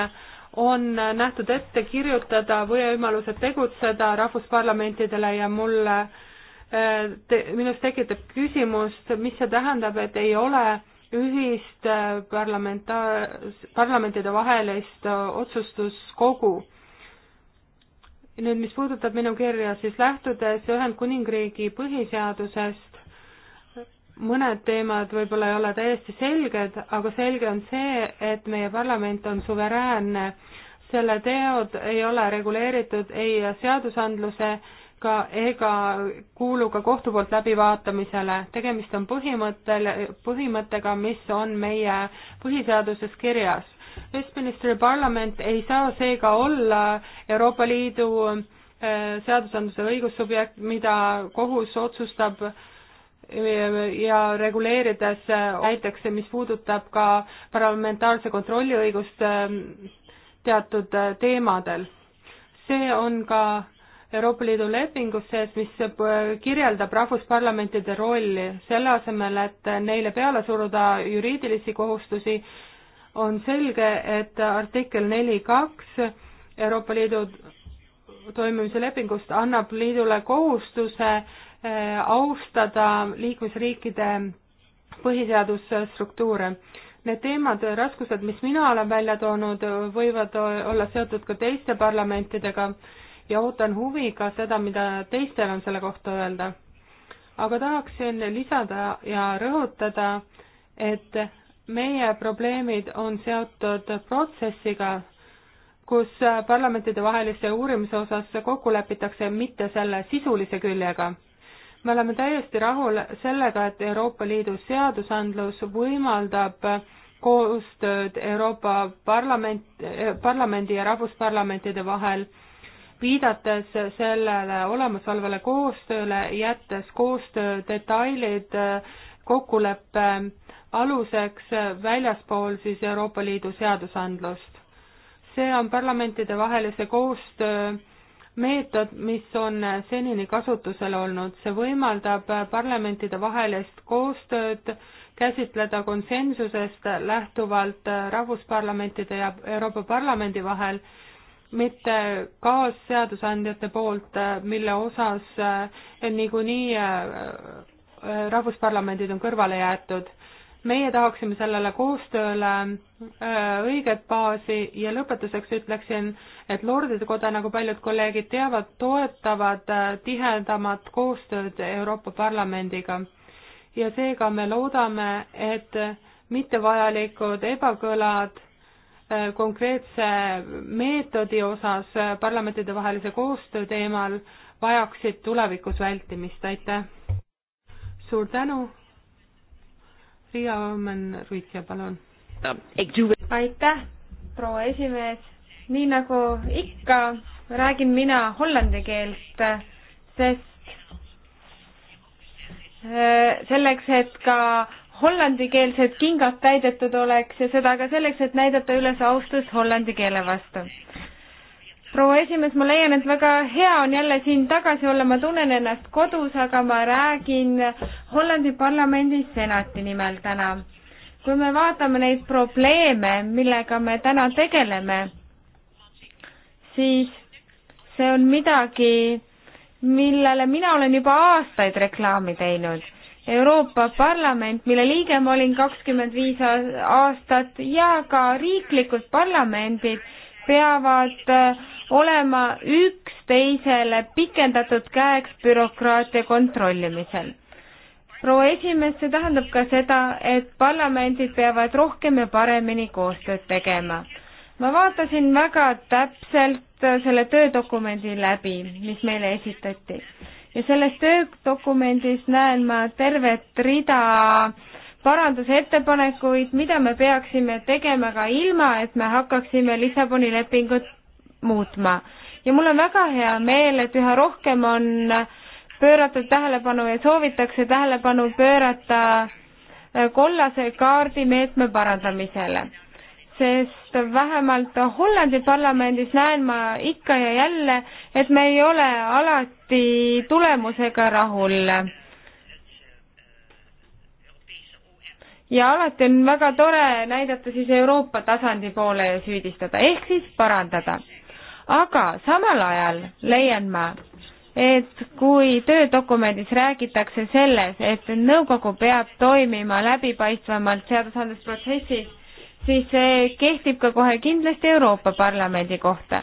on nähtud ette kirjutada võimalused tegutseda rahvusparlamentidele ja mulle te, minus tekitab küsimust, mis see tähendab, et ei ole ühist parlamenta-, parlamentide vahelist otsustuskogu nüüd, mis puudutab minu kirja, siis lähtudes Ühendkuningriigi põhiseadusest, mõned teemad võib-olla ei ole täiesti selged, aga selge on see, et meie parlament on suveräänne. selle teod ei ole reguleeritud ei seadusandlusega ega kuulu ka kohtu poolt läbivaatamisele. tegemist on põhimõttel, põhimõttega, mis on meie põhiseaduses kirjas Westminsteri parlament ei saa seega olla Euroopa Liidu äh, seadusandluse õigussubjekt, mida kohus otsustab äh, ja reguleerides äh, näiteks, mis puudutab ka parlamentaarse kontrolli õigust teatud teemadel. see on ka Euroopa Liidu lepingus sees, mis kirjeldab rahvusparlamentide rolli, selle asemel, et neile peale suruda juriidilisi kohustusi, on selge, et artikkel neli kaks Euroopa Liidu toimimise lepingust annab liidule kohustuse eh, austada liikmesriikide põhiseadusstruktuure. Need teemad, raskused, mis mina olen välja toonud, võivad olla seotud ka teiste parlamentidega ja ootan huviga seda, mida teistel on selle kohta öelda. aga tahaksin lisada ja rõhutada, et meie probleemid on seotud protsessiga, kus parlamentide vahelise uurimise osas kokku lepitakse, mitte selle sisulise küljega. me oleme täiesti rahul sellega, et Euroopa Liidu seadusandlus võimaldab koostööd Euroopa Parlament, parlamendi ja rahvusparlamentide vahel, viidates sellele olemasolevale koostööle, jättes koostöö detailid kokkuleppe aluseks väljaspool siis Euroopa Liidu seadusandlust. see on parlamentidevahelise koostöö meetod, mis on senini kasutusel olnud, see võimaldab parlamentidevahelist koostööd käsitleda konsensusest lähtuvalt rahvusparlamentide ja Euroopa Parlamendi vahel, mitte kaasseadusandjate poolt, mille osas niikuinii rahvusparlamendid on kõrvale jäetud meie tahaksime sellele koostööle äh, õiget baasi ja lõpetuseks ütleksin, et Lordide Koda, nagu paljud kolleegid teavad, toetavad äh, tihedamat koostööd Euroopa Parlamendiga. ja seega me loodame, et mittevajalikud ebakõlad äh, konkreetse meetodi osas parlamentidevahelise koostöö teemal vajaksid tulevikus vältimist, aitäh! suur tänu! Sofia Omen-Ruitja, palun. aitäh, proua esimees. nii nagu ikka, räägin mina hollandi keelt, sest äh, selleks, et ka hollandikeelsed kingad täidetud oleks ja seda ka selleks, et näidata üles austust hollandi keele vastu proua esimees, ma leian, et väga hea on jälle siin tagasi olla, ma tunnen ennast kodus, aga ma räägin Hollandi parlamendi senati nimel täna. kui me vaatame neid probleeme, millega me täna tegeleme, siis see on midagi, millele mina olen juba aastaid reklaami teinud Euroopa Parlament, mille liige ma olin kakskümmend viis aastat ja ka riiklikud parlamendid peavad äh, olema üksteisele pikendatud käeks bürokraatia kontrollimisel. proua esimees, see tähendab ka seda, et parlamendid peavad rohkem ja paremini koostööd tegema. ma vaatasin väga täpselt äh, selle töödokumendi läbi, mis meile esitati ja selles töödokumendis näen ma tervet rida äh, parandusettepanekuid, mida me peaksime tegema ka ilma, et me hakkaksime Lissaboni lepingut muutma. ja mul on väga hea meel, et üha rohkem on pööratud tähelepanu ja soovitakse tähelepanu pöörata kollase kaardi meetme parandamisele. sest vähemalt Hollandi parlamendis näen ma ikka ja jälle, et me ei ole alati tulemusega rahul ja alati on väga tore näidata siis Euroopa tasandi poole ja süüdistada, ehk siis parandada. aga samal ajal leian ma, et kui töödokumendis räägitakse selles, et nõukogu peab toimima läbipaistvamalt seadusandlusprotsessis, siis see kehtib ka kohe kindlasti Euroopa Parlamendi kohta,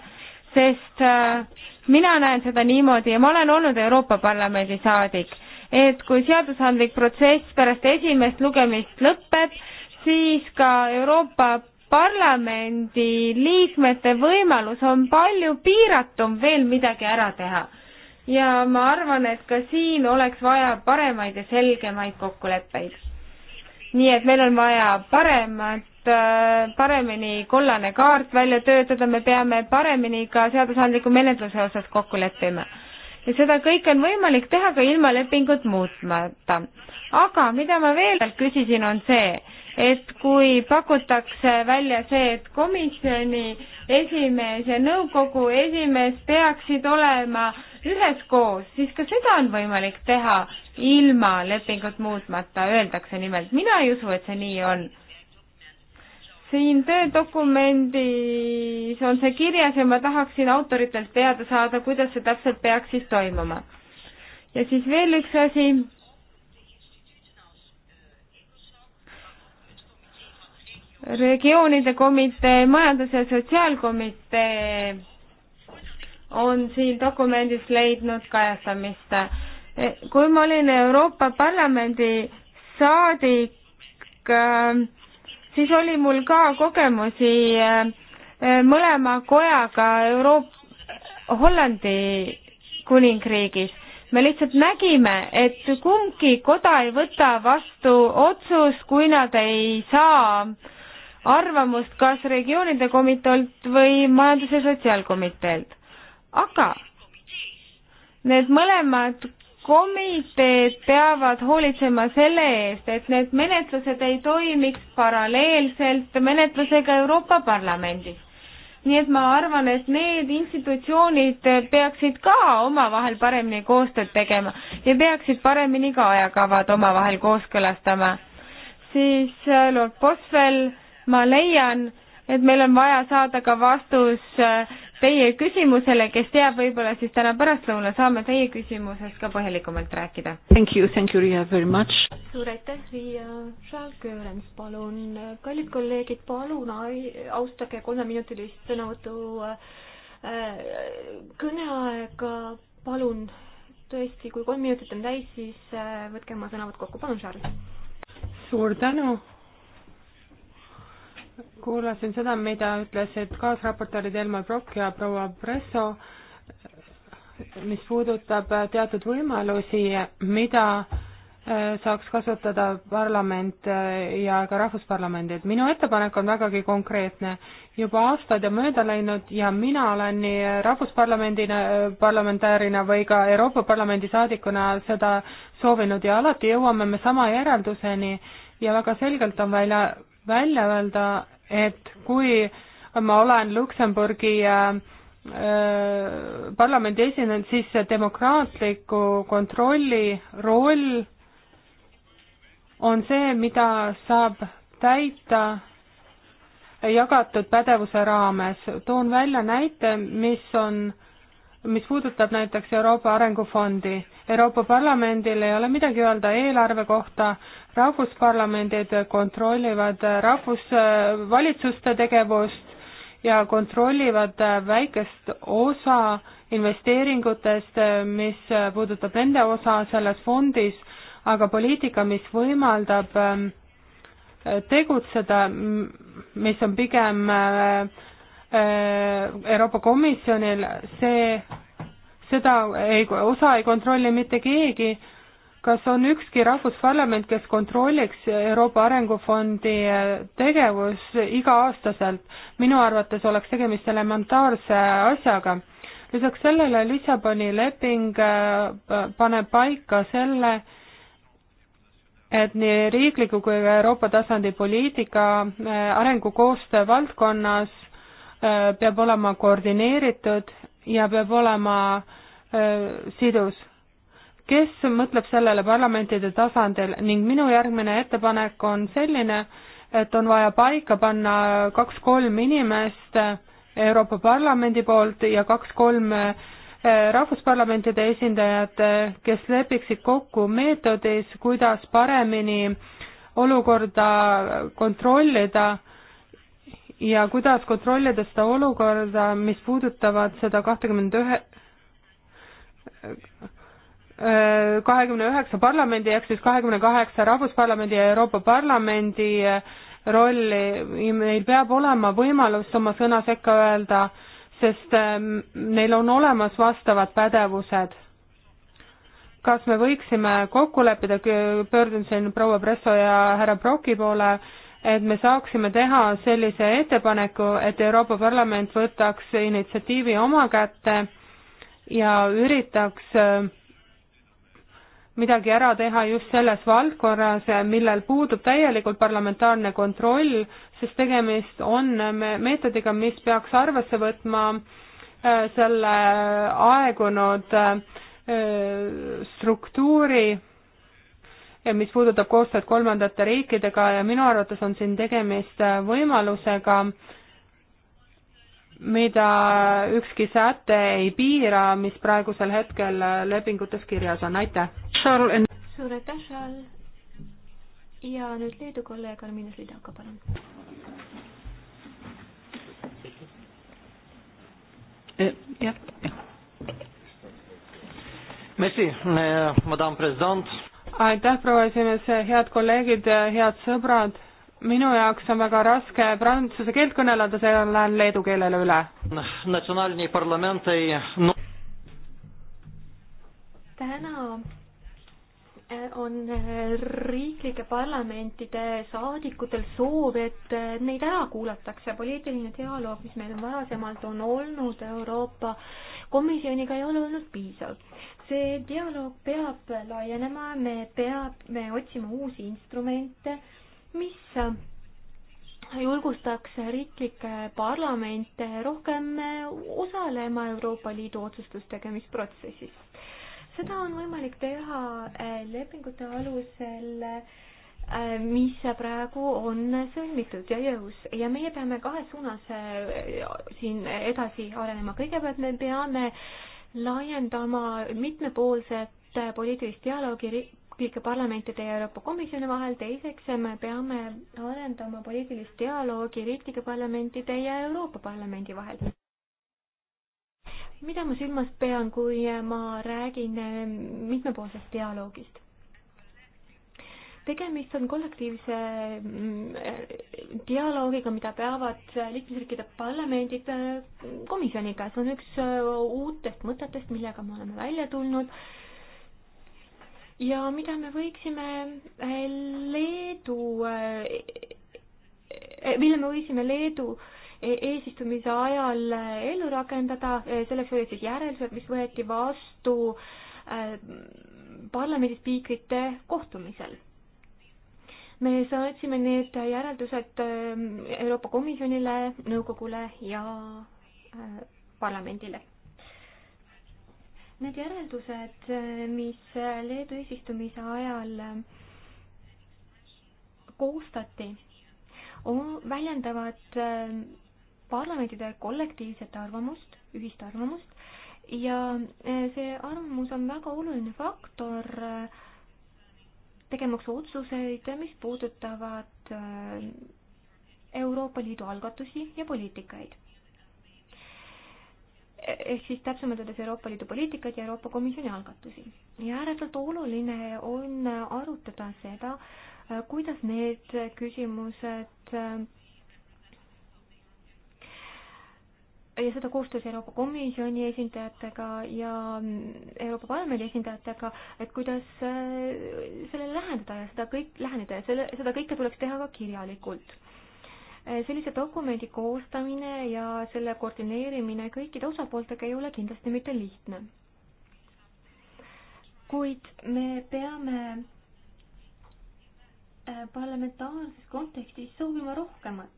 sest äh, mina näen seda niimoodi ja ma olen olnud Euroopa Parlamendi saadik et kui seadusandlik protsess pärast esimest lugemist lõpeb, siis ka Euroopa Parlamendi liikmete võimalus on palju piiratum veel midagi ära teha. ja ma arvan, et ka siin oleks vaja paremaid ja selgemaid kokkuleppeid. nii et meil on vaja paremat äh, paremini kollane kaart välja töötada, me peame paremini ka seadusandliku menetluse osas kokku leppima ja seda kõike on võimalik teha ka ilma lepingut muutmata. aga mida ma veel küsisin, on see, et kui pakutakse välja see, et komisjoni esimees ja nõukogu esimees peaksid olema üheskoos, siis ka seda on võimalik teha ilma lepingut muutmata, öeldakse nimelt. mina ei usu, et see nii on siin töödokumendis on see kirjas ja ma tahaksin autoritelt teada saada, kuidas see täpselt peaks siis toimuma. ja siis veel üks asi. regioonide komitee, majandus- ja sotsiaalkomitee on siin dokumendis leidnud kajastamist. E, kui ma olin Euroopa Parlamendi saadik äh,, siis oli mul ka kogemusi äh, äh, mõlema kojaga Euroop-, Hollandi kuningriigis. me lihtsalt nägime, et kumbki koda ei võta vastu otsust, kui nad ei saa arvamust kas regioonide komiteelt või majandus- ja sotsiaalkomiteelt. aga need mõlemad komiteed peavad hoolitsema selle eest, et need menetlused ei toimiks paralleelselt menetlusega Euroopa Parlamendis. nii et ma arvan, et need institutsioonid peaksid ka omavahel paremini koostööd tegema ja peaksid paremini ka ajakavad omavahel kooskõlastama. siis äh, Lord Boswell, ma leian, et meil on vaja saada ka vastus äh, teie küsimusele, kes teab, võib-olla siis täna pärastlõunal saame teie küsimusest ka põhjalikumalt rääkida. Thank you, thank you, Riia, very much. suur aitäh, Riia. Charles Görens, palun. kallid kolleegid, palun austage kolmeminutilist sõnavõtu äh, kõneaega, palun. tõesti, kui kolm minutit on täis, siis äh, võtke oma sõnavõtt kokku, palun, Charles. suur tänu kuulasin seda, mida ütlesid kaasraportöörid Elmar Brock ja proua Presso, mis puudutab teatud võimalusi, mida äh, saaks kasutada parlament äh, ja ka rahvusparlamendid. minu ettepanek on vägagi konkreetne. juba aastad on mööda läinud ja mina olen nii rahvusparlamendina, äh, parlamentäärina või ka Euroopa Parlamendi saadikuna seda soovinud ja alati jõuame me sama järelduseni ja väga selgelt on välja välja öelda, et kui ma olen Luksemburgi äh, äh, parlamendi esinenud, siis see demokraatliku kontrolli roll on see, mida saab täita jagatud pädevuse raames. toon välja näite, mis on äh, mis puudutab näiteks Euroopa Arengufondi. Euroopa Parlamendil ei ole midagi öelda eelarve kohta, rahvusparlamendid kontrollivad rahvusvalitsuste tegevust ja kontrollivad väikest osa investeeringutest, mis puudutab nende osa selles fondis, aga poliitika, mis võimaldab ähm, tegutseda, mis on pigem äh, Äh, Euroopa Komisjonil, see, seda ei, osa ei kontrolli mitte keegi, kas on ükski rahvusparlament, kes kontrolliks Euroopa Arengufondi äh, tegevus iga-aastaselt? minu arvates oleks tegemist elementaarse asjaga. lisaks sellele Lissaboni leping äh, paneb paika selle, et nii riikliku kui ka Euroopa tasandi poliitika arengukoostöö valdkonnas Äh, peab olema koordineeritud ja peab olema äh, sidus. kes mõtleb sellele parlamentide tasandil ning minu järgmine ettepanek on selline, et on vaja paika panna kaks-kolm inimest Euroopa Parlamendi poolt ja kaks-kolm äh, rahvusparlamentide esindajad, kes lepiksid kokku meetodis, kuidas paremini olukorda kontrollida ja kuidas kontrollida seda olukorda, mis puudutavad seda kahtekümmend ühe, kahekümne üheksa parlamendi ehk siis kahekümne kaheksa Rahvusparlamendi ja Euroopa Parlamendi rolli, neil peab olema võimalus oma sõna sekka öelda, sest ähm, neil on olemas vastavad pädevused. kas me võiksime kokku leppida, pöördun siin proua Presso ja härra Broki poole, et me saaksime teha sellise ettepaneku, et Euroopa Parlament võtaks initsiatiivi oma kätte ja üritaks äh, midagi ära teha just selles valdkonnas, millel puudub täielikult parlamentaarne kontroll, sest tegemist on meetodiga, mis peaks arvesse võtma äh, selle äh, aegunud struktuuri mis puudutab koostööd kolmandate riikidega ja minu arvates on siin tegemist äh, võimalusega, mida ükski säte ei piira, mis praegusel hetkel äh, lepingutes kirjas on, aitäh. suur aitäh, Charles. ja nüüd Leedu kolleeg Arminas Lidaka, palun. Eh, jah, jah. Merci, eh, madame president aitäh, proua esimees, head kolleegid, head sõbrad. minu jaoks on väga raske prantsuse keelt kõneleda, seega lähen leedu keelele üle. täna eh, on eh, riiklike parlamentide saadikutel soov, et eh, neid ära kuulatakse. poliitiline dialoog, mis meil varasemalt on olnud Euroopa Komisjoniga, ei ole olnud piisav see dialoog peab laienema, me peame otsima uusi instrumente, mis julgustaks riiklikke parlamente rohkem osalema Euroopa Liidu otsustustegemisprotsessis. seda on võimalik teha äh, lepingute alusel, äh, mis praegu on sõlmitud ja jõus ja meie peame kahes suunas äh, siin edasi arenema, kõigepealt me peame äh, laiendama mitmepoolset poliitilist dialoogi riiklike parlamentide ja Euroopa Komisjoni vahel, teiseks me peame arendama poliitilist dialoogi riiklike parlamentide ja Euroopa Parlamendi vahel. mida ma silmas pean, kui ma räägin mitmepoolsest dialoogist? tegemist on kollektiivse mm, dialoogiga, mida peavad liikmesriikide parlamendid mm, komisjoniga, see on üks äh, uutest mõtetest, millega me oleme välja tulnud ja mida me võiksime äh, Leedu, äh, mille me võisime Leedu e, eesistumise ajal ellu rakendada, selleks olid siis järeldused, mis võeti vastu parlamendi spiikrite kohtumisel me saatsime need järeldused äh, Euroopa Komisjonile, nõukogule ja äh, parlamendile. Need järeldused, äh, mis Leedu eesistumise ajal koostati, väljendavad parlamentide kollektiivset arvamust, ühist arvamust ja see arvamus on väga oluline faktor äh, tegemaks otsuseid, mis puudutavad äh, Euroopa Liidu algatusi ja poliitikaid. ehk siis täpsemalt öeldes Euroopa Liidu poliitikaid ja Euroopa Komisjoni algatusi. ja ääretult oluline on arutada seda, äh, kuidas need küsimused äh, ja seda koostöös Euroopa Komisjoni esindajatega ja mm, Euroopa Parlamendi esindajatega, et kuidas äh, sellele lähendada ja seda kõik, läheneda ja selle, seda kõike tuleks teha ka kirjalikult. Äh, sellise dokumendi koostamine ja selle koordineerimine kõikide osapooltega ei ole kindlasti mitte lihtne. kuid me peame äh, parlamentaarses kontekstis soovima rohkemat.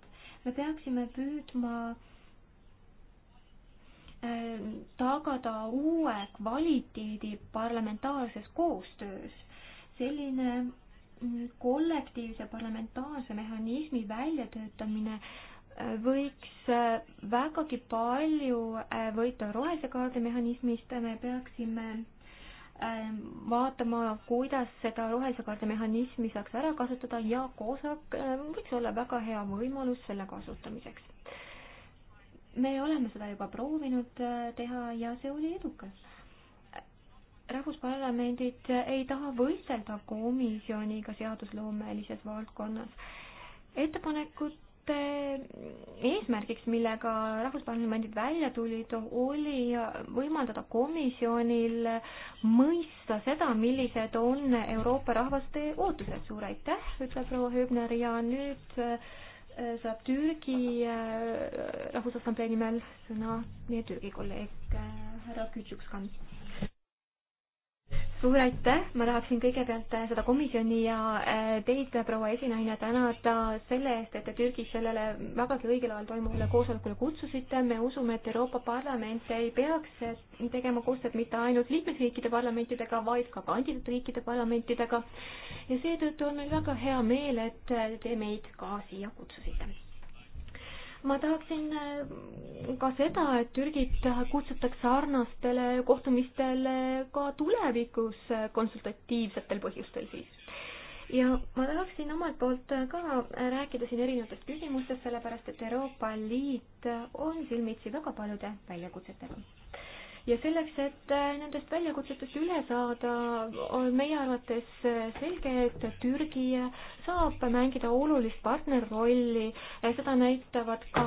me peaksime püüdma äh, Ähm, tagada uue kvaliteedi parlamentaarses koostöös. selline mm, kollektiivse parlamentaarse mehhanismi väljatöötamine äh, võiks äh, vägagi palju äh, võita rohelise kaardi mehhanismist, me peaksime ähm, vaatama, kuidas seda rohelise kaardi mehhanismi saaks ära kasutada ja COSAC võiks olla väga hea võimalus selle kasutamiseks me oleme seda juba proovinud äh, teha ja see oli edukas rahvusparlamendid ei taha võistelda komisjoniga seadusloomelises valdkonnas. ettepanekute eesmärgiks, millega rahvusparlamendid välja tulid, oli võimaldada komisjonil mõista seda, millised on Euroopa rahvaste ootused. suur aitäh, ütleb proua Hübner ja nüüd äh, saab Türgi äh, Rahvusassamblee nimel sõna meie Türgi kolleeg äh, härra Kütšukskan suur aitäh, ma tahaksin kõigepealt äh, seda komisjoni ja äh, teid, äh, proua esinaine, tänada selle eest, et te Türgis sellele vägagi õigel ajal toimuvale koosolekule kutsusite. me usume, et Euroopa Parlament ei peaks tegema koostööd mitte ainult liikmesriikide parlamentidega, vaid ka kandidaatriikide parlamentidega. ja seetõttu on meil väga hea meel, et te meid ka siia kutsusite ma tahaksin äh, ka seda, et Türgit kutsutakse sarnastele kohtumistele ka tulevikus konsultatiivsetel põhjustel siis. ja ma tahaksin omalt poolt ka rääkida siin erinevatest küsimustest, sellepärast et Euroopa Liit on silmitsi väga paljude väljakutsetega ja selleks, et äh, nendest väljakutsetest üle saada, on meie arvates äh, selge, et Türgi saab mängida olulist partnerrolli, äh, seda näitavad ka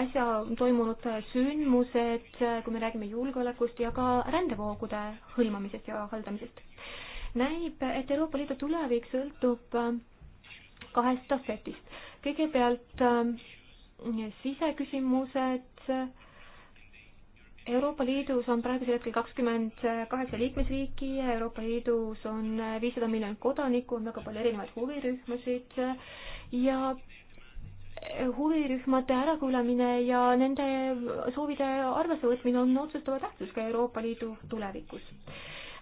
äsja toimunud sündmused, kui me räägime julgeolekust ja ka rändevoogude hõlmamisest ja haldamisest. näib, et Euroopa Liidu tulevik sõltub kahest aspektist. kõigepealt siseküsimused Euroopa Liidus on praegusel hetkel kakskümmend kaheksa liikmesriiki, Euroopa Liidus on viissada miljonit kodanikku, on väga palju erinevaid huvirühmasid ja huvirühmade ärakuulamine ja nende soovide arvesse võtmine on otsustava tähtsusega Euroopa Liidu tulevikus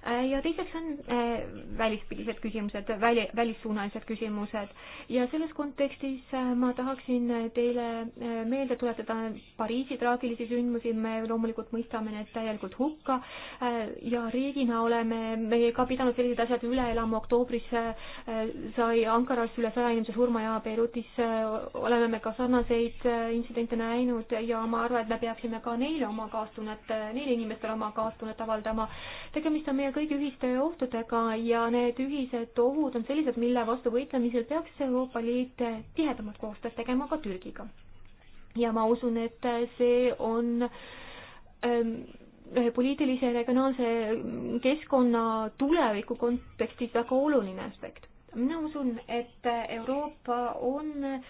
Äh, ja teiseks on äh, välispidised küsimused, väli, välissuunalised küsimused ja selles kontekstis äh, ma tahaksin teile meelde tuletada Pariisi traagilisi sündmusi, me loomulikult mõistame need täielikult hukka ja riigina oleme meie ka pidanud sellised asjad üle elama, oktoobris sai Ankaras üle saja inimese surma ja Beirutis oleme me ka sarnaseid intsidente näinud ja ma arvan, et me peaksime ka neile oma kaastunnet, neile inimestele oma kaastunnet avaldama. tegemist on meie kõigi ühiste ohtudega ja need ühised ohud on sellised, mille vastu võitlemisel peaks Euroopa Liit tihedamat koostööd tegema ka Türgiga. ja ma usun, et see on ähm, poliitilise regionaalse keskkonna tuleviku kontekstis väga oluline aspekt. mina usun, et Euroopa on äh,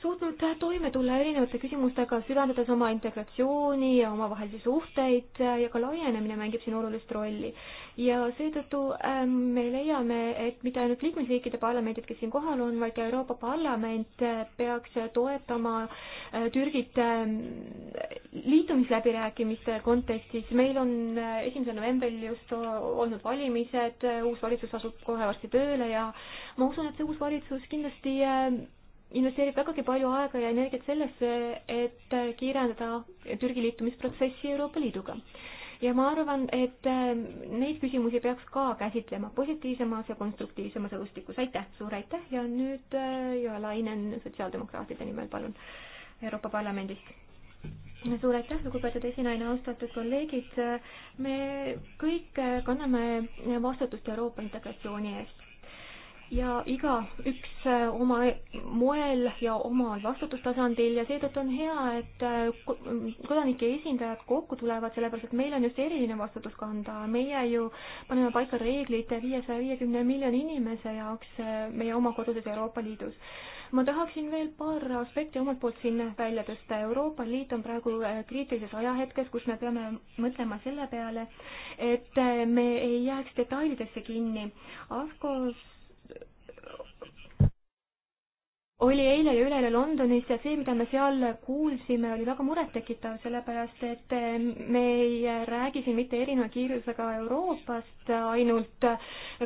suutnud toime tulla erinevate küsimustega, süvendades oma integratsiooni ja omavahelisi suhteid ja ka laienemine mängib siin olulist rolli. ja seetõttu ähm, me leiame, et mitte ainult liikmesriikide parlamendid, kes siin kohal on, vaid ka Euroopa Parlament äh, peaks toetama äh, Türgit ähm, liitumisläbirääkimiste kontekstis. meil on äh, esimesel novembril just olnud valimised, uus valitsus asub kohe varsti tööle ja ma usun, et see uus valitsus kindlasti ähm, investeerib vägagi palju aega ja energiat sellesse, et kiirendada Türgi liitumisprotsessi Euroopa Liiduga. ja ma arvan, et äh, neid küsimusi peaks ka käsitlema positiivsemas ja konstruktiivsemas õhustikus, aitäh, suur aitäh ja nüüd äh, Joelainen sotsiaaldemokraatide nimel, palun, Euroopa Parlamendist suur aitäh, lugupeetud esinaine, austatud kolleegid. me kõik kanname vastutust Euroopa integratsiooni eest ja igaüks äh, oma moel ja omal vastutustasandil ja seetõttu on hea, et äh, kodanike esindajad kokku tulevad, sellepärast et meil on just eriline vastutus kanda. meie ju paneme paika reeglid viiesaja viiekümne miljoni inimese jaoks äh, meie oma kodudes Euroopa Liidus ma tahaksin veel paar aspekti omalt poolt siin välja tõsta. Euroopa Liit on praegu kriitilises ajahetkes, kus me peame mõtlema selle peale, et me ei jääks detailidesse kinni. AFCOs oli eile ja üleeile Londonis ja see, mida me seal kuulsime, oli väga murettekitav, sellepärast et ehm, me ei räägi siin mitte erineva kiirusega Euroopast ainult,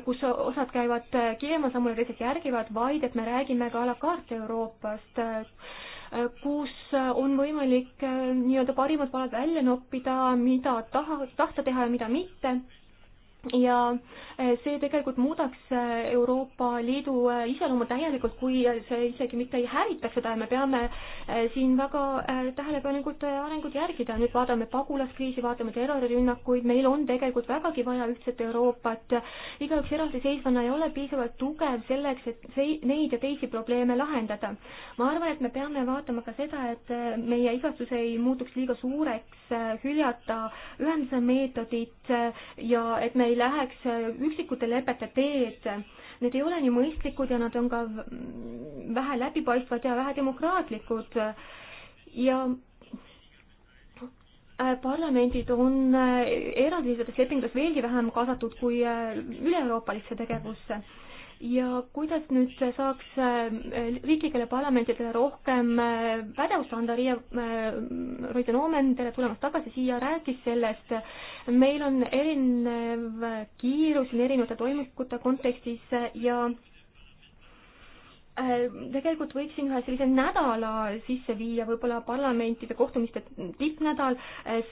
kus osad käivad kiirema sammule, teised järgivad, vaid et me räägime ka a la carte Euroopast, kus on võimalik ehm, nii-öelda parimad palad välja noppida, mida taha, tahta teha ja mida mitte ja eh, see tegelikult muudaks eh, Euroopa Liidu eh, iseloomu täielikult, kui see isegi mitte ei hävitaks seda ja me peame siin väga tähelepanelikult arengut järgida, nüüd vaatame pagulaskriisi, vaatame terrorirünnakuid, meil on tegelikult vägagi vaja ühtset Euroopat, igaüks eraldiseisvana ei ole piisavalt tugev selleks, et see, neid ja teisi probleeme lahendada. ma arvan, et me peame vaatama ka seda, et meie igatsus ei muutuks liiga suureks, hüljata ühenduse meetodit ja et me ei ei läheks üksikute lepete teed. Need ei ole nii mõistlikud ja nad on ka vähe läbipaistvad ja vähe demokraatlikud ja äh, parlamendid on äh, eraldiseisvates lepingutes veelgi vähem kaasatud kui äh, üle-euroopalisse tegevusse ja kuidas nüüd saaks äh, riiklikele parlamentidele rohkem äh, pädevust anda, Riia äh, Roidenoomen, tere tulemast tagasi siia, rääkis sellest, meil on erinev kiirus siin erinevate toimikute kontekstis ja tegelikult võiks siin ühe sellise nädala sisse viia, võib-olla parlamentide kohtumiste tippnädal,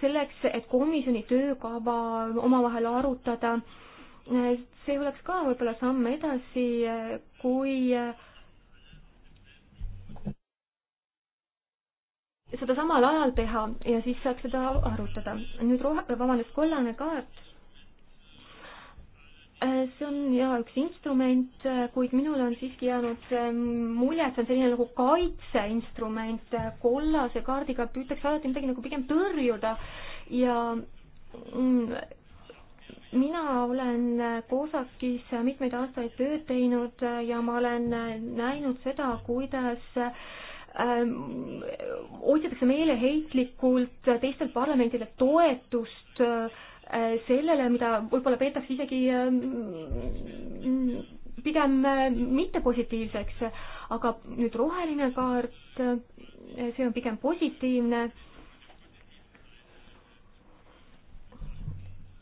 selleks, et komisjoni töökava omavahel arutada see oleks ka võib-olla samm edasi, kui seda samal ajal teha ja siis saaks seda arutada. nüüd rohe, vabandust, kollane kaart. see on jaa üks instrument, kuid minule on siiski jäänud mulje, et see on selline nagu kaitseinstrument. kollase kaardiga püütakse alati midagi nagu pigem tõrjuda ja mm, mina olen Koosakis mitmeid aastaid tööd teinud ja ma olen näinud seda, kuidas ähm, otsitakse meeleheitlikult teistelt parlamendidelt toetust äh, sellele, mida võib-olla peetakse isegi äh, pigem äh, mittepositiivseks, aga nüüd roheline kaart, äh, see on pigem positiivne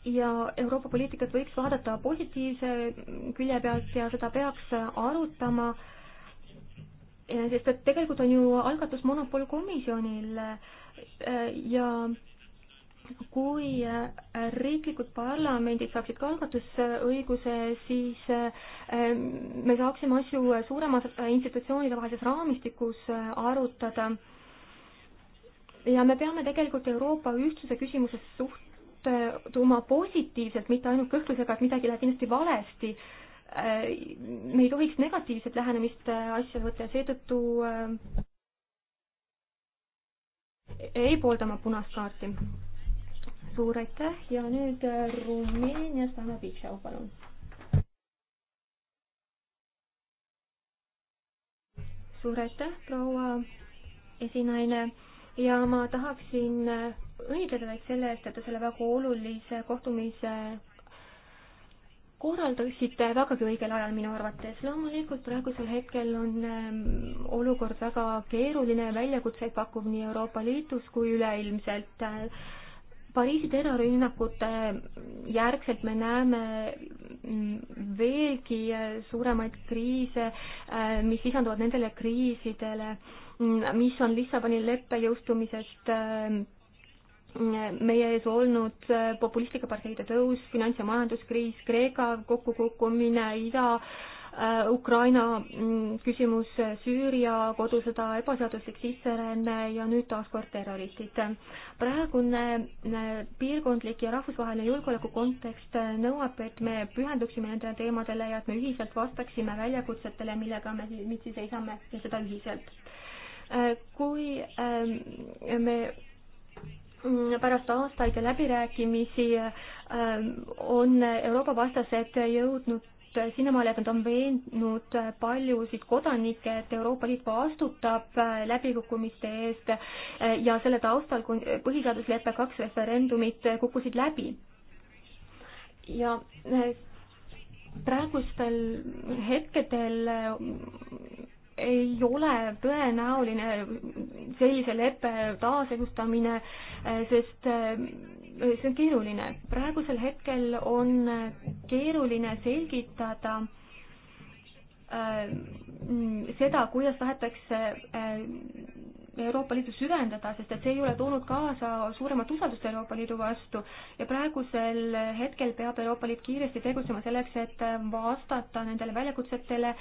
ja Euroopa poliitikat võiks vaadata positiivse külje pealt ja seda peaks arutama, sest et tegelikult on ju algatus monopol komisjonil ja kui riiklikud parlamendid saaksid ka algatusõiguse, siis ähm, me saaksime asju suuremas institutsioonide vahelises raamistikus äh, arutada. ja me peame tegelikult Euroopa ühtsuse küsimuses suht-, suhtuma äh, positiivselt, mitte ainult kõhklusega, et midagi läheb kindlasti valesti. Äh, me ei tohiks negatiivset lähenemist äh, asja võtta ja seetõttu ei poolda ma punast kaarti. suur aitäh ja nüüd Rumeeniast Anna Piksau, palun. suur aitäh, proua esinaine ja ma tahaksin õnnitleda teid selle eest, et te selle väga olulise kohtumise korraldasite vägagi õigel ajal minu arvates. loomulikult praegusel hetkel on ähm, olukord väga keeruline, väljakutseid pakkuv nii Euroopa Liidus kui üleilmselt. Pariisi terrorirünnakute järgselt me näeme mm, veelgi äh, suuremaid kriise, äh, mis lisanduvad nendele kriisidele, mm, mis on Lissaboni leppe jõustumisest ähm, meie ees olnud äh, populistlike parteide tõus, finants- ja majanduskriis, Kreeka kokkukukkumine, ida, äh, Ukraina mm, küsimus, äh, Süüria kodusõda, ebaseaduslik sisseränne ja nüüd taas kord terroristid. praegune piirkondlik ja rahvusvaheline julgeoleku kontekst nõuab, et me pühenduksime nendele teemadele ja et me ühiselt vastaksime väljakutsetele, millega me mitsi seisame ja seda ühiselt. kui ähm, me pärast aastaid läbirääkimisi ähm, on Euroopa vastased jõudnud sinnamaale, et nad on veennud paljusid kodanikke, et Euroopa Liit vastutab äh, läbikukkumiste eest äh, ja selle taustal, kui põhiseadusleppe kaks referendumit kukkusid läbi. ja äh, praegustel hetkedel ei ole tõenäoline sellise leppe taaselustamine, sest äh, see on keeruline. praegusel hetkel on keeruline selgitada äh, seda, kuidas tahetakse äh, Euroopa Liidu süvendada, sest et see ei ole toonud kaasa suuremat usaldust Euroopa Liidu vastu ja praegusel hetkel peab Euroopa Liit kiiresti tegutsema selleks, et vastata nendele väljakutsetele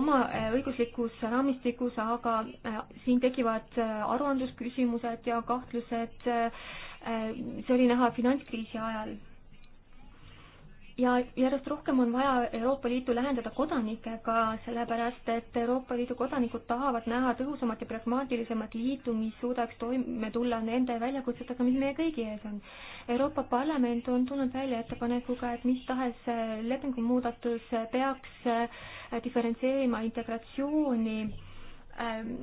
oma õiguslikus raamistikus, aga äh, siin tekivad äh, aruandlusküsimused ja kahtlused, äh, see oli näha finantskriisi ajal ja järjest rohkem on vaja Euroopa Liitu lähendada kodanikega, sellepärast et Euroopa Liidu kodanikud tahavad näha tõhusamat ja pragmaatilisemat liitu, mis suudaks toime tulla nende väljakutsetega, mis meie kõigi ees on. Euroopa Parlament on tulnud välja ettepanekuga, et mis tahes lepingu muudatus peaks äh, diferentseerima integratsiooni ähm,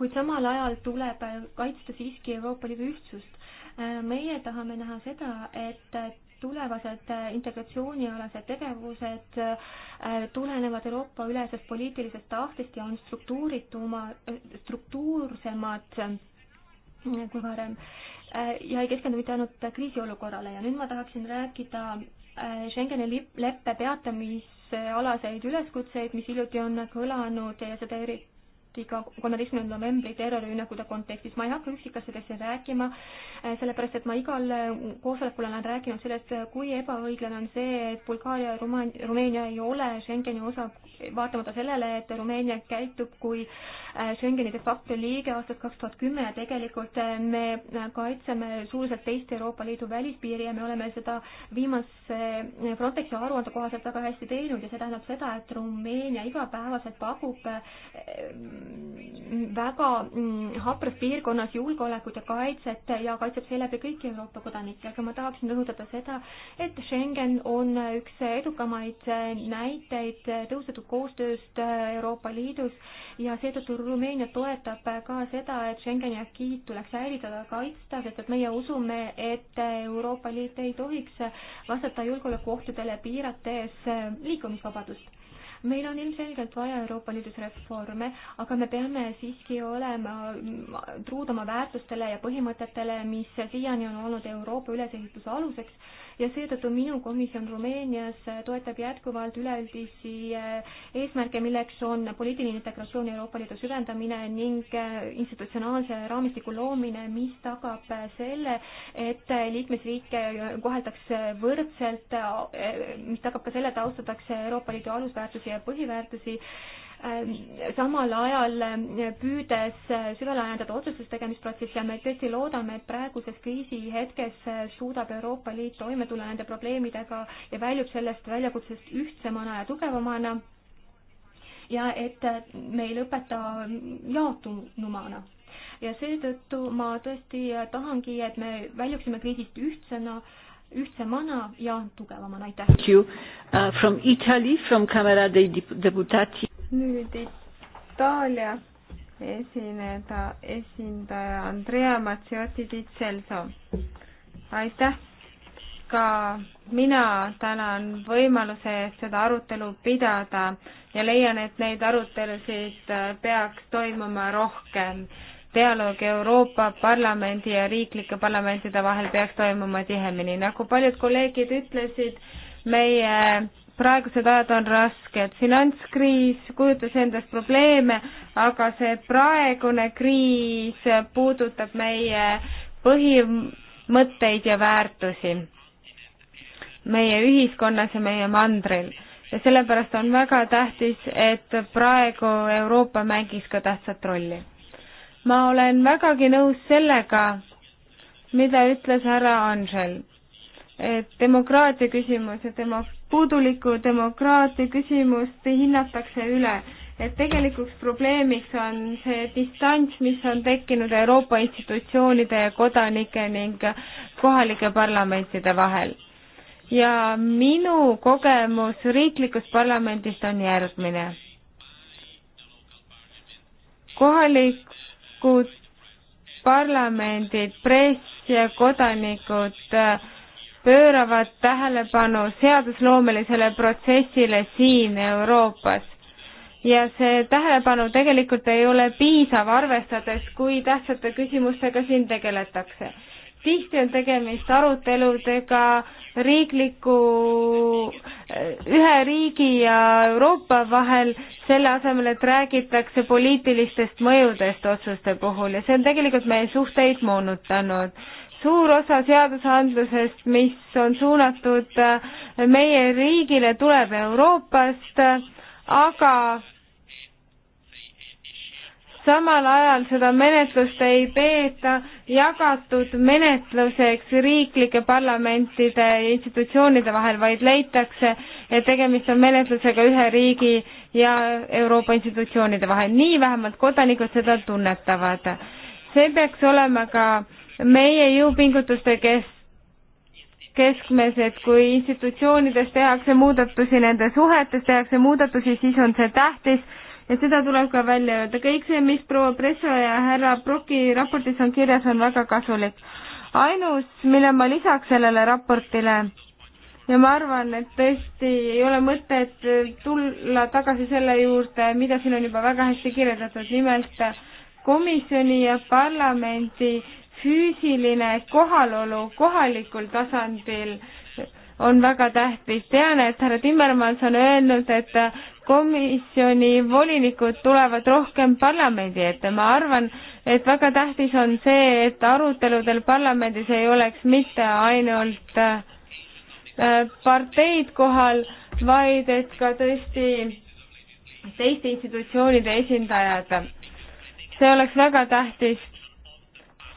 kuid samal ajal tuleb kaitsta siiski Euroopa Liidu ühtsust äh, meie tahame näha seda, et tulevased äh, integratsioonialased tegevused äh, tulenevad Euroopa ülesest poliitilisest tahtest ja on struktuurituma, äh, struktuursemad kui varem ja ei keskendu mitte ainult kriisiolukorrale ja nüüd ma tahaksin rääkida Schengeni leppe peatamisalaseid üleskutseid, mis hiljuti on kõlanud ja seda eriti samuti ka kolmeteistkümnenda novembri terrorirünnakute kontekstis. ma ei hakka üksikasjadesse rääkima, eh, sellepärast et ma igal eh, koosolekul olen rääkinud sellest, eh, kui ebaõiglane on see, et Bulgaaria ja Rumeenia ei ole Schengeni osa, vaatamata sellele, et Rumeenia käitub kui Schengeni de facto liige aastast kaks tuhat kümme ja tegelikult me kaitseme suuruselt teist Euroopa Liidu välispiiri ja me oleme seda viimase Frontexi aruande kohaselt väga hästi teinud ja see tähendab seda, et Rumeenia igapäevaselt pakub väga mm, hapras piirkonnas julgeolekut ja kaitset ja kaitseb seeläbi kõiki Euroopa kodanikke, aga ma tahaksin rõhutada seda, et Schengen on üks edukamaid äh, näiteid tõusetud koostööst äh, Euroopa Liidus ja seetõttu Rumeenia toetab äh, ka seda, et Schengeni akiid tuleks säilitada, kaitsta, sest et meie usume, et Euroopa Liit ei tohiks vastata julgeolekuohtudele, piirates liikumisvabadust meil on ilmselgelt vaja Euroopa Liidus reforme, aga me peame siiski olema truud oma väärtustele ja põhimõtetele, mis siiani on olnud Euroopa ülesehituse aluseks ja seetõttu minu komisjon Rumeenias toetab jätkuvalt üleüldisi eh, eesmärke, milleks on poliitiline integratsioon Euroopa Liidu süvendamine ning eh, institutsionaalse raamistiku loomine, mis tagab eh, selle, et liikmesriike koheldakse võrdselt, mis tagab ka selle, et austatakse Euroopa Liidu alusväärtusi ja põhiväärtusi Ähm, samal ajal äh, püüdes äh, süvelaiendada otsustustegemisprotsessi ja me tõesti loodame, et praeguses kriisihetkes äh, suudab Euroopa Liit toime tulla nende probleemidega ja väljub sellest väljakutsest ühtsemana ja tugevamana. ja et me ei lõpeta jaotunumana ja seetõttu ma tõesti tahangi, et me väljuksime kriisist ühtsena ühtsemana ja tugevamana, aitäh! Uh, from Italy, from Camera dei Deputati nüüd Itaalia esineda esindaja Andrea Mazziotti di Celso. aitäh! ka mina tänan võimaluse eest seda arutelu pidada ja leian, et neid arutelusid äh, peaks toimuma rohkem. dialoog Euroopa Parlamendi ja riiklike parlamentide vahel peaks toimuma tihemini. nagu paljud kolleegid ütlesid, meie praegused ajad on rasked, finantskriis kujutas endast probleeme, aga see praegune kriis puudutab meie põhimõtteid ja väärtusi meie ühiskonnas ja meie mandril. ja sellepärast on väga tähtis, et praegu Euroopa mängiks ka tähtsat rolli. ma olen vägagi nõus sellega, mida ütles härra Anžel, et demokraatia küsimus ja demok-, puuduliku demokraatia küsimust hinnatakse üle. et tegelikuks probleemiks on see distants, mis on tekkinud Euroopa institutsioonide ja kodanike ning kohalike parlamentide vahel. ja minu kogemus riiklikust parlamendist on järgmine. kohalikud parlamendid, press ja kodanikud äh, pööravad tähelepanu seadusloomelisele protsessile siin Euroopas ja see tähelepanu tegelikult ei ole piisav, arvestades, kui tähtsate küsimustega siin tegeletakse. tihti on tegemist aruteludega riikliku, ühe riigi ja Euroopa vahel, selle asemel, et räägitakse poliitilistest mõjudest otsuste puhul ja see on tegelikult meie suhteid moonutanud suur osa seadusandlusest, mis on suunatud äh, meie riigile, tuleb Euroopast, aga samal ajal seda menetlust ei peeta jagatud menetluseks riiklike parlamentide ja institutsioonide vahel, vaid leitakse, et tegemist on menetlusega ühe riigi ja Euroopa institutsioonide vahel, nii vähemalt kodanikud seda tunnetavad. see peaks olema ka äh, meie jõupingutuste kes-, keskmes, et kui institutsioonides tehakse muudatusi, nende suhetes tehakse muudatusi, siis on see tähtis ja seda tuleb ka välja öelda. kõik see, mis proua Presso ja härra Broki raportis on kirjas, on väga kasulik. ainus, mille ma lisaks sellele raportile ja ma arvan, et tõesti ei ole mõtet tulla tagasi selle juurde, mida siin on juba väga hästi kirjeldatud, nimelt komisjoni ja parlamendi füüsiline kohalolu kohalikul tasandil on väga tähtis. tean, et härra Timmermans on öelnud, et komisjoni volinikud tulevad rohkem parlamendi ette. ma arvan, et väga tähtis on see, et aruteludel parlamendis ei oleks mitte ainult äh, parteid kohal, vaid et ka tõesti teiste institutsioonide esindajad. see oleks väga tähtis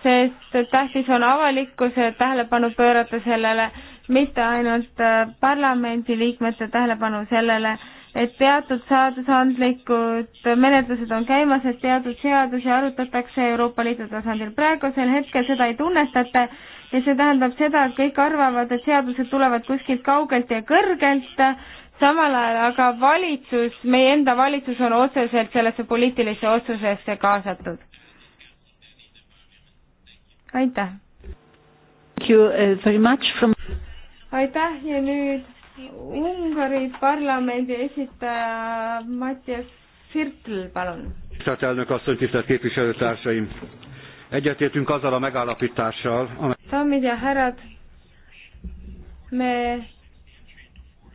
sest tähtis on avalikkuse tähelepanu pöörata sellele, mitte ainult äh, parlamendiliikmete tähelepanu sellele, et teatud seadusandlikud menetlused on käimas, et teatud seadusi arutatakse Euroopa Liidu tasandil. praegusel hetkel seda ei tunnetata ja see tähendab seda, et kõik arvavad, et seadused tulevad kuskilt kaugelt ja kõrgelt, samal ajal aga valitsus, meie enda valitsus on otseselt sellesse poliitilisse otsusesse kaasatud aitäh! Uh, from... aitäh ja nüüd Ungari parlamendi esitaja Mattias Sirtl, palun! tisztelt elnök asszony, tisztelt képviselőtársaim! Egyetértünk azzal a megállapítással, amely... Daamid ja härrad, me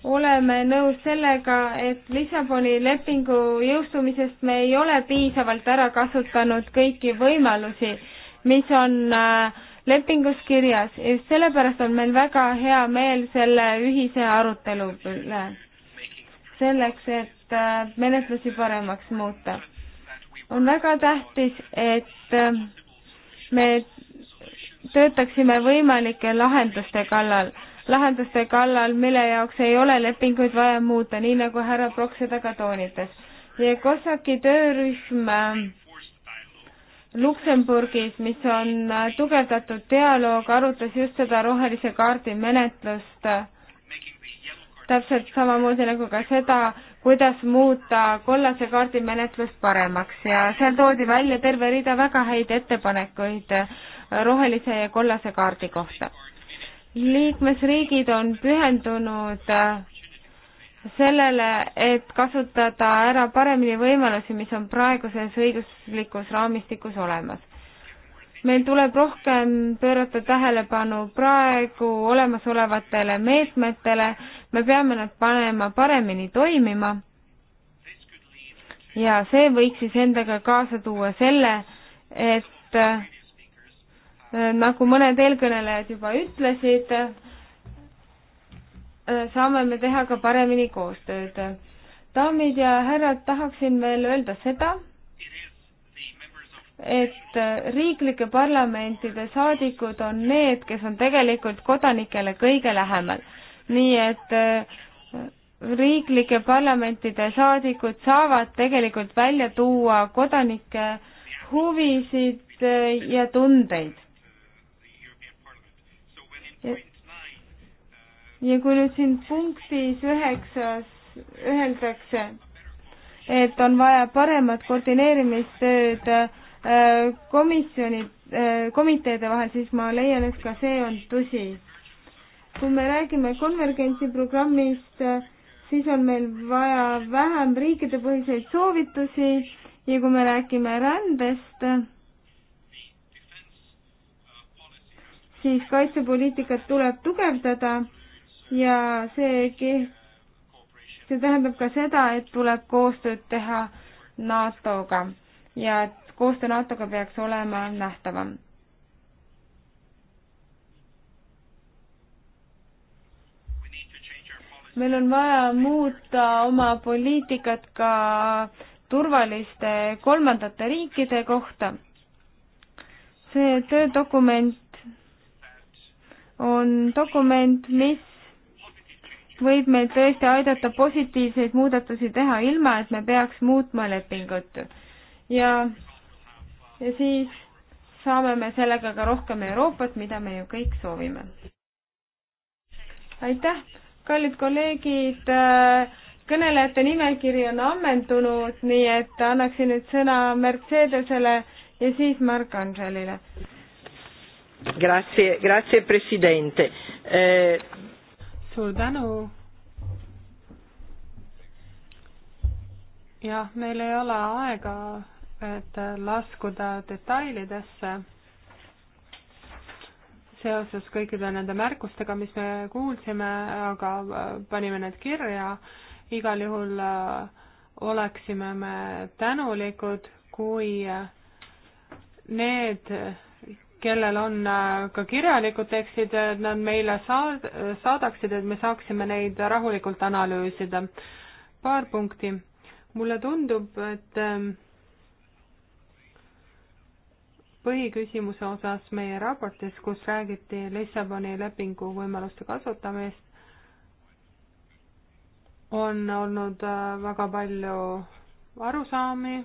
oleme nõus sellega, et Lissaboni lepingu jõustumisest me ei ole piisavalt ära kasutanud kõiki võimalusi mis on äh, lepingus kirjas. just sellepärast on meil väga hea meel selle ühise arutelu üle. selleks, et äh, menetlusi paremaks muuta. on väga tähtis, et äh, me töötaksime võimalike lahenduste kallal, lahenduste kallal, mille jaoks ei ole lepinguid vaja muuta, nii nagu härra Prokk seda ka toonitas. ja COSAC-i töörühm Luksemburgis, mis on äh, tugevdatud dialoog, arutas just seda rohelise kaardi menetlust, äh, täpselt samamoodi nagu ka seda, kuidas muuta kollase kaardi menetlust paremaks ja seal toodi välja terve rida väga häid ettepanekuid äh, rohelise ja kollase kaardi kohta. liikmesriigid on pühendunud sellele, et kasutada ära paremini võimalusi, mis on praeguses õiguslikus raamistikus olemas. meil tuleb rohkem pöörata tähelepanu praegu olemasolevatele meetmetele, me peame nad panema paremini toimima ja see võiks siis endaga kaasa tuua selle, et äh, nagu mõned eelkõnelejad juba ütlesid, Äh, saame me teha ka paremini koostööd. daamid ja härrad, tahaksin veel öelda seda, et äh, riiklike parlamentide saadikud on need, kes on tegelikult kodanikele kõige lähemal. nii et äh, riiklike parlamentide saadikud saavad tegelikult välja tuua kodanike huvisid ja tundeid ja kui nüüd siin punktis üheksas öeldakse, et on vaja paremat koordineerimistööd äh, komisjonid, äh, komiteede vahel, siis ma leian, et ka see on tõsi. kui me räägime konvergentsi programmist, siis on meil vaja vähem riikidepõhiseid soovitusi ja kui me räägime rändest, siis kaitsepoliitikat tuleb tugevdada ja see keht-, see tähendab ka seda, et tuleb koostööd teha NATO-ga ja et koostöö NATO-ga peaks olema nähtavam. meil on vaja muuta oma poliitikat ka turvaliste kolmandate riikide kohta. see töödokument on dokument, mis võib meil tõesti aidata positiivseid muudatusi teha, ilma et me peaks muutma lepingut. ja, ja siis saame me sellega ka rohkem Euroopat, mida me ju kõik soovime. aitäh, kallid kolleegid, äh, kõnelejate nimekiri on ammendunud, nii et annaksin nüüd sõna Mercedesele ja siis Mark Angelile. Grazie, grazie presidente eh, suur tänu. jah, meil ei ole aega, et laskuda detailidesse seoses kõikide nende märkustega, mis me kuulsime, aga äh, panime need kirja. igal juhul äh, oleksime me tänulikud, kui äh, need kellel on äh, ka kirjalikud tekstid, et nad meile saad-, saadaksid, et me saaksime neid rahulikult analüüsida. paar punkti. mulle tundub, et ähm, põhiküsimuse osas meie raportis, kus räägiti Lissaboni lepingu võimaluste kasutamist, on olnud äh, väga palju arusaami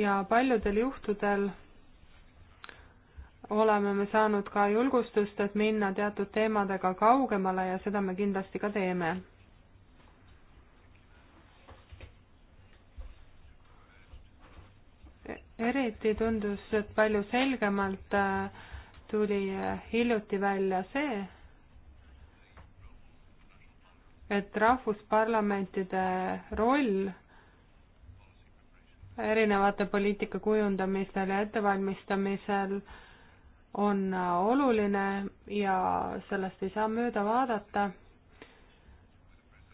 ja paljudel juhtudel oleme me saanud ka julgustust, et minna teatud teemadega kaugemale ja seda me kindlasti ka teeme. eriti tundus, et palju selgemalt äh, tuli äh, hiljuti välja see, et rahvusparlamentide roll erinevate poliitika kujundamisel ja ettevalmistamisel äh, on oluline ja sellest ei saa mööda vaadata.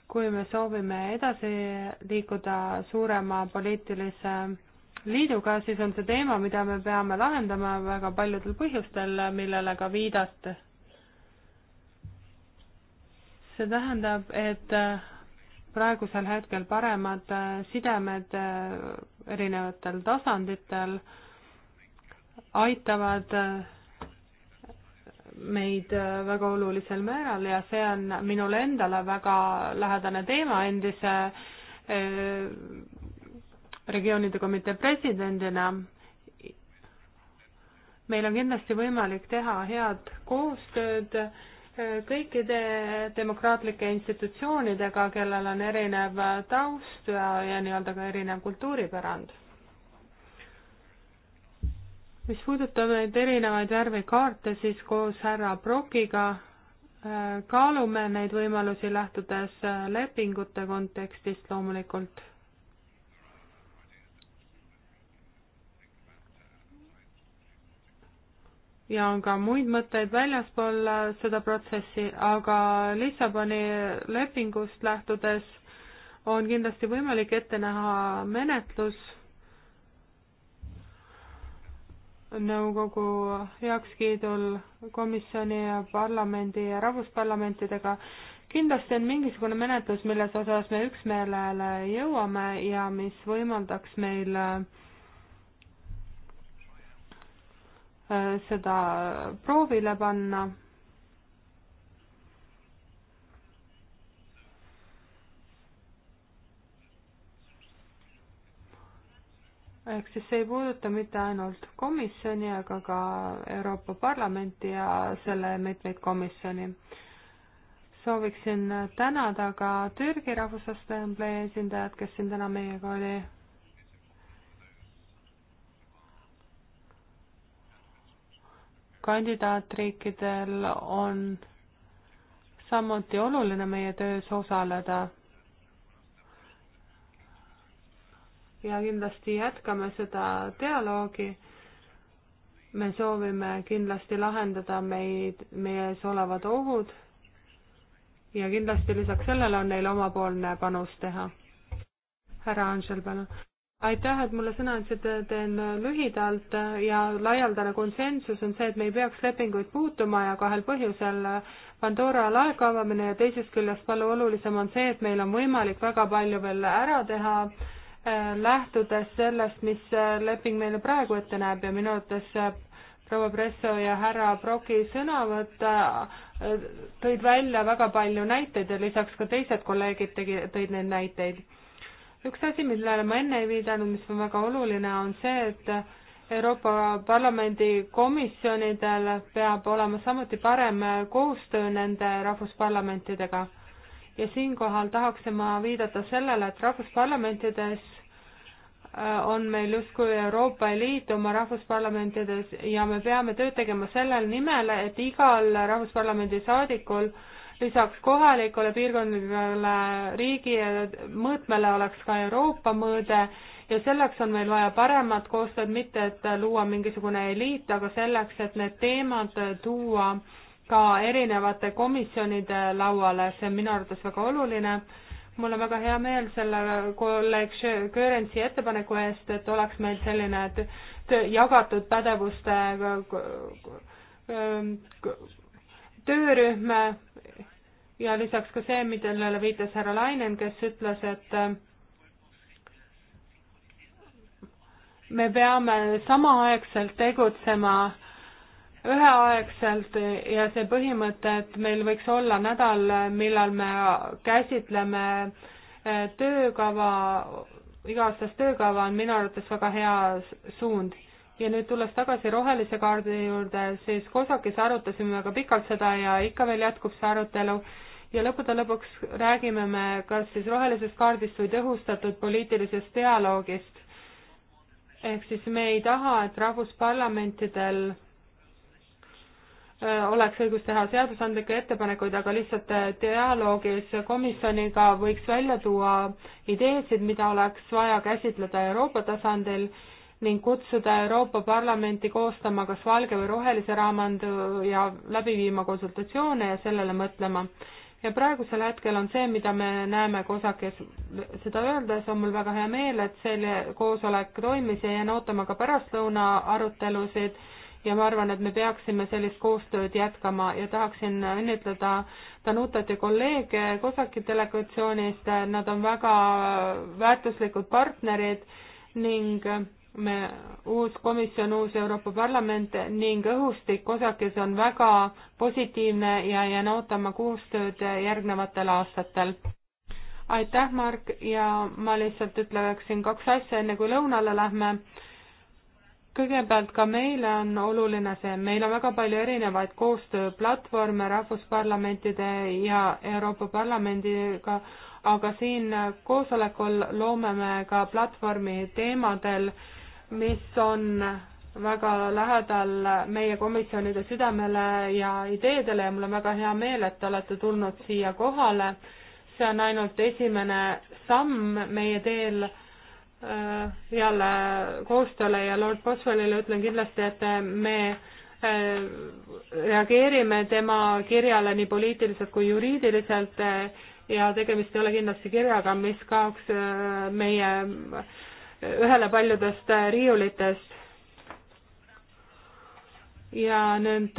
kui me soovime edasi liikuda suurema poliitilise liiduga, siis on see teema, mida me peame lahendama väga paljudel põhjustel, millele ka viidati. see tähendab, et praegusel hetkel paremad sidemed erinevatel tasanditel aitavad meid äh, väga olulisel määral ja see on minule endale väga lähedane teema endise äh, regioonide komitee presidendina. meil on kindlasti võimalik teha head koostööd äh, kõikide demokraatlike institutsioonidega, kellel on erinev taust ja, ja nii-öelda ka erinev kultuuripärand mis puudutab neid erinevaid värvikaarte, siis koos härra Brokiga äh, kaalume neid võimalusi lähtudes äh, lepingute kontekstist loomulikult. ja on ka muid mõtteid väljaspool äh, seda protsessi, aga Lissaboni lepingust lähtudes on kindlasti võimalik ette näha menetlus nõukogu heakskiidul komisjoni ja parlamendi ja rahvusparlamentidega. kindlasti on mingisugune menetlus, milles osas me üksmeelele jõuame ja mis võimaldaks meil äh, seda proovile panna ehk siis see ei puuduta mitte ainult komisjoni, aga ka Euroopa Parlamenti ja selle mitmeid komisjoni. sooviksin tänada ka Türgi Rahvusassamblee esindajat, kes siin täna meiega oli. kandidaatriikidel on samuti oluline meie töös osaleda ja kindlasti jätkame seda dialoogi. me soovime kindlasti lahendada meid, meie ees olevad ohud ja kindlasti lisaks sellele on neil omapoolne panus teha. härra Anžel, palun. aitäh, et mulle sõna andsite, teen lühidalt ja laialdane konsensus on see, et me ei peaks lepinguid puutuma ja kahel põhjusel Pandora laeka avamine ja teisest küljest palju olulisem on see, et meil on võimalik väga palju veel ära teha Äh, lähtudes sellest, mis äh, leping meile praegu ette näeb ja minu arvates äh, proua Presso ja härra Broki sõnavõtt tõid välja väga palju näiteid ja lisaks ka teised kolleegid tegi, tõid neid näiteid. üks asi, millele ma enne ei viidanud, mis on väga oluline, on see, et Euroopa Parlamendi komisjonidel peab olema samuti parem koostöö nende rahvusparlamentidega ja siinkohal tahaksin ma viidata sellele, et rahvusparlamentides Äh, on meil justkui Euroopa Liit oma rahvusparlamentides ja me peame tööd tegema sellel nimel, et igal rahvusparlamendi saadikul lisaks kohalikule piirkondlikule riigi mõõtmele oleks ka Euroopa mõõde ja selleks on meil vaja paremat koostööd, mitte et luua mingisugune eliit, aga selleks, et need teemad tuua ka erinevate komisjonide lauale, see on minu arvates väga oluline mul on väga hea meel selle kolleeg Göransi ettepaneku eest, et oleks meil selline jagatud pädevuste töörühm ja lisaks ka see, millele viitas härra Lainen, kes ütles, et me peame samaaegselt tegutsema üheaegselt ja see põhimõte, et meil võiks olla nädal, millal me käsitleme eh, töökava, iga-aastast töökava on minu arvates väga hea suund. ja nüüd tulles tagasi rohelise kaardi juurde, siis COSAC-is arutasime väga pikalt seda ja ikka veel jätkub see arutelu ja lõppude lõpuks räägime me kas siis rohelisest kaardist või tõhustatud poliitilisest dialoogist. ehk siis me ei taha, et rahvusparlamentidel Äh, oleks õigus teha seadusandlikke ettepanekuid, aga lihtsalt äh, dialoogis komisjoniga võiks välja tuua ideesid, mida oleks vaja käsitleda Euroopa tasandil ning kutsuda Euroopa Parlamenti koostama kas valge või rohelise raamatu ja läbi viima konsultatsioone ja sellele mõtlema. ja praegusel hetkel on see, mida me näeme COSAC-is, seda öeldes on mul väga hea meel, et selle koosolek toimis ja jään ootama ka pärastlõuna arutelusid ja ma arvan, et me peaksime sellist koostööd jätkama ja tahaksin õnnitleda Danutat ja kolleege Kosaki delegatsioonist, nad on väga väärtuslikud partnerid ning me, uus komisjon, uus Euroopa Parlament ning õhustik Kosakis on väga positiivne ja jään ootama koostööd järgnevatel aastatel. aitäh, Mark, ja ma lihtsalt ütleksin kaks asja, enne kui lõunale lähme kõigepealt ka meile on oluline see, meil on väga palju erinevaid koostööplatvorme rahvusparlamentide ja Euroopa Parlamendiga, aga siin koosolekul loome me ka platvormi teemadel, mis on väga lähedal meie komisjonide südamele ja ideedele ja mul on väga hea meel, et te olete tulnud siia kohale. see on ainult esimene samm meie teel heale äh, koostööle ja Lord Boswellile ütlen kindlasti, et me äh, reageerime tema kirjale nii poliitiliselt kui juriidiliselt äh, ja tegemist ei ole kindlasti kirjaga, mis kaoks meie ühele paljudest riiulitest. ja nüüd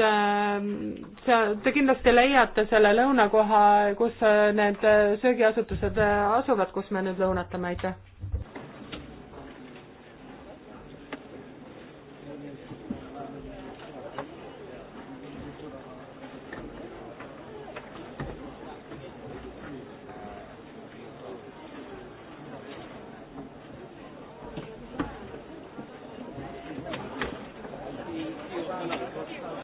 seal, te kindlasti leiate selle lõunakoha, kus need söögiasutused asuvad, kus me nüüd lõunatame, aitäh!